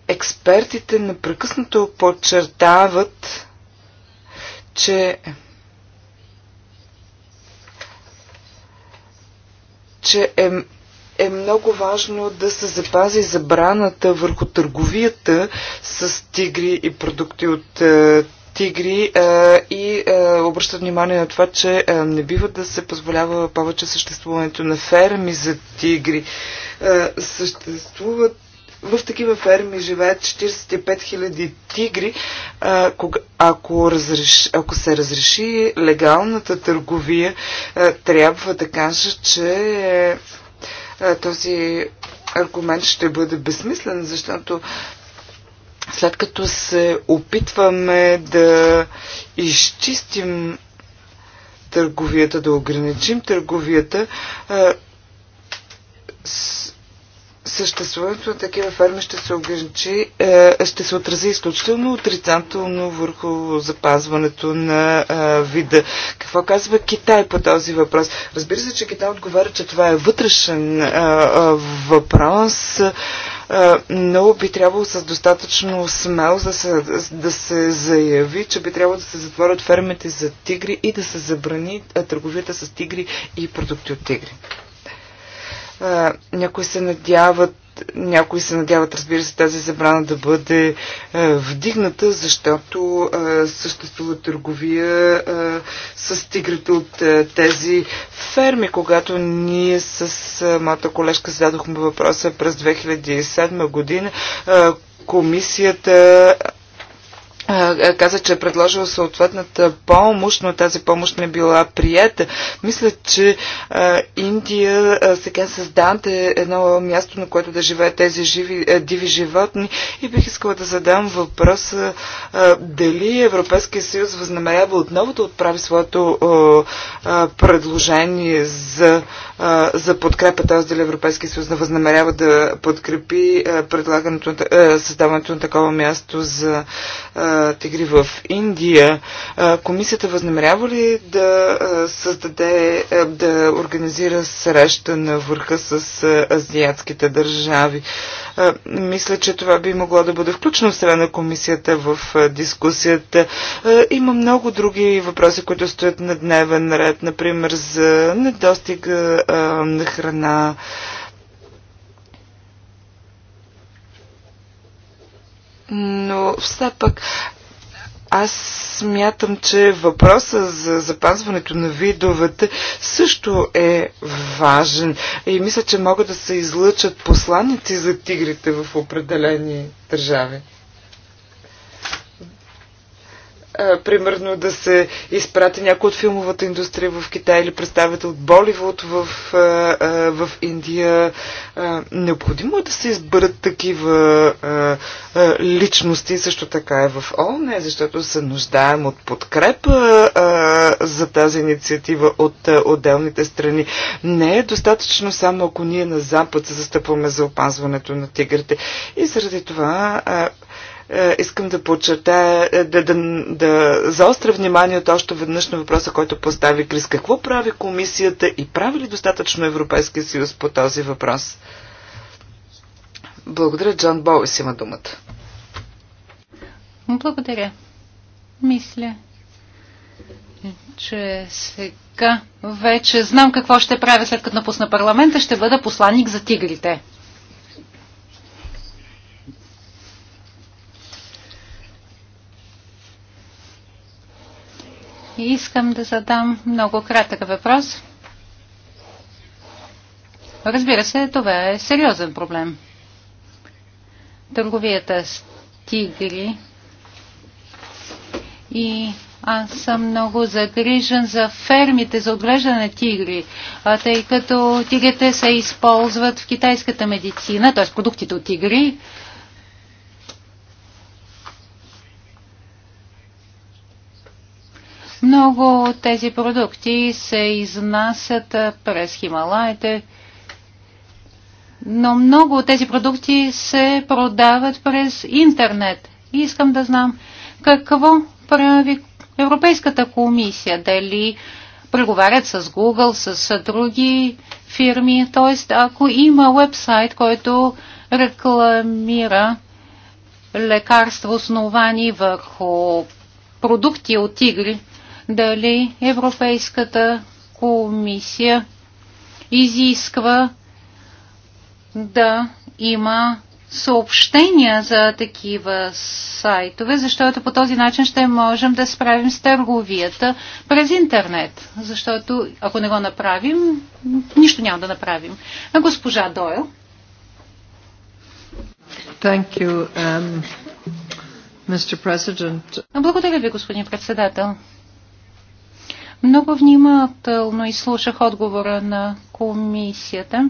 Експертите непрекъснато подчертават, че че е, е много важно да се запази забраната върху търговията с тигри и продукти от е, тигри е, и е, обръщат внимание на това, че е, не бива да се позволява повече съществуването на ферми за тигри. Съществуват в такива ферми живеят 45 000 тигри. А, кога, ако, разреш, ако се разреши легалната търговия, а, трябва да кажа, че а, този аргумент ще бъде безсмислен, защото след като се опитваме да изчистим търговията, да ограничим търговията, с съществуването на такива ферми ще се, ограничи, е, ще се отрази изключително отрицателно върху запазването на е, вида. Какво казва Китай по този въпрос? Разбира се, че Китай отговаря, че това е вътрешен е, въпрос но би трябвало с достатъчно смел да се, да се заяви, че би трябвало да се затворят фермите за тигри и да се забрани търговията с тигри и продукти от тигри някои се надяват някои се надяват, разбира се, тази забрана да бъде е, вдигната, защото е, съществува търговия е, с тигрите от е, тези ферми. Когато ние с е, моята колежка зададохме въпроса през 2007 година, е, комисията каза, че е предложила съответната помощ, но тази помощ не е била прията. Мисля, че а, Индия а, сега е едно място, на което да живеят тези живи, а, е, диви животни и бих искала да задам въпроса а, дали Европейския съюз възнамерява отново да отправи своето а, а, предложение за, а, за подкрепа, т.е. дали Европейския съюз да възнамерява да подкрепи а, предлагането, а, създаването на такова място за а, тигри е, в Индия, е, комисията възнамерява ли да е, създаде, да организира среща на върха с азиатските държави? мисля, че това би могло да бъде включено в страна на комисията в дискусията. има много други въпроси, които стоят на дневен ред, например за недостиг на храна. но все пък аз смятам, че въпроса за запазването на видовете също е важен и мисля, че могат да се излъчат посланици за тигрите в определени държави примерно да се изпрати някой от филмовата индустрия в Китай или представител от Боливуд в, в Индия. необходимо е да се изберат такива личности, също така е в ООН, защото се нуждаем от подкрепа за тази инициатива от отделните страни. Не е достатъчно само ако ние на Запад се застъпваме за опазването на тигрите. И заради това е, искам да подчертая, е, да, да, да заостря вниманието още веднъж на въпроса, който постави Крис. Какво прави комисията и прави ли достатъчно Европейския съюз по този въпрос? Благодаря, Джон Болис има думата. Благодаря. Мисля, че сега вече знам какво ще правя след като напусна парламента. Ще бъда посланник за тигрите. Искам да задам много кратък въпрос. Разбира се, това е сериозен проблем. Търговията с тигри и аз съм много загрижен за фермите за отглеждане на тигри, тъй като тигрите се използват в китайската медицина, т.е. продуктите от тигри Много от тези продукти се изнасят през Хималаите, но много от тези продукти се продават през интернет. И искам да знам какво прави Европейската комисия, дали преговарят с Google, с други фирми. Т.е. ако има вебсайт, който рекламира лекарства, основани върху продукти от тигри, дали Европейската комисия изисква да има съобщения за такива сайтове, защото по този начин ще можем да справим с търговията през интернет. Защото ако не го направим, нищо няма да направим. А госпожа Дойл. Thank you, um, Mr. Благодаря ви, господин председател. Много внимателно изслушах отговора на комисията.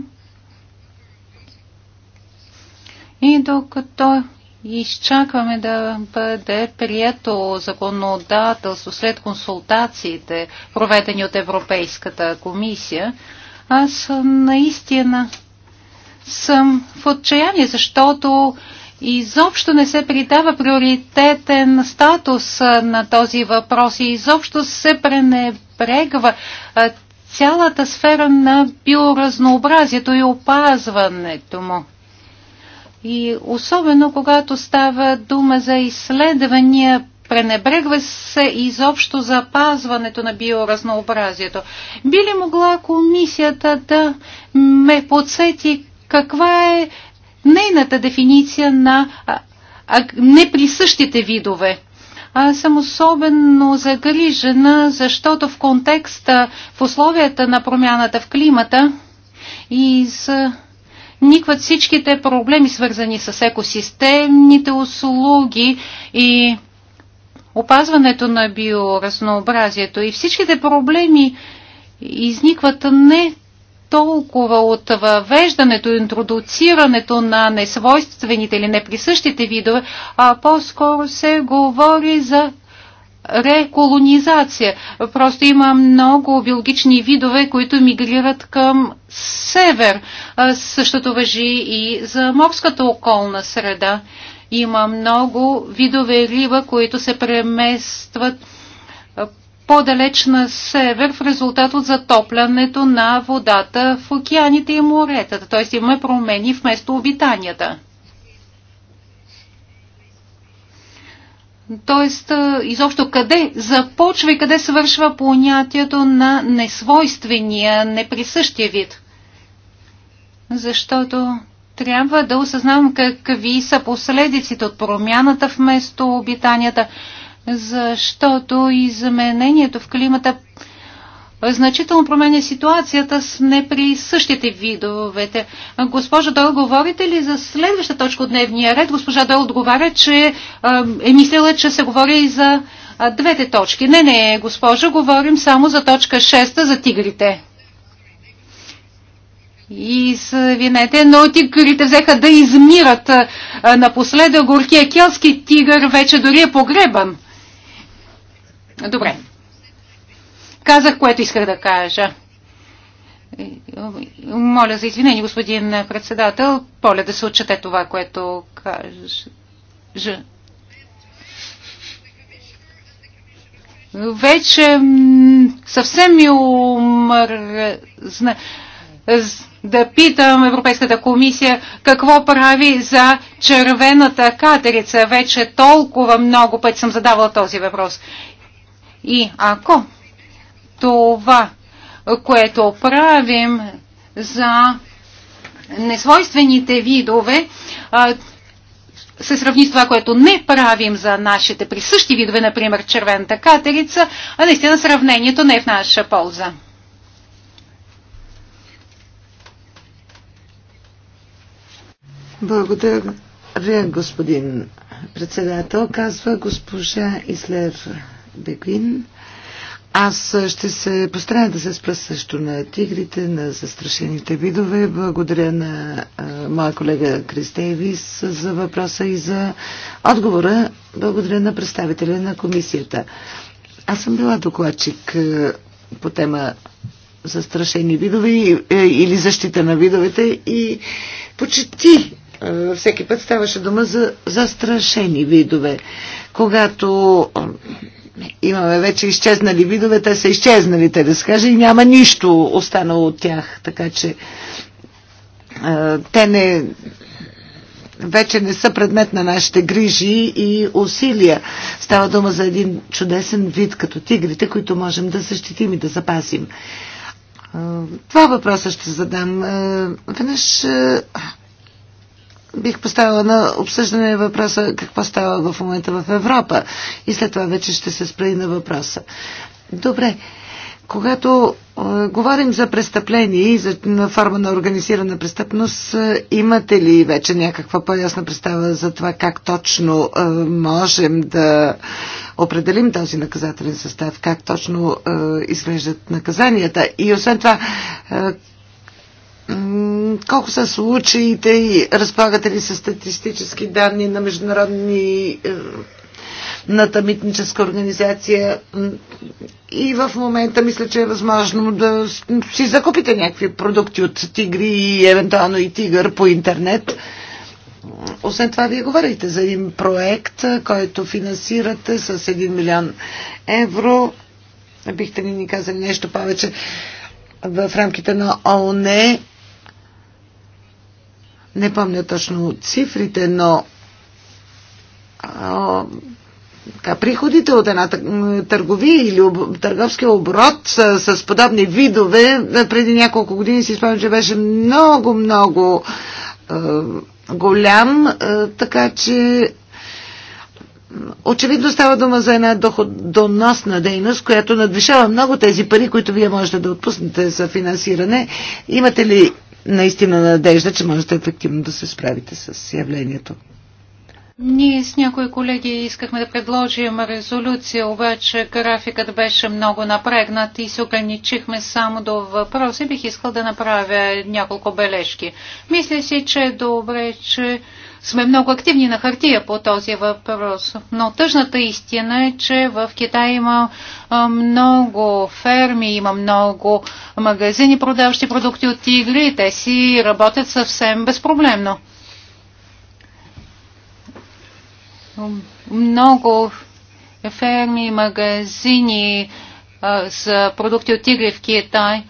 И докато изчакваме да бъде прието законодателство след консултациите, проведени от Европейската комисия, аз наистина съм в отчаяние, защото изобщо не се придава приоритетен статус на този въпрос и изобщо се пренебрегва пренебрегва цялата сфера на биоразнообразието и опазването му. И особено когато става дума за изследвания, пренебрегва се изобщо запазването на биоразнообразието. Би ли могла комисията да ме подсети каква е нейната дефиниция на неприсъщите видове? Аз съм особено загрижена, защото в контекста, в условията на промяната в климата и с никват всичките проблеми, свързани с екосистемните услуги и опазването на биоразнообразието. И всичките проблеми изникват не толкова от въвеждането, интродуцирането на несвойствените или неприсъщите видове, а по-скоро се говори за реколонизация. Просто има много биологични видове, които мигрират към север. Същото въжи и за морската околна среда. Има много видове риба, които се преместват по-далеч на север в резултат от затоплянето на водата в океаните и моретата. Т.е. имаме промени в местообитанията. Тоест, изобщо къде започва и къде свършва понятието на несвойствения, неприсъщия вид. Защото трябва да осъзнавам какви са последиците от промяната в местообитанията, обитанията, защото изменението в климата значително променя ситуацията с при същите видовете. Госпожа Дол, говорите ли за следваща точка от дневния ред? Госпожа Дол отговаря, че е мислила, че се говори и за двете точки. Не, не, госпожа, говорим само за точка 6 за тигрите. И винете, но тигрите взеха да измират. Напоследък горкия келски тигър вече дори е погребан. Добре. Казах, което исках да кажа. Моля за извинение, господин председател. Поля да се отчете това, което кажа. Вече съвсем ми умръзна да питам Европейската комисия какво прави за червената катерица. Вече толкова много пъти съм задавала този въпрос. И ако това, което правим за несвойствените видове, се сравни с това, което не правим за нашите присъщи видове, например червената катерица, а наистина сравнението не е в наша полза. Благодаря, господин председател, казва госпожа Ислер. Бегвин. Аз ще се постарая да се спра също на тигрите, на застрашените видове. Благодаря на а, моя колега Кристейвис за въпроса и за отговора. Благодаря на представителя на комисията. Аз съм била докладчик а, по тема застрашени видове е, или защита на видовете и почти всеки път ставаше дума за застрашени видове. Когато имаме вече изчезнали видове, те са изчезнали, те да се каже, и няма нищо останало от тях, така че а, те не вече не са предмет на нашите грижи и усилия. Става дума за един чудесен вид като тигрите, които можем да защитим и да запазим. Два въпроса ще задам. Веднъж бих поставила на обсъждане въпроса какво става в момента в Европа и след това вече ще се спра и на въпроса. Добре, когато е, говорим за престъпление и за на форма на организирана престъпност, е, имате ли вече някаква по-ясна представа за това как точно е, можем да определим този наказателен състав, как точно е, изглеждат наказанията и освен това е, колко са случаите и разполагате ли са статистически данни на международни е, на митническа организация и в момента мисля, че е възможно да си закупите някакви продукти от тигри и евентуално и тигър по интернет. Освен това, вие говорите за един проект, който финансирате с 1 милион евро. Бихте ли ни казали нещо повече в рамките на ООН? Не помня точно цифрите, но а, приходите от една търговия или об, търговски оборот с, с подобни видове преди няколко години си спомням, че беше много, много а, голям, а, така че очевидно става дума за една доносна дейност, която надвишава много тези пари, които вие можете да отпуснете за финансиране. Имате ли наистина надежда, че можете ефективно да се справите с явлението. Ние с някои колеги искахме да предложим резолюция, обаче графикът беше много напрегнат и се ограничихме само до въпроси. Бих искал да направя няколко бележки. Мисля си, че е добре, че сме много активни на хартия по този въпрос. Но тъжната истина е, че в Китай има много ферми, има много магазини, продаващи продукти от тигри и те си работят съвсем безпроблемно. Много ферми, магазини за продукти от тигри в Китай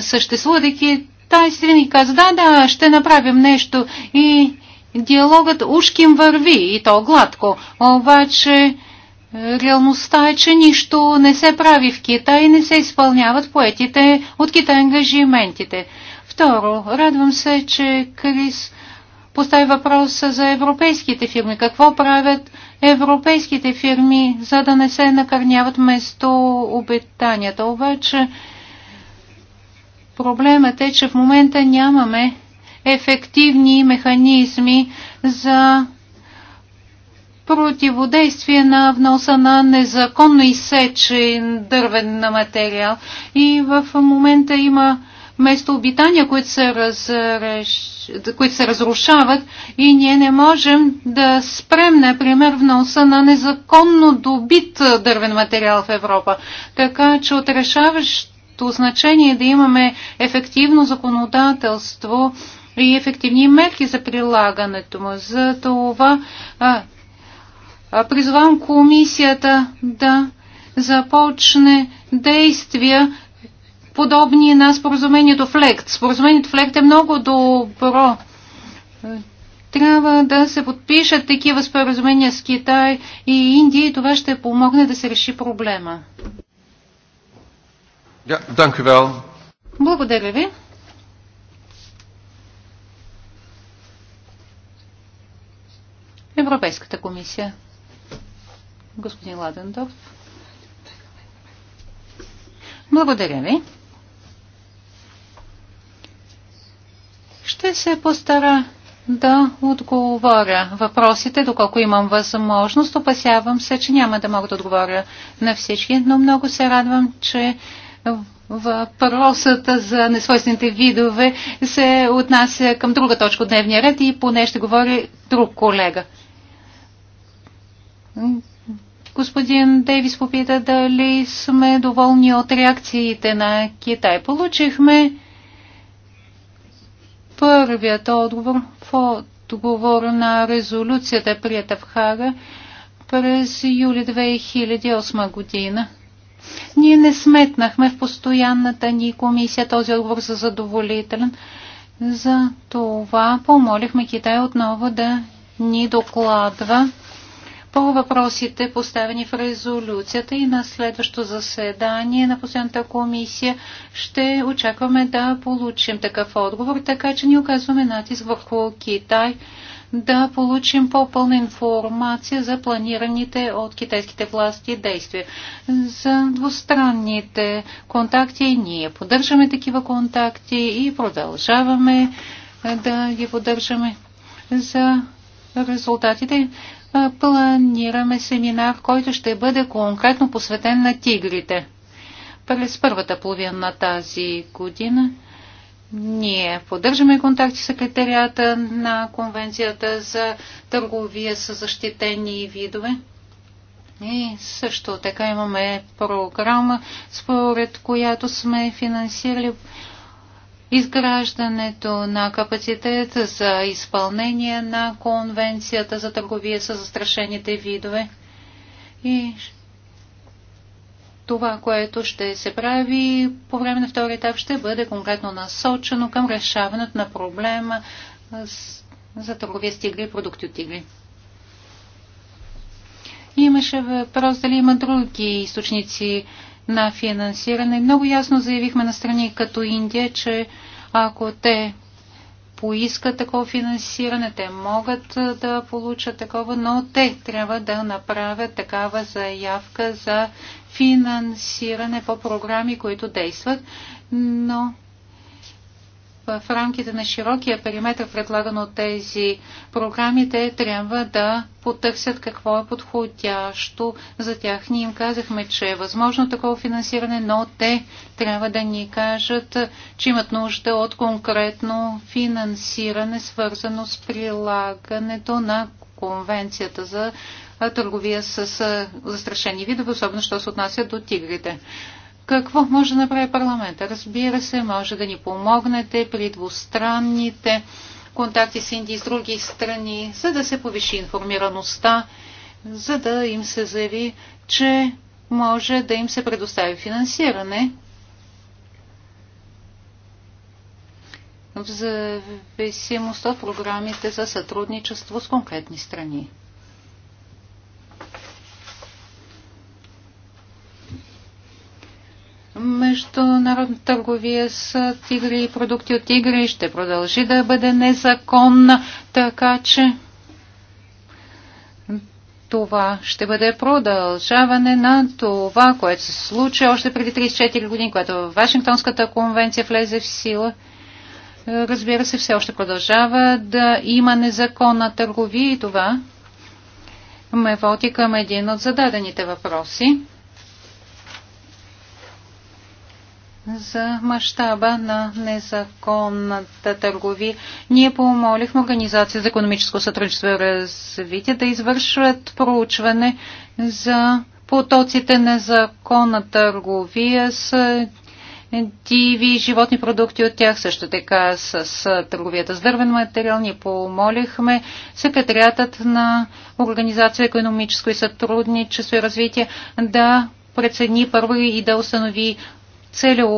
съществуват и китайците ни казва, да, да, ще направим нещо и диалогът ушким върви и то гладко, обаче е, реалността е, че нищо не се прави в Китай и не се изпълняват поетите от Китай ангажиментите. Второ, радвам се, че Крис постави въпроса за европейските фирми. Какво правят европейските фирми, за да не се накърняват место обитанията? Обаче проблемът е, че в момента нямаме ефективни механизми за противодействие на вноса на незаконно изсечен дървен материал. И в момента има местообитания, които се, разреш... които се разрушават и ние не можем да спрем, например, вноса на незаконно добит дървен материал в Европа. Така че от решаващо значение е да имаме ефективно законодателство и ефективни мерки за прилагането му. За това а, а, призвам комисията да започне действия подобни на споразумението ФЛЕКТ. Споразумението ФЛЕКТ е много добро. Трябва да се подпишат такива споразумения с Китай и Индия и това ще помогне да се реши проблема. Yeah, Благодаря ви. Европейската комисия. Господин Ладендорф. Благодаря ви. Ще се постара да отговоря въпросите, доколко имам възможност. Опасявам се, че няма да мога да отговоря на всички, но много се радвам, че въпросът за несвойствените видове се отнася към друга точка от дневния ред и поне ще говори друг колега. Господин Дейвис попита дали сме доволни от реакциите на Китай. Получихме първият отговор в отговор на резолюцията, прията в Хага през юли 2008 година. Ние не сметнахме в постоянната ни комисия този отговор за задоволителен. За това помолихме Китай отново да ни докладва по въпросите поставени в резолюцията и на следващо заседание на последната комисия ще очакваме да получим такъв отговор, така че ни оказваме натиск върху Китай да получим по-пълна информация за планираните от китайските власти действия. За двустранните контакти ние поддържаме такива контакти и продължаваме да ги поддържаме за резултатите планираме семинар, който ще бъде конкретно посветен на тигрите. През първата половина на тази година ние поддържаме контакти с секретарията на Конвенцията за търговия с защитени видове. И също така имаме програма, според която сме финансирали изграждането на капацитет за изпълнение на конвенцията за търговия с застрашените видове и това, което ще се прави по време на втори етап, ще бъде конкретно насочено към решаването на проблема за търговия с тигри и продукти от тигри. Имаше въпрос дали има други източници на финансиране. Много ясно заявихме на страни като Индия, че ако те поискат такова финансиране, те могат да получат такова, но те трябва да направят такава заявка за финансиране по програми, които действат, но в рамките на широкия периметр, предлаган от тези програми, те трябва да потърсят какво е подходящо за тях. Ние им казахме, че е възможно такова финансиране, но те трябва да ни кажат, че имат нужда от конкретно финансиране, свързано с прилагането на конвенцията за търговия с застрашени видове, особено що се отнася до тигрите. Какво може да направи парламента? Разбира се, може да ни помогнете при двустранните контакти с Индии и с други страни, за да се повиши информираността, за да им се заяви, че може да им се предостави финансиране. в зависимост от програмите за сътрудничество с конкретни страни. международна търговия с тигри и продукти от тигри ще продължи да бъде незаконна, така че това ще бъде продължаване на това, което се случи още преди 34 години, когато Вашингтонската конвенция влезе в сила. Разбира се, все още продължава да има незаконна търговия и това ме води към един от зададените въпроси. за мащаба на незаконната търговия. Ние помолихме Организация за економическо сътрудничество и развитие да извършват проучване за потоците на законна търговия с диви животни продукти от тях, също така с, с търговията с дървен материал. Ние помолихме секретариатът на Организация економическо и сътрудничество и развитие да прецени първо и да установи целият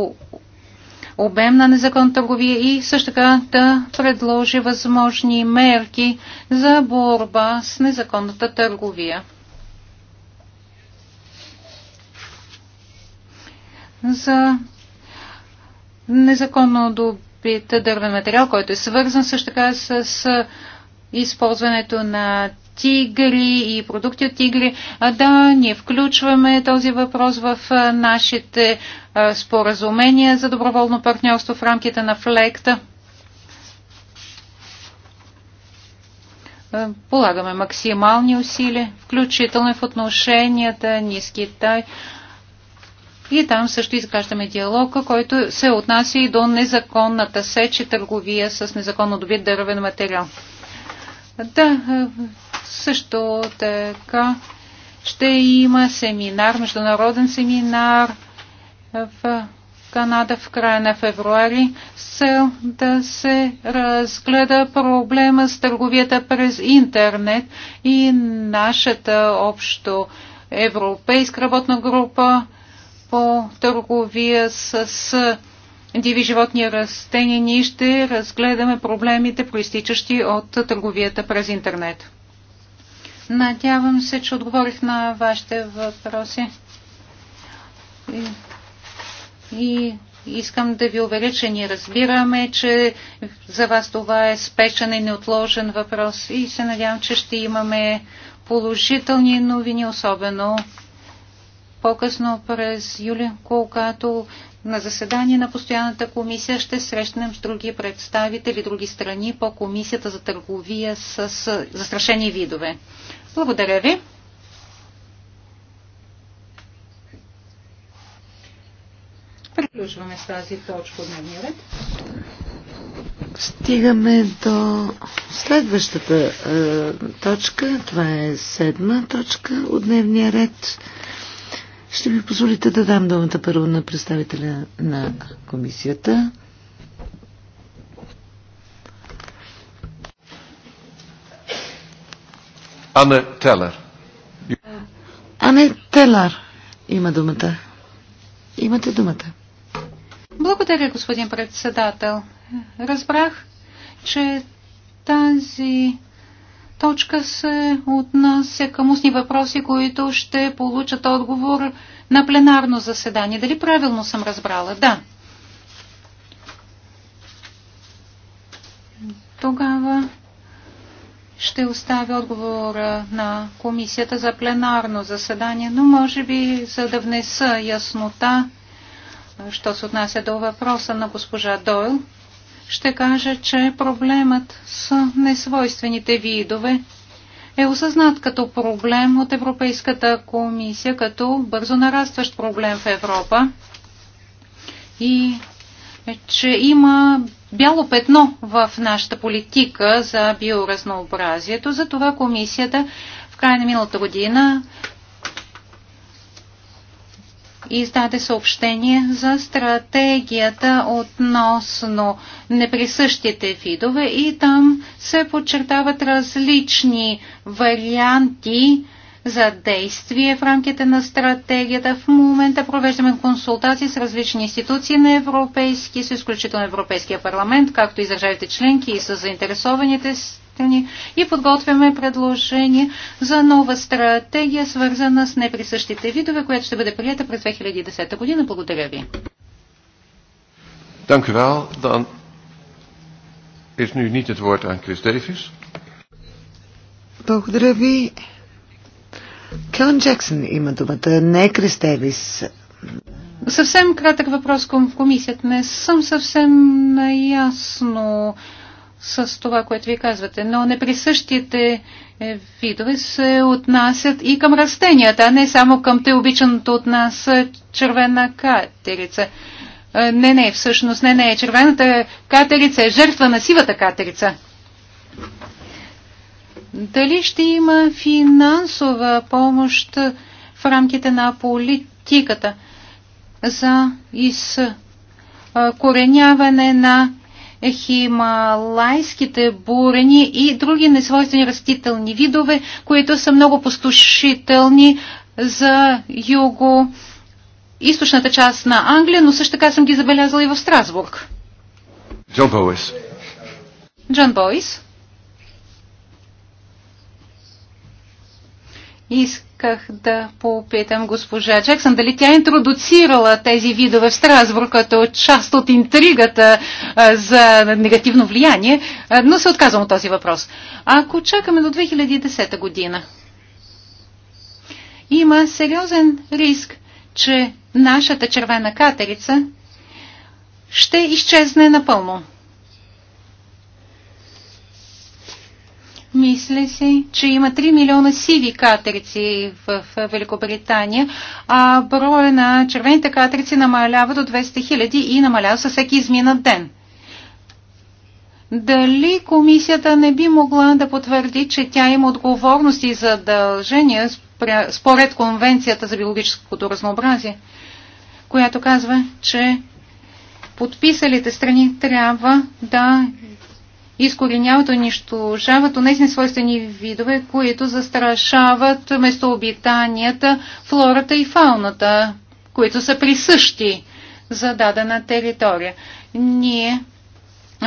обем на незаконна търговия и също така да предложи възможни мерки за борба с незаконната търговия. За незаконно добит дървен материал, който е свързан също така с използването на тигри и продукти от тигри, да ние включваме този въпрос в нашите споразумения за доброволно партньорство в рамките на флекта. Полагаме максимални усилия, включително в отношенията ни с Китай. И там също изграждаме диалога, който се отнася и до незаконната сеч и търговия с незаконно добит дървен материал. Да, също така ще има семинар, международен семинар в Канада в края на февруари с цел да се разгледа проблема с търговията през интернет и нашата общо европейска работна група по търговия с, с диви животни и растения. Ние ще разгледаме проблемите, проистичащи от търговията през интернет. Надявам се, че отговорих на вашите въпроси. И, и искам да ви уверя, че ние разбираме, че за вас това е спешен и неотложен въпрос и се надявам, че ще имаме положителни новини, особено по-късно през юли, когато на заседание на постоянната комисия ще срещнем с други представители, други страни по комисията за търговия с застрашени видове. Благодаря ви. Приключваме с тази точка от дневния ред. Стигаме до следващата е, точка. Това е седма точка от дневния ред. Ще ми позволите да дам думата първо на представителя на комисията. Ане Телер. Ане Телар има думата. Имате думата. Благодаря, господин председател. Разбрах, че тази точка се отнася към устни въпроси, които ще получат отговор на пленарно заседание. Дали правилно съм разбрала? Да. Тогава ще оставя отговор на комисията за пленарно заседание, но може би за да внеса яснота, що се отнася до въпроса на госпожа Дойл, ще кажа, че проблемът с несвойствените видове е осъзнат като проблем от Европейската комисия, като бързо нарастващ проблем в Европа и е, че има бяло петно в нашата политика за биоразнообразието. Затова комисията в края на миналата година издаде съобщение за стратегията относно неприсъщите видове и там се подчертават различни варианти за действие в рамките на стратегията. В момента провеждаме консултации с различни институции на европейски, с изключително Европейския парламент, както и държавите членки и с заинтересованите ни и подготвяме предложение за нова стратегия, свързана с неприсъщите видове, която ще бъде прията през 2010 година. Благодаря ви. Dank u wel. Dan is nu niet het woord aan Chris Davis. Благодаря ви. Келън Джексон има думата, не Крис Девис. Съвсем кратък въпрос към комисията. Не съм съвсем наясно с това, което ви казвате, но неприсъщите е, видове се отнасят и към растенията, а не само към те обичаното от нас е, червена катерица. Е, не, не, всъщност не, не. Червената катерица е жертва на сивата катерица. Дали ще има финансова помощ в рамките на политиката за изкореняване на хималайските бурени и други несвойствени растителни видове, които са много пустошителни за юго източната част на Англия, но също така съм ги забелязала и в Страсбург. Джон Бойс. Джон Бойс. Исках да попитам госпожа Джексън дали тя интродуцирала тези видове в Страсбург като част от интригата за негативно влияние, но се отказвам от този въпрос. Ако чакаме до 2010 година, има сериозен риск, че нашата червена катерица ще изчезне напълно. Мисля се, че има 3 милиона сиви катерици в Великобритания, а броя на червените катерици намалява до 200 хиляди и намалява със всеки изминат ден. Дали комисията не би могла да потвърди, че тя има отговорности и задължения според Конвенцията за биологическото разнообразие, която казва, че подписалите страни трябва да изкореняват, унищожават унесни свойствени видове, които застрашават местообитанията, флората и фауната, които са присъщи за дадена територия. Ние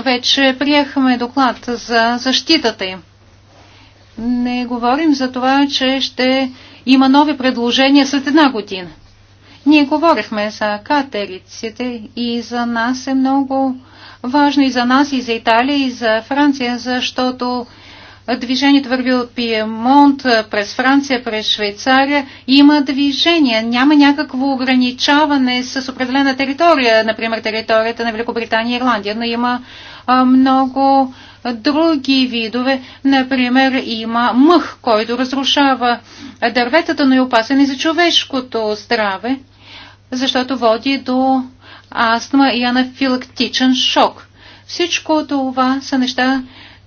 вече приехме доклад за защитата им. Не говорим за това, че ще има нови предложения след една година. Ние говорихме за катериците и за нас е много важно и за нас, и за Италия, и за Франция, защото движението върви от Пиемонт през Франция, през Швейцария. Има движение, няма някакво ограничаване с определена територия, например територията на Великобритания и Ирландия, но има много други видове. Например, има мъх, който разрушава дърветата, но е опасен и за човешкото здраве, защото води до астма и анафилактичен шок. Всичко това са неща,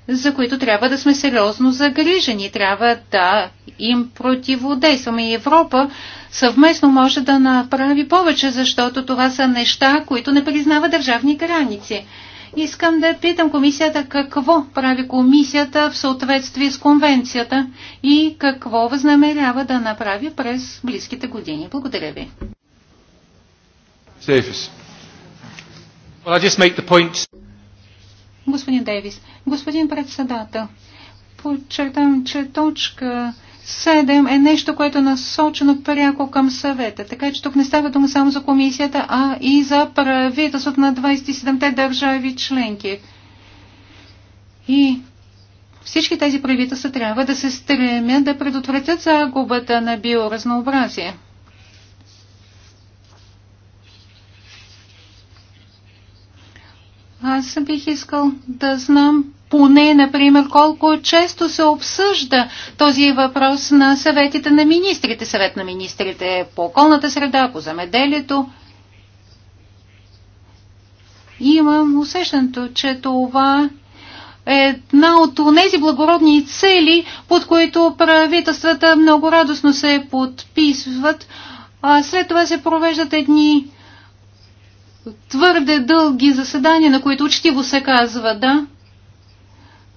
за които трябва да сме сериозно загрижени. Трябва да им противодействаме. И Европа съвместно може да направи повече, защото това са неща, които не признава държавни граници. Искам да питам комисията какво прави комисията в съответствие с конвенцията и какво възнамерява да направи през близките години. Благодаря ви. Стефис. Well, Господин Дейвис, господин председател, подчертам, че точка 7 е нещо, което е насочено пряко към съвета. Така че тук не става дума само за комисията, а и за правителството на 27-те държави членки. И всички тези правителства трябва да се стремят да предотвратят загубата на биоразнообразие. Аз бих искал да знам поне, например, колко често се обсъжда този въпрос на съветите на министрите. Съвет на министрите по околната среда, по замеделието. Имам усещането, че това е една от тези благородни цели, под които правителствата много радостно се подписват, а след това се провеждат едни твърде дълги заседания, на които учтиво се казва да,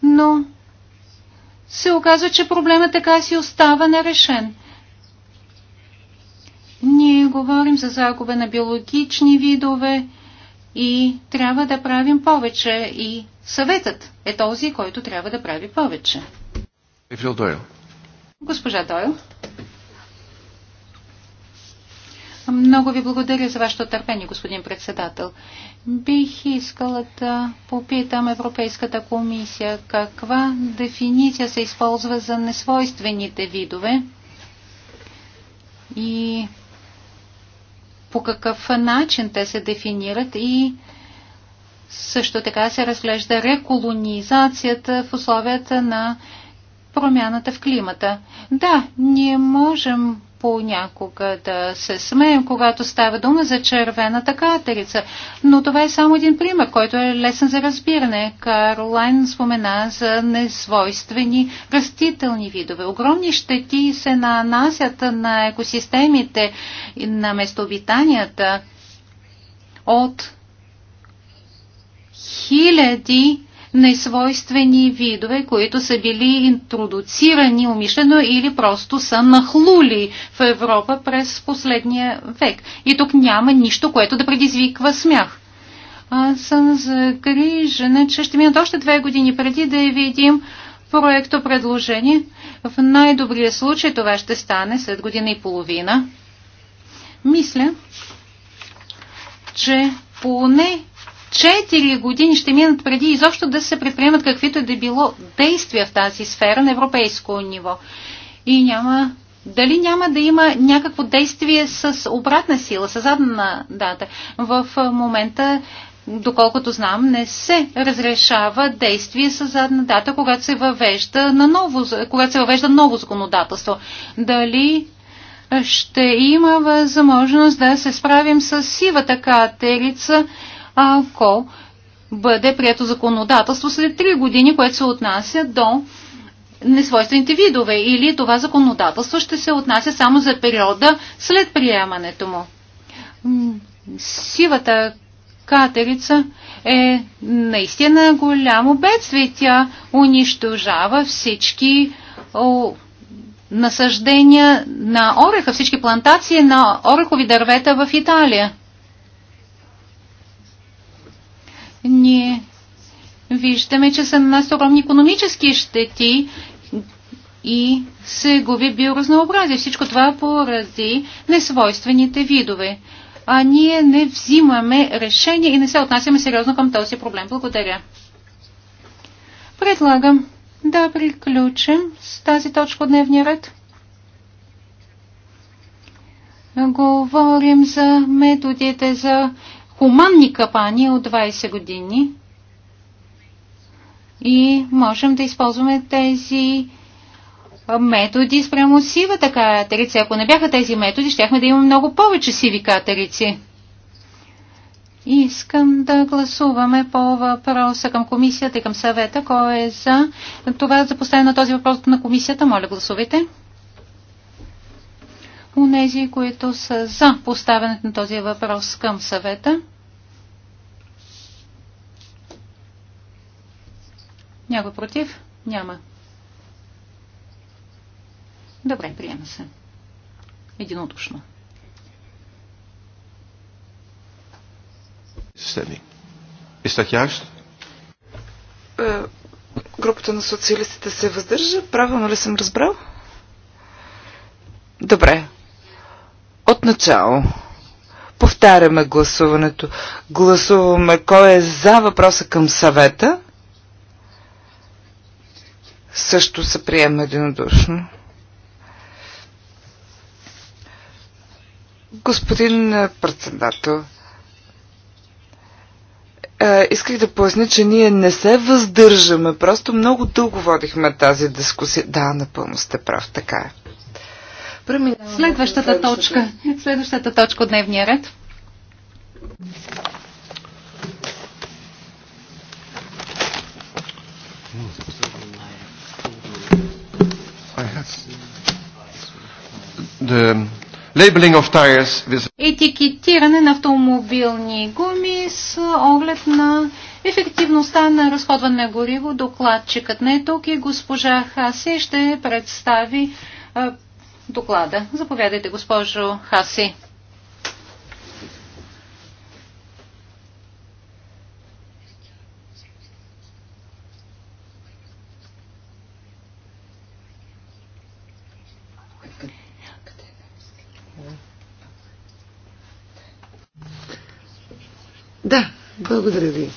но се оказва, че проблемът така си остава нерешен. Ние говорим за загуба на биологични видове и трябва да правим повече и съветът е този, който трябва да прави повече. Госпожа Дойл. Много ви благодаря за вашето търпение, господин председател. Бих искала да попитам Европейската комисия каква дефиниция се използва за несвойствените видове и по какъв начин те се дефинират и също така се разглежда реколонизацията в условията на промяната в климата. Да, ние можем понякога да се смеем, когато става дума за червената катерица. Но това е само един пример, който е лесен за разбиране. Карлайн спомена за несвойствени растителни видове. Огромни щети се нанасят на екосистемите, и на местообитанията от хиляди несвойствени видове, които са били интродуцирани умишлено или просто са нахлули в Европа през последния век. И тук няма нищо, което да предизвиква смях. Аз съм загрижена, че ще минат още две години преди да я видим проекто предложение. В най-добрия случай това ще стане след година и половина. Мисля, че поне 4 години ще минат преди изобщо да се предприемат каквито да било действия в тази сфера на европейско ниво. И няма дали няма да има някакво действие с обратна сила, с задна дата. В момента, доколкото знам, не се разрешава действие с задна дата, когато се въвежда, на ново, когато се въвежда ново законодателство. Дали ще има възможност да се справим с сивата катерица, ако бъде прието законодателство след 3 години, което се отнася до несвойствените видове или това законодателство ще се отнася само за периода след приемането му. Сивата катерица е наистина голямо бедствие. Тя унищожава всички насъждения на ореха, всички плантации на орехови дървета в Италия. ние виждаме, че са на нас огромни економически щети и се губи биоразнообразие. Всичко това поради несвойствените видове. А ние не взимаме решение и не се отнасяме сериозно към този проблем. Благодаря. Предлагам да приключим с тази точка от дневния ред. Говорим за методите за хуманни капани от 20 години и можем да използваме тези методи спрямо сивата катерица. Ако не бяха тези методи, щяхме да имаме много повече сиви катерици. Искам да гласуваме по въпроса към комисията и към съвета. Кой е за това за поставяне на този въпрос на комисията? Моля, гласувайте унези, които са за поставянето на този въпрос към съвета. Някой против? Няма. Добре, приема се. Единодушно. Стеми. Истахящ? Е, групата на социалистите се въздържа. Правилно ли съм разбрал? Добре, от начало. Повтаряме гласуването. Гласуваме кой е за въпроса към съвета. Също се приема единодушно. Господин е, председател, е, исках да поясня, че ние не се въздържаме. Просто много дълго водихме тази дискусия. Да, напълно сте прав, така е следващата точка. Следващата точка от дневния ред. The labeling of tires with... Етикетиране на автомобилни гуми с оглед на ефективността на разходване на гориво. Докладчикът не е тук и госпожа Хаси ще представи доклада. Заповядайте, госпожо Хаси. Да, благодаря ви.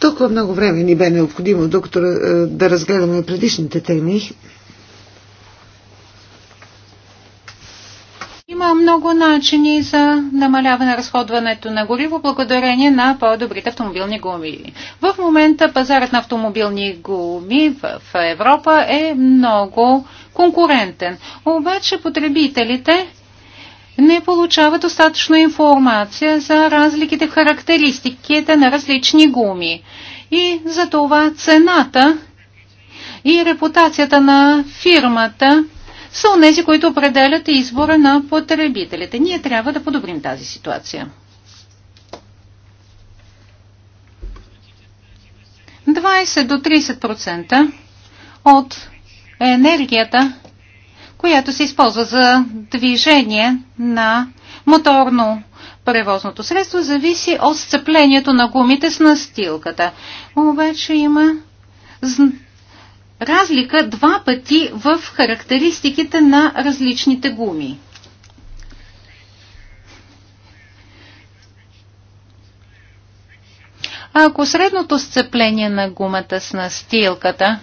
Толкова много време ни бе необходимо, доктор, е, да разгледаме предишните теми. много начини за намаляване на разходването на гориво благодарение на по-добрите автомобилни гуми. В момента пазарът на автомобилни гуми в Европа е много конкурентен. Обаче потребителите не получават достатъчно информация за разликите в характеристиките на различни гуми и за това цената и репутацията на фирмата са онези, които определят избора на потребителите. Ние трябва да подобрим тази ситуация. 20 до 30% от енергията, която се използва за движение на моторно превозното средство, зависи от сцеплението на гумите с настилката. Обаче има разлика два пъти в характеристиките на различните гуми. А ако средното сцепление на гумата с настилката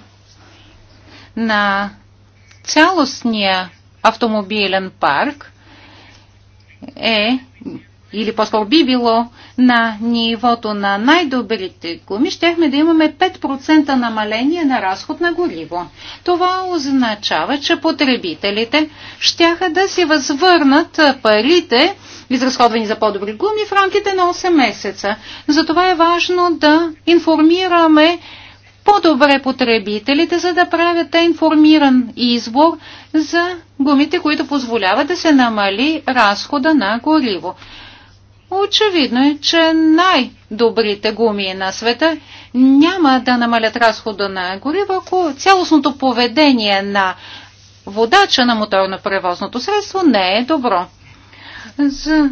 на цялостния автомобилен парк е или по-скоро би било на нивото на най-добрите гуми, щяхме да имаме 5% намаление на разход на гориво. Това означава, че потребителите щяха да си възвърнат парите, изразходвани за по-добри гуми, в рамките на 8 месеца. Затова е важно да информираме по-добре потребителите, за да правят информиран избор за гумите, които позволяват да се намали разхода на гориво. Очевидно е, че най-добрите гуми на света няма да намалят разхода на гориво, ако цялостното поведение на водача на моторно превозното средство не е добро. За...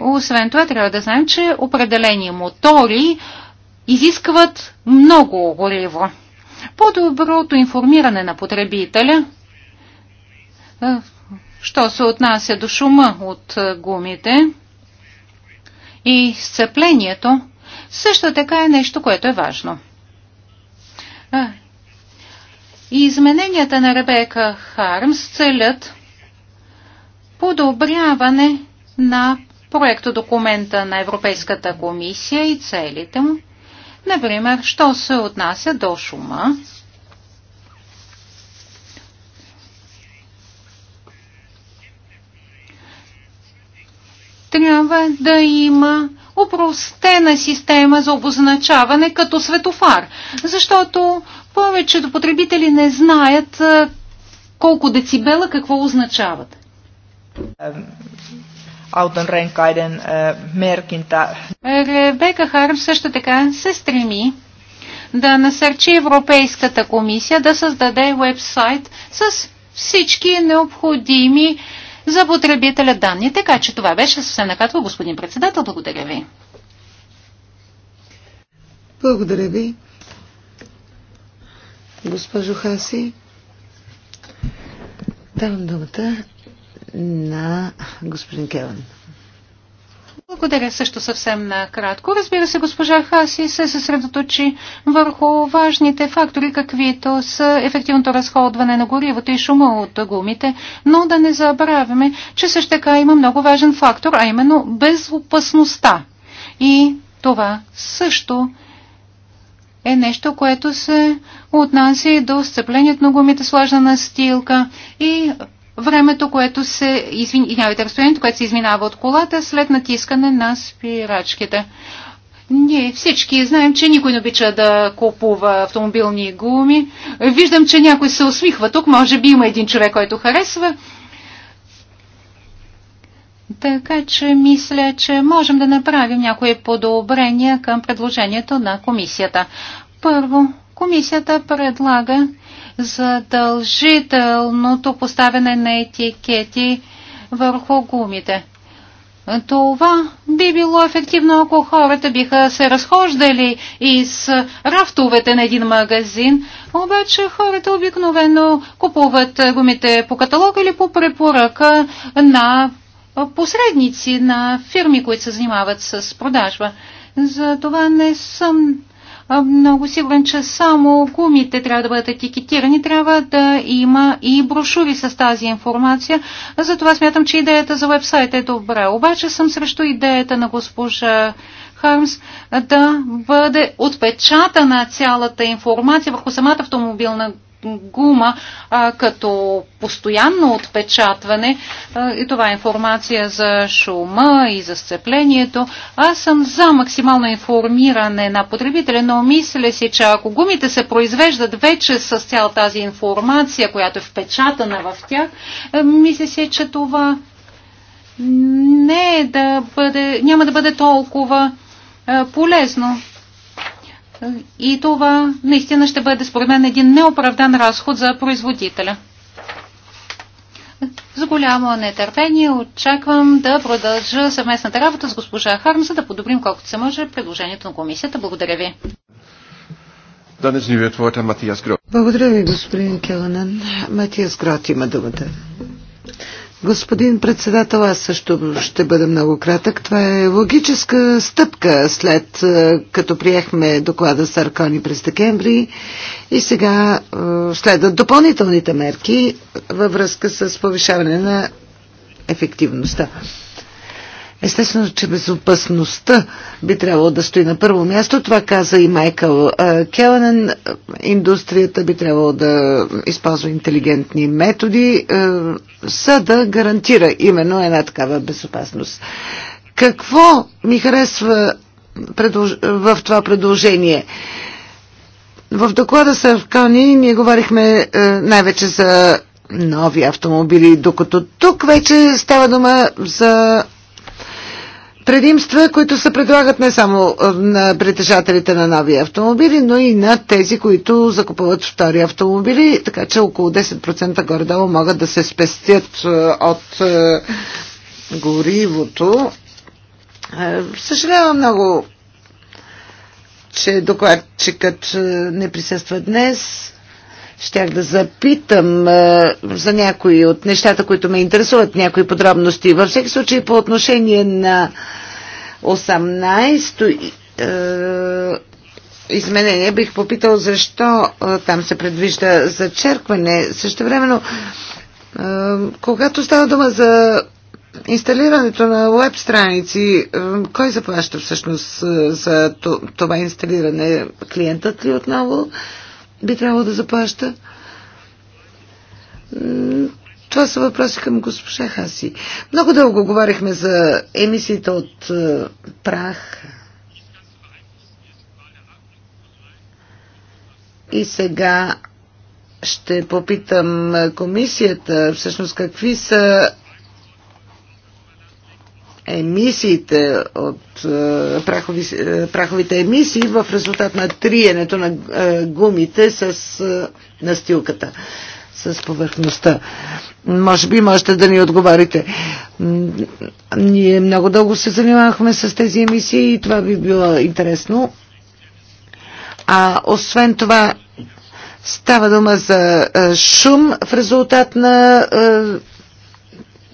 Освен това, трябва да знаем, че определени мотори изискват много гориво. По-доброто информиране на потребителя, е, що се отнася до шума от е, гумите, и сцеплението също така е нещо, което е важно. И измененията на Ребека Хармс целят подобряване на проекто документа на Европейската комисия и целите му. Например, що се отнася до шума, трябва да има упростена система за обозначаване като светофар, защото повечето потребители не знаят колко децибела какво означават. Аутонренкайден меркинта. Ребека Харм също така се стреми да насърчи Европейската комисия да създаде вебсайт с всички необходими за потребителя данни. Така че това беше съвсем накратко, господин председател. Благодаря ви. Благодаря ви. Госпожо Хаси, давам думата на господин Келан. Благодаря също съвсем накратко. Разбира се, госпожа Хаси се съсредоточи върху важните фактори, каквито са ефективното разходване на горивото и шума от гумите, но да не забравяме, че също така има много важен фактор, а именно безопасността. И това също е нещо, което се отнася и до сцеплението на гумите, слажна настилка и времето, което се, извинявайте, разстоянието, което се изминава от колата след натискане на спирачките. Ние всички знаем, че никой не обича да купува автомобилни гуми. Виждам, че някой се усмихва тук. Може би има един човек, който харесва. Така че мисля, че можем да направим някои подобрения към предложението на комисията. Първо, комисията предлага задължителното поставяне на етикети върху гумите. Това би било ефективно, ако хората биха се разхождали из рафтовете на един магазин, обаче хората обикновено купуват гумите по каталог или по препоръка на посредници, на фирми, които се занимават с продажба. За това не съм много сигурен, че само гумите трябва да бъдат етикетирани, трябва да има и брошури с тази информация. Затова смятам, че идеята за вебсайта е добра. Обаче съм срещу идеята на госпожа Хармс да бъде отпечатана цялата информация върху самата автомобилна гума а, като постоянно отпечатване а, и това е информация за шума и за сцеплението. Аз съм за максимално информиране на потребителя, но мисля си, че ако гумите се произвеждат вече с цял тази информация, която е впечатана в тях, е, мисля си, че това не е да бъде, няма да бъде толкова е, полезно. И това наистина ще бъде според мен един неоправдан разход за производителя. С голямо нетърпение очаквам да продължа съвместната работа с госпожа Харм, за да подобрим колкото се може предложението на комисията. Благодаря ви. Е Благодаря ви, господин Келанен. Матиас Грот има думата. Господин председател, аз също ще бъда много кратък. Това е логическа стъпка след е, като приехме доклада с Аркони през декември и сега е, следват допълнителните мерки във връзка с повишаване на ефективността. Естествено, че безопасността би трябвало да стои на първо място. Това каза и Майкъл Келенен. Индустрията би трябвало да използва интелигентни методи, за да гарантира именно една такава безопасност. Какво ми харесва в това предложение? В доклада са вкани, ние говорихме най-вече за нови автомобили, докато тук вече става дума за предимства, които се предлагат не само на притежателите на нови автомобили, но и на тези, които закупуват втори автомобили, така че около 10% горе-долу могат да се спестят от горивото. Съжалявам много, че докладчикът не присъства днес щях да запитам а, е, за някои от нещата, които ме интересуват, някои подробности. Във всеки случай по отношение на 18-то е, изменение бих попитал защо а, е, там се предвижда зачеркване. Също времено, когато става дума за инсталирането на веб страници, кой заплаща всъщност за това инсталиране? Клиентът ли отново? би трябвало да заплаща? Това са въпроси към госпожа Хаси. Много дълго говорихме за емисиите от е, прах. И сега ще попитам комисията всъщност какви са емисиите от е, прахови, е, праховите емисии в резултат на триенето на е, гумите с настилката, с повърхността. Може би можете да ни отговорите. Ние много дълго се занимавахме с тези емисии и това би било интересно. А освен това, става дума за шум в резултат на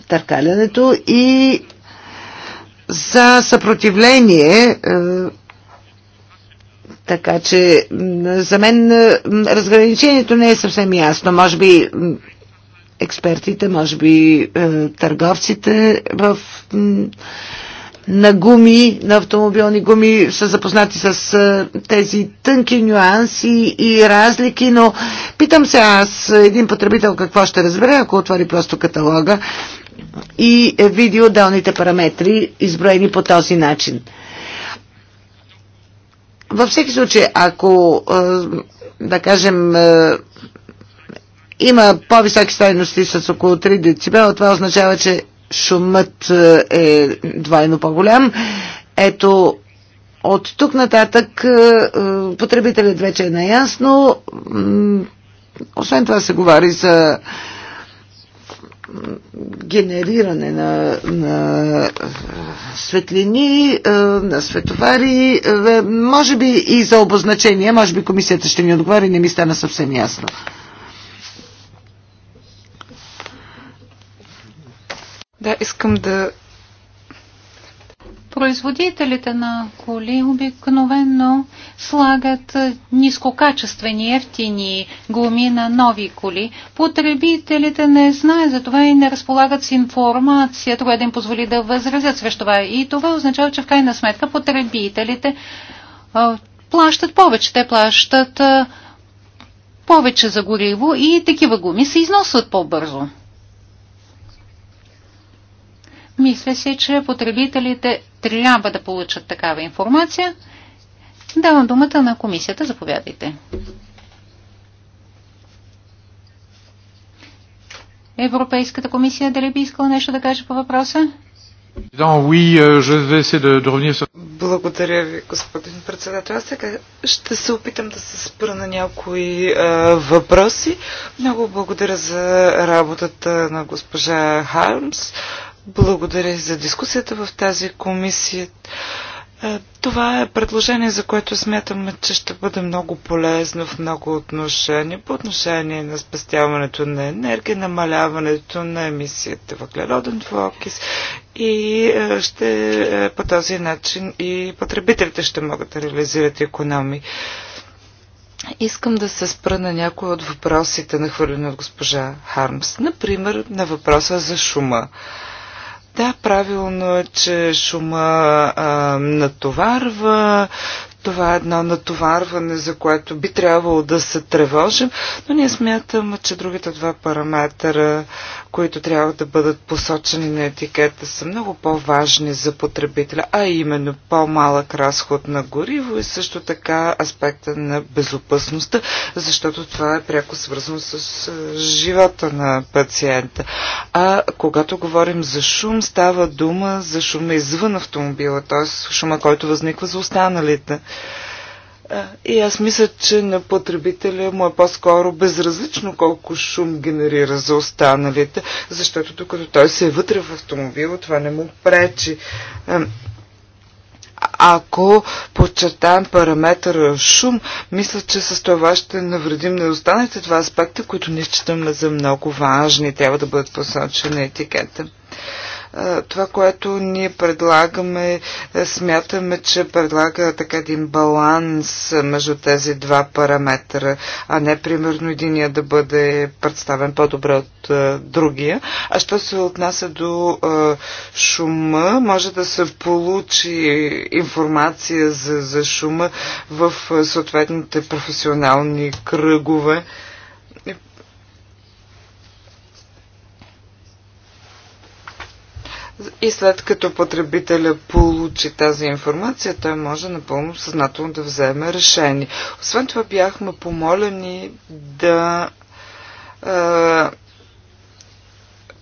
търкалянето и за съпротивление. Е, така че за мен разграничението не е съвсем ясно. Може би експертите, може би е, търговците в на гуми, на автомобилни гуми са запознати с е, тези тънки нюанси и разлики, но питам се аз, един потребител, какво ще разбере, ако отвори просто каталога и види отделните параметри, изброени по този начин. Във всеки случай, ако, е, да кажем, е, има по-високи стойности с около 3 децибела, това означава, че шумът е, е двойно по-голям. Ето, от тук нататък потребителят вече е наясно. Освен това се говори за генериране на, на светлини, на световари, може би и за обозначение, може би комисията ще ми отговори, не ми стана съвсем ясно. Да, искам да. Производителите на коли обикновено слагат нискокачествени, ефтини глуми на нови коли. Потребителите не знаят за това и не разполагат с информация, това да им позволи да възразят срещу това. И това означава, че в крайна сметка потребителите а, плащат повече. Те плащат а, повече за гориво и такива гуми се износват по-бързо. Мисля си, че потребителите трябва да получат такава информация – Давам думата на комисията. Заповядайте. Европейската комисия дали би искала нещо да каже по въпроса? Euh, благодаря ви, господин председател. Аз сега ще се опитам да се спра на някои въпроси. Много благодаря за работата на госпожа Хармс. Благодаря за дискусията в тази комисия. Е, това е предложение, за което смятаме, че ще бъде много полезно в много отношения. По отношение на спастяването на енергия, намаляването на емисията въглероден двуокис и е, ще, е, по този начин и потребителите ще могат да реализират економии. Искам да се спра на някои от въпросите, нахвърлени от госпожа Хармс. Например, на въпроса за шума. Да, правилно е, че шума а, натоварва. Това е едно натоварване, за което би трябвало да се тревожим, но ние смятаме, че другите два параметъра които трябва да бъдат посочени на етикета, са много по-важни за потребителя, а именно по-малък разход на гориво и също така аспекта на безопасността, защото това е пряко свързано с е, живота на пациента. А когато говорим за шум, става дума за шума извън автомобила, т.е. шума, който възниква за останалите. И аз мисля, че на потребителя му е по-скоро безразлично колко шум генерира за останалите, защото докато той се е вътре в автомобила, това не му пречи. Ако подчертаем параметъра шум, мисля, че с това ще навредим на останалите два аспекта, които не считаме за много важни. Трябва да бъдат посочени на етикета това, което ние предлагаме, е, смятаме, че предлага така един баланс между тези два параметра, а не примерно единия да бъде представен по-добре от а, е, другия. А що се отнася до а, е, шума, може да се получи информация за, за шума в съответните професионални кръгове. И след като потребителя получи тази информация, той може напълно съзнателно да вземе решение. Освен това бяхме помолени да е,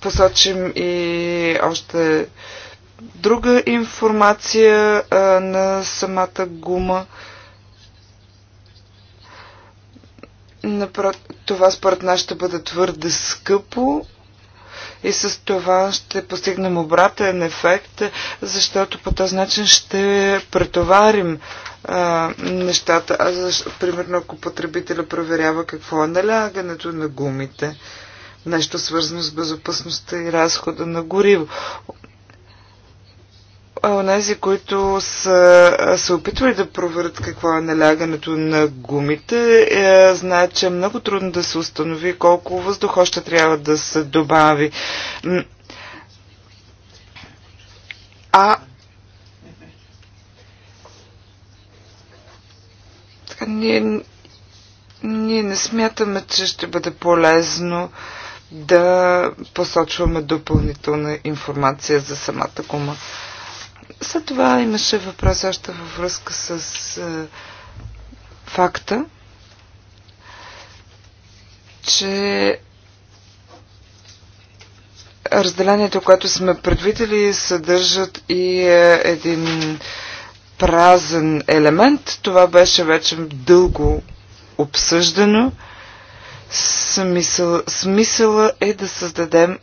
посочим и още друга информация е, на самата гума. Това според нас ще бъде твърде скъпо и с това ще постигнем обратен ефект, защото по този начин ще претоварим а, нещата. А защо, примерно, ако потребителя проверява какво е налягането на гумите, нещо свързано с безопасността и разхода на гориво онези, които са се опитвали да проверят какво е налягането на гумите, е, знаят, че е много трудно да се установи колко въздух още трябва да се добави. А така, ние, ние не смятаме, че ще бъде полезно да посочваме допълнителна информация за самата гума. След това имаше въпрос още във връзка с е, факта, че разделението, което сме предвидели, съдържат и е, един празен елемент. Това беше вече дълго обсъждано. Смисъл, смисъла е да създадем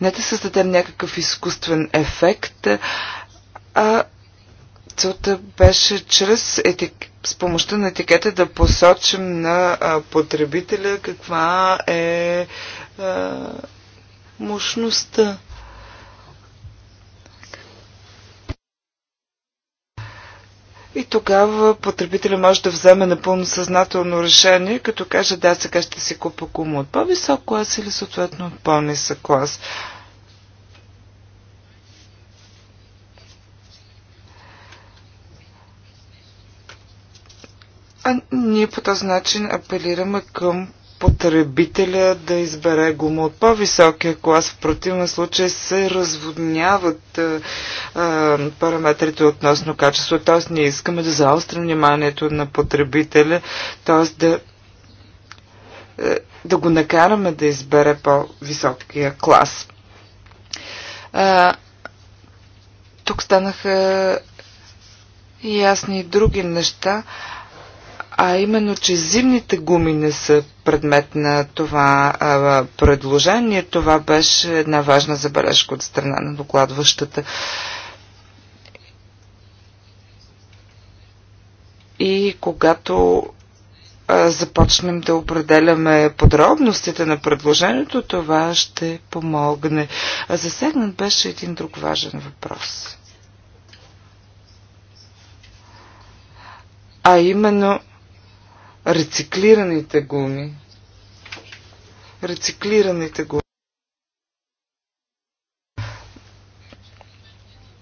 не да създадем някакъв изкуствен ефект, а целта беше чрез етик, с помощта на етикета да посочим на а, потребителя каква е а, мощността. И тогава потребителя може да вземе напълно съзнателно решение, като каже да, сега ще си купа кому от по-висок клас или съответно от по-нисък клас. А ние по този начин апелираме към потребителя да избере гума от по-високия клас. В противен случай се разводняват а, а, параметрите относно качество. Т.е. ние искаме да заострим вниманието на потребителя, т.е. да е, да го накараме да избере по-високия клас. А, тук станаха ясни и други неща а именно, че зимните гуми не са предмет на това а, предложение. Това беше една важна забележка от страна на докладващата. И когато а, започнем да определяме подробностите на предложението, това ще помогне. А засегнат беше един друг важен въпрос. А именно рециклираните гуми. Рециклираните гуми.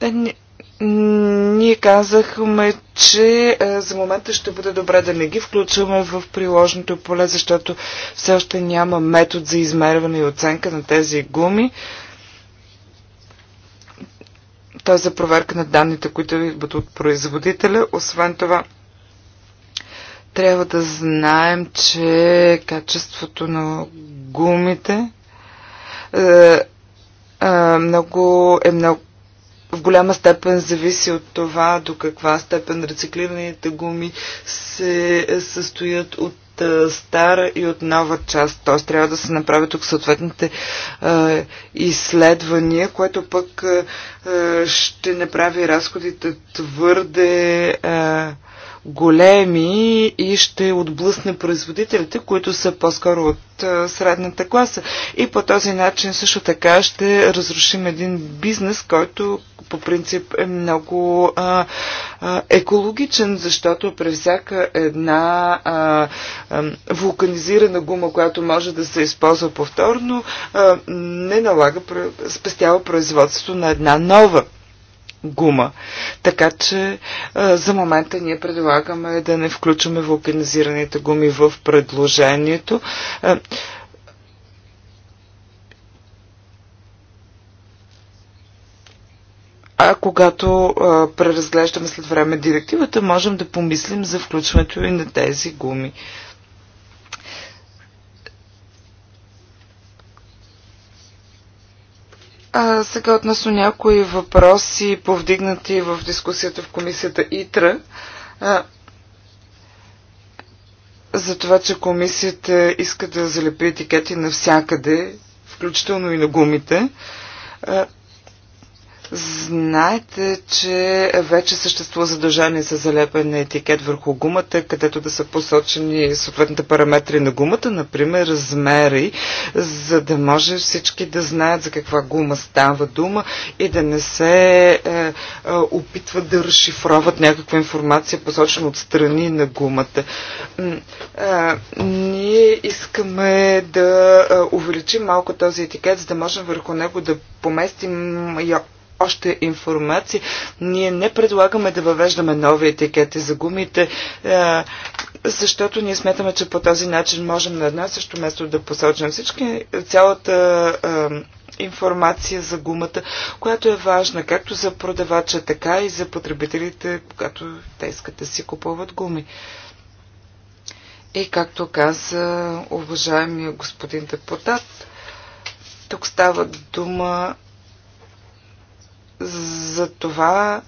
Е, ние казахме, че е, за момента ще бъде добре да не ги включваме в приложното поле, защото все още няма метод за измерване и оценка на тези гуми. Той е за проверка на данните, които идват от производителя. Освен това, трябва да знаем, че качеството на гумите е, е, много е много в голяма степен зависи от това до каква степен рециклираните гуми се състоят от е, стара и от нова част. Т.е. трябва да се направят тук съответните е, изследвания, което пък е, е ще направи разходите твърде е, големи и ще отблъсне производителите, които са по-скоро от средната класа. И по този начин също така ще разрушим един бизнес, който по принцип е много а, а, екологичен, защото при всяка една а, а, вулканизирана гума, която може да се използва повторно, а, не налага, спестява производството на една нова гума. Така че за момента ние предлагаме да не включваме вулканизираните гуми в предложението. А когато а, преразглеждаме след време директивата, можем да помислим за включването и на тези гуми. А, сега относно някои въпроси, повдигнати в дискусията в комисията ИТРА, а, за това, че комисията иска да залепи етикети навсякъде, включително и на гумите. А, Знаете, че вече съществува задължение за залепен на етикет върху гумата, където да са посочени съответните параметри на гумата, например размери, за да може всички да знаят за каква гума става дума и да не се е, е, опитват да разшифроват някаква информация, посочена от страни на гумата. Е, ние искаме да е, увеличим малко този етикет, за да можем върху него да поместим още информация. Ние не предлагаме да въвеждаме нови етикети за гумите, е, защото ние сметаме, че по този начин можем на едно и също место да посочим всички, цялата е, информация за гумата, която е важна както за продавача, така и за потребителите, когато те искат да си купуват гуми. И както каза уважаемия господин депутат, тук става дума за това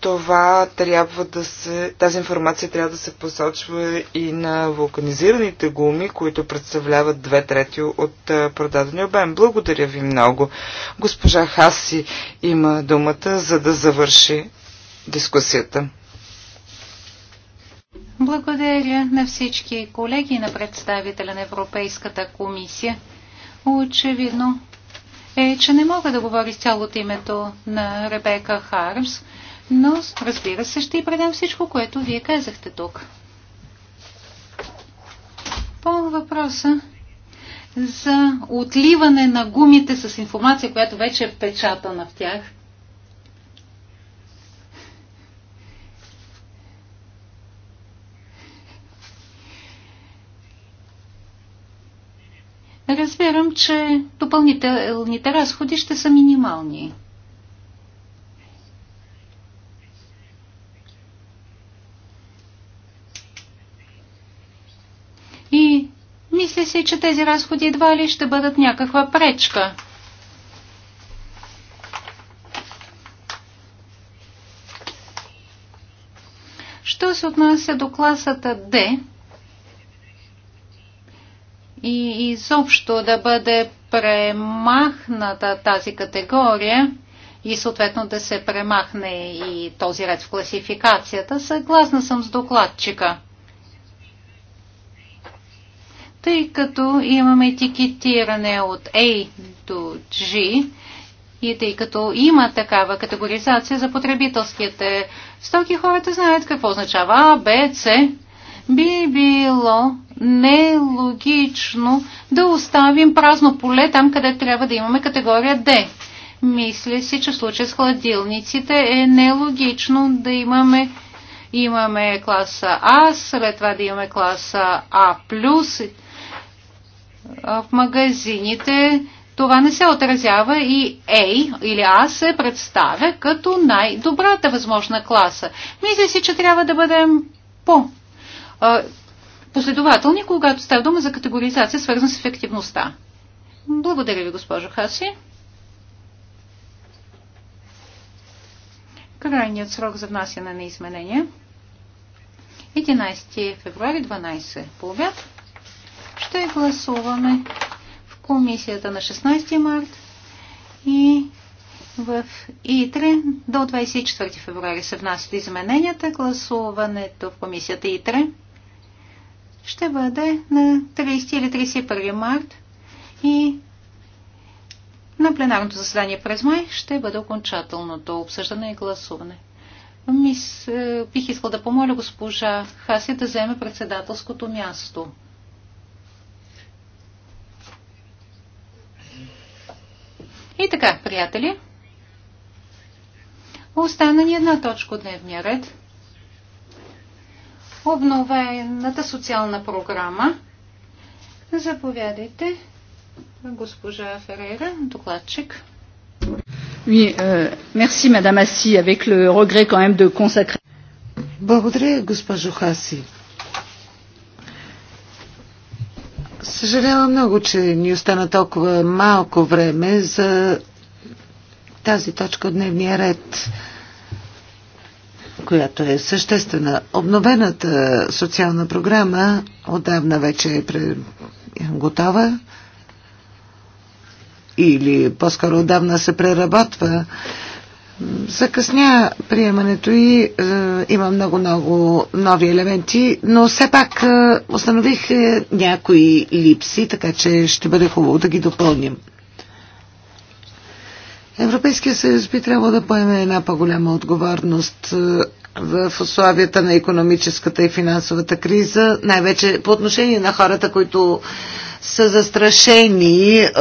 това трябва да се, тази информация трябва да се посочва и на вулканизираните гуми, които представляват две трети от продадения обем. Благодаря ви много. Госпожа Хаси има думата, за да завърши дискусията. Благодаря на всички колеги на представителя на Европейската комисия. Очевидно, е, че не мога да говоря с цялото името на Ребека Хармс, но разбира се ще й предам всичко, което вие казахте тук. По въпроса за отливане на гумите с информация, която вече е печатана в тях – Разбирам, че допълнителните разходи ще са минимални. И мисля си, че тези разходи едва ли ще бъдат някаква пречка. Що се отнася до класата D, и изобщо да бъде премахната тази категория и съответно да се премахне и този ред в класификацията, съгласна съм с докладчика. Тъй като имаме етикетиране от A до G, и тъй като има такава категоризация за потребителските стоки, хората знаят какво означава А, Б, С. Би било не е логично да оставим празно поле там, къде трябва да имаме категория D. Мисля си, че в случая с хладилниците е нелогично да имаме имаме класа А, след това да имаме класа А+. В магазините това не се отразява и A или А се представя като най-добрата възможна класа. Мисля си, че трябва да бъдем по последователни, когато става дума за категоризация, свързана с ефективността. Благодаря ви, госпожо Хаси. Крайният срок за внасяне на изменения 11 февруари 12 по обяд. Ще гласуваме в комисията на 16 март и в ИТРЕ до 24 февруари се внасят измененията. Гласуването в комисията ИТРЕ ще бъде на 30 или 31 март и на пленарното заседание през май ще бъде окончателното обсъждане и гласуване. Мис, е, бих искал да помоля госпожа Хаси да вземе председателското място. И така, приятели, остана ни една точка от дневния ред – обновената социална програма. Заповядайте, госпожа Ферера, докладчик. Oui, euh, merci Madame Assi, avec le regret quand même de consacrer. Благодаря, госпожо Хаси. Съжалявам много, че ни остана толкова малко време за тази точка от дневния ред която е съществена. Обновената социална програма отдавна вече е готова или по-скоро отдавна се преработва. Закъсня приемането и е, има много-много нови елементи, но все пак е, установих е, някои липси, така че ще бъде хубаво да ги допълним. Европейския съюз би трябвало да поеме една по-голяма отговорност е, в условията на економическата и финансовата криза, най-вече по отношение на хората, които са застрашени е,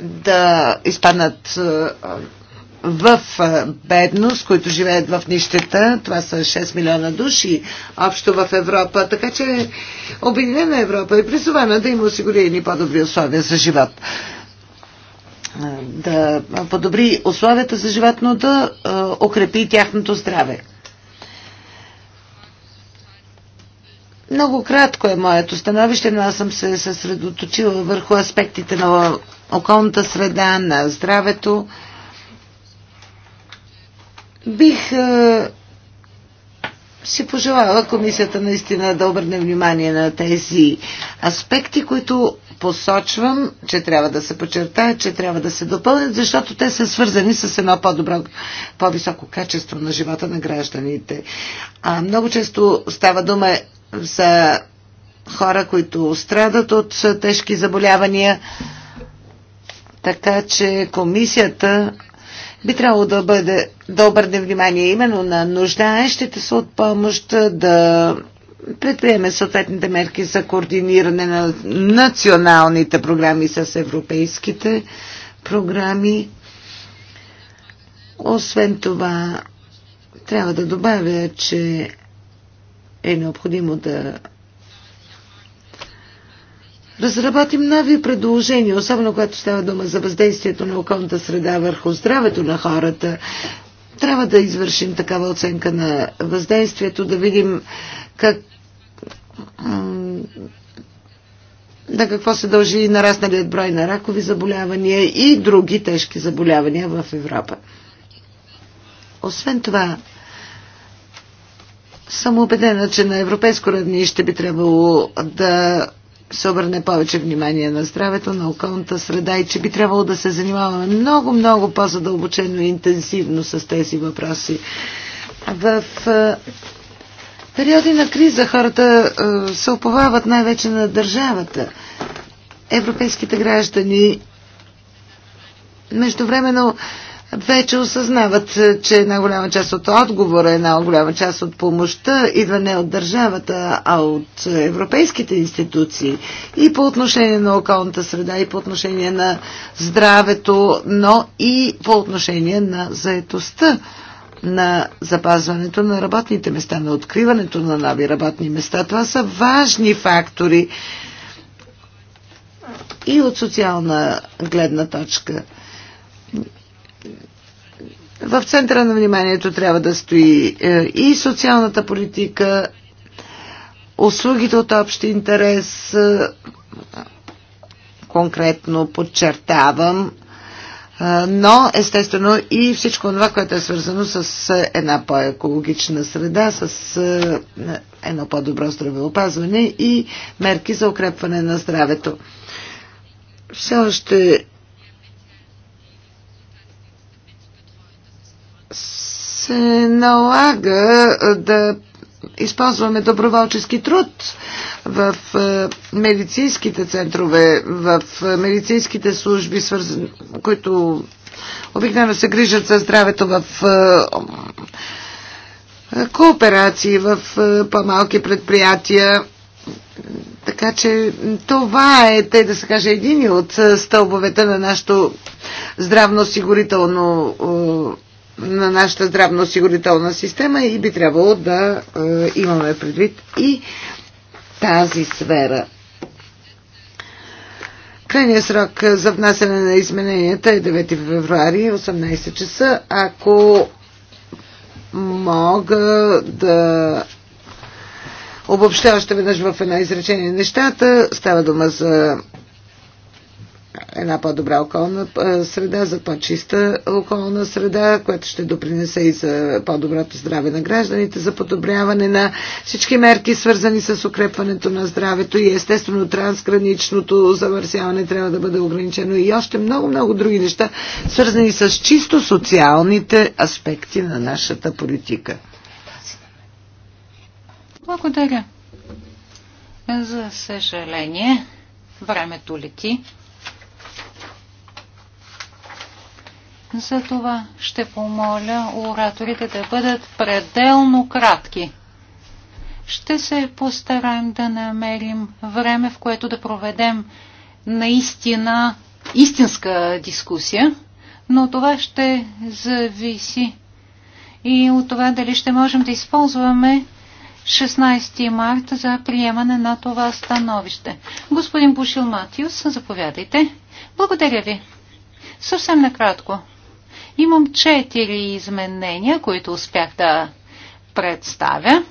да изпаднат е, в бедност, които живеят в нищета. Това са 6 милиона души общо в Европа. Така че Обединена Европа е призована да им осигури едни по-добри условия за живот да подобри условията за живот, но да укрепи тяхното здраве. Много кратко е моето становище, но аз съм се съсредоточила върху аспектите на околната среда, на здравето. Бих си пожелала комисията наистина да обърне внимание на тези аспекти, които посочвам, че трябва да се подчертаят, че трябва да се допълнят, защото те са свързани с едно по-добро, по-високо качество на живота на гражданите. А много често става дума за хора, които страдат от тежки заболявания, така че комисията би трябвало да, бъде, да обърне внимание именно на нуждаещите се от помощ, да предприеме съответните мерки за координиране на националните програми с европейските програми. Освен това, трябва да добавя, че е необходимо да разработим нови предложения, особено когато става дума за въздействието на околната среда върху здравето на хората. Трябва да извършим такава оценка на въздействието, да видим как на какво се дължи и нарасналият брой на ракови заболявания и други тежки заболявания в Европа. Освен това, съм убедена, че на европейско равнище би трябвало да се обърне повече внимание на здравето, на околната среда и че би трябвало да се занимаваме много, много по-задълбочено и интенсивно с тези въпроси. В е, периоди на криза хората е, се оповават най-вече на държавата. Европейските граждани междувременно вече осъзнават, е, че една голяма част от отговора, една голяма част от помощта идва не от държавата, а от европейските институции и по отношение на околната среда, и по отношение на здравето, но и по отношение на заетостта на запазването на работните места, на откриването на нови работни места. Това са важни фактори и от социална гледна точка. В центъра на вниманието трябва да стои е, и социалната политика, услугите от общ интерес, е, конкретно подчертавам но естествено и всичко това, което е свързано с една по-екологична среда, с едно по-добро здравеопазване и мерки за укрепване на здравето. Все още се налага да използваме доброволчески труд в е, медицинските центрове, в е, медицинските служби, които обикновено се грижат за здравето в е, кооперации, в по-малки предприятия. Така че това е, тъй да се каже, един от стълбовете на нашото здравно-осигурително на нашата здравна-осигурителна система и би трябвало да е, имаме предвид и тази сфера. Крайният срок е, за внасяне на измененията е 9 февруари, 18 часа. Ако мога да обобща още веднъж в една изречение нещата, става дума за една по-добра околна среда, за по-чиста околна среда, което ще допринесе и за по-доброто здраве на гражданите, за подобряване на всички мерки, свързани с укрепването на здравето и естествено трансграничното завърсяване трябва да бъде ограничено и още много-много други неща, свързани с чисто социалните аспекти на нашата политика. Благодаря. За съжаление, времето лети. Затова ще помоля ораторите да бъдат пределно кратки. Ще се постараем да намерим време, в което да проведем наистина истинска дискусия, но това ще зависи и от това дали ще можем да използваме 16 марта за приемане на това становище. Господин Бушил Матиус, заповядайте. Благодаря ви. Съвсем накратко. Имам четири изменения, които успях да представя.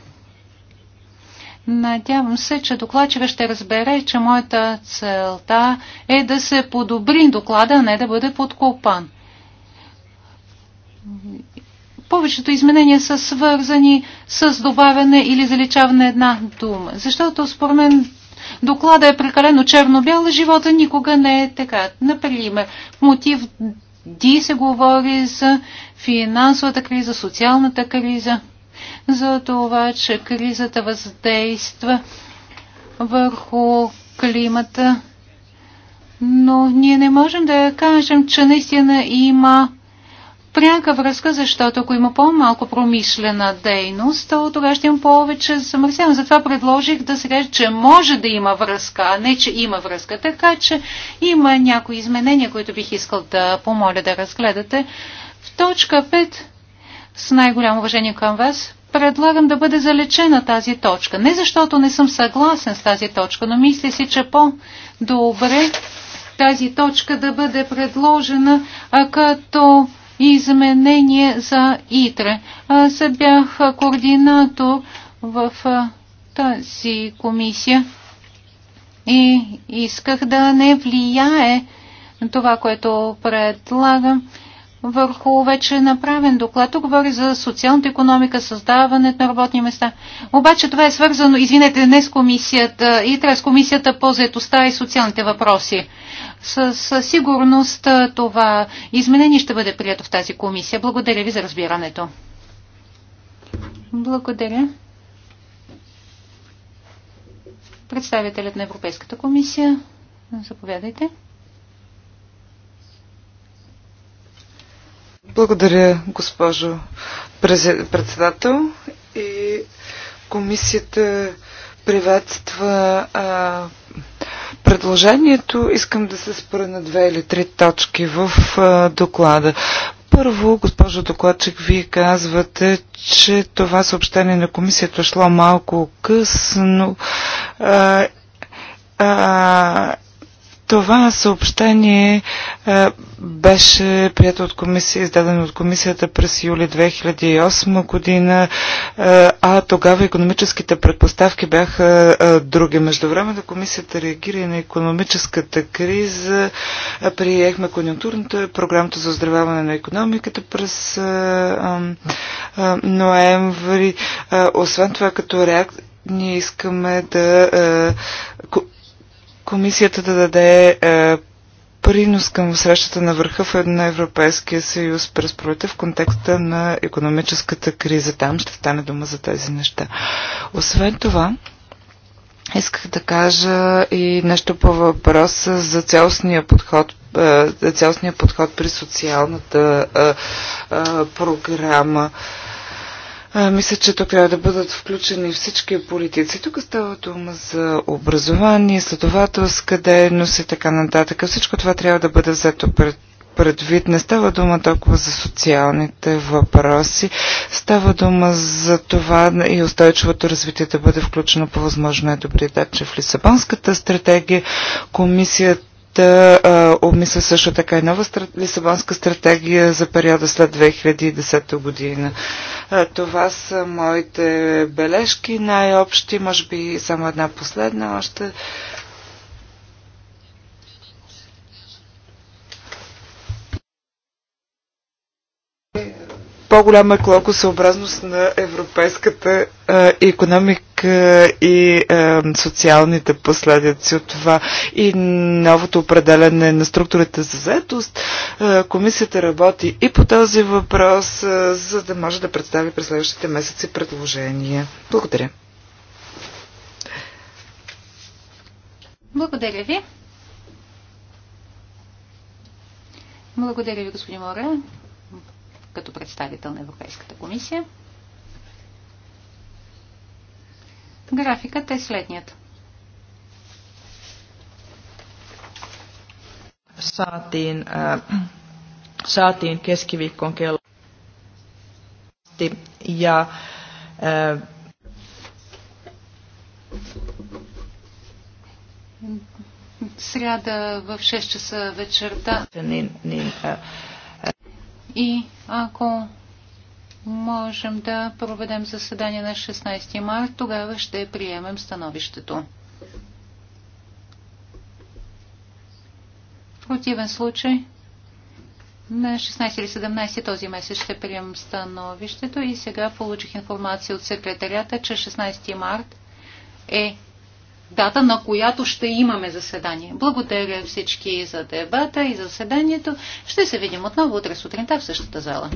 Надявам се, че докладчика ще разбере, че моята целта е да се подобри доклада, а не да бъде подкопан. Повечето изменения са свързани с добавяне или заличаване една дума, защото според мен доклада е прекалено черно-бял, живота никога не е така. Например, мотив Ди се говори за финансовата криза, социалната криза, за това, че кризата въздейства върху климата. Но ние не можем да кажем, че наистина има пряка връзка, защото ако има по-малко промишлена дейност, то тогава ще има повече замърсяване. Затова предложих да се каже, че може да има връзка, а не, че има връзка. Така че има някои изменения, които бих искал да помоля да разгледате. В точка 5, с най-голямо уважение към вас, предлагам да бъде залечена тази точка. Не защото не съм съгласен с тази точка, но мисля си, че по-добре тази точка да бъде предложена като и изменение за ИТРЕ. Аз бях координатор в тази комисия и исках да не влияе това, което предлагам върху вече направен доклад. Тук говори за социалната економика, създаването на работни места. Обаче това е свързано, извинете, не с комисията, и с комисията по заетостта и социалните въпроси. С, с сигурност това изменение ще бъде прието в тази комисия. Благодаря ви за разбирането. Благодаря. Представителят на Европейската комисия. Заповядайте. Благодаря, госпожо председател. И комисията приветства а, предложението. Искам да се спра на две или три точки в а, доклада. Първо, госпожо докладчик, вие казвате, че това съобщение на комисията шло малко късно. А, а, това съобщение е, беше прието от комисия, издадено от комисията през юли 2008 година, е, а тогава економическите предпоставки бяха е, други. Между да комисията реагира и на економическата криза. Приехме конъюнктурната програмата за оздравяване на економиката през ноември. Освен това, като реакция ние искаме да е, комисията да даде е, принос към срещата на върха на Европейския съюз през пролета в контекста на економическата криза. Там ще стане дума за тези неща. Освен това, исках да кажа и нещо по въпроса за цялостния подход е, за цялостния подход при социалната а, е, а, е, програма. А, мисля, че тук трябва да бъдат включени всички политици. Тук става дума за образование, следователска дейност и така нататък. Всичко това трябва да бъде взето пред предвид. Не става дума толкова за социалните въпроси, става дума за това и устойчивото развитие да бъде включено по възможно най добри дачи в Лисабонската стратегия. Комисията да а, обмисля също така и нова стра... Лисабонска стратегия за периода след 2010 година. А, това са моите бележки, най-общи, може би само една последна още. по-голяма екологосъобразност на европейската а, економика и а, социалните последици от това и новото определене на структурите за заетост. А, комисията работи и по този въпрос, а, за да може да представи през следващите месеци предложения. Благодаря. Благодаря ви. Благодаря ви, господин Мора като представител на Европейската комисия. Графикът е следният. Saatiin, äh, saatiin keskiviikkoon kello ja äh, сряда в 6 часа вечерта. Niin, niin, äh, и ако можем да проведем заседание на 16 март, тогава ще приемем становището. В противен случай на 16 или 17 този месец ще приемем становището и сега получих информация от секретарята, че 16 март е дата, на която ще имаме заседание. Благодаря всички за дебата и заседанието. Ще се видим отново утре сутринта в същата зала.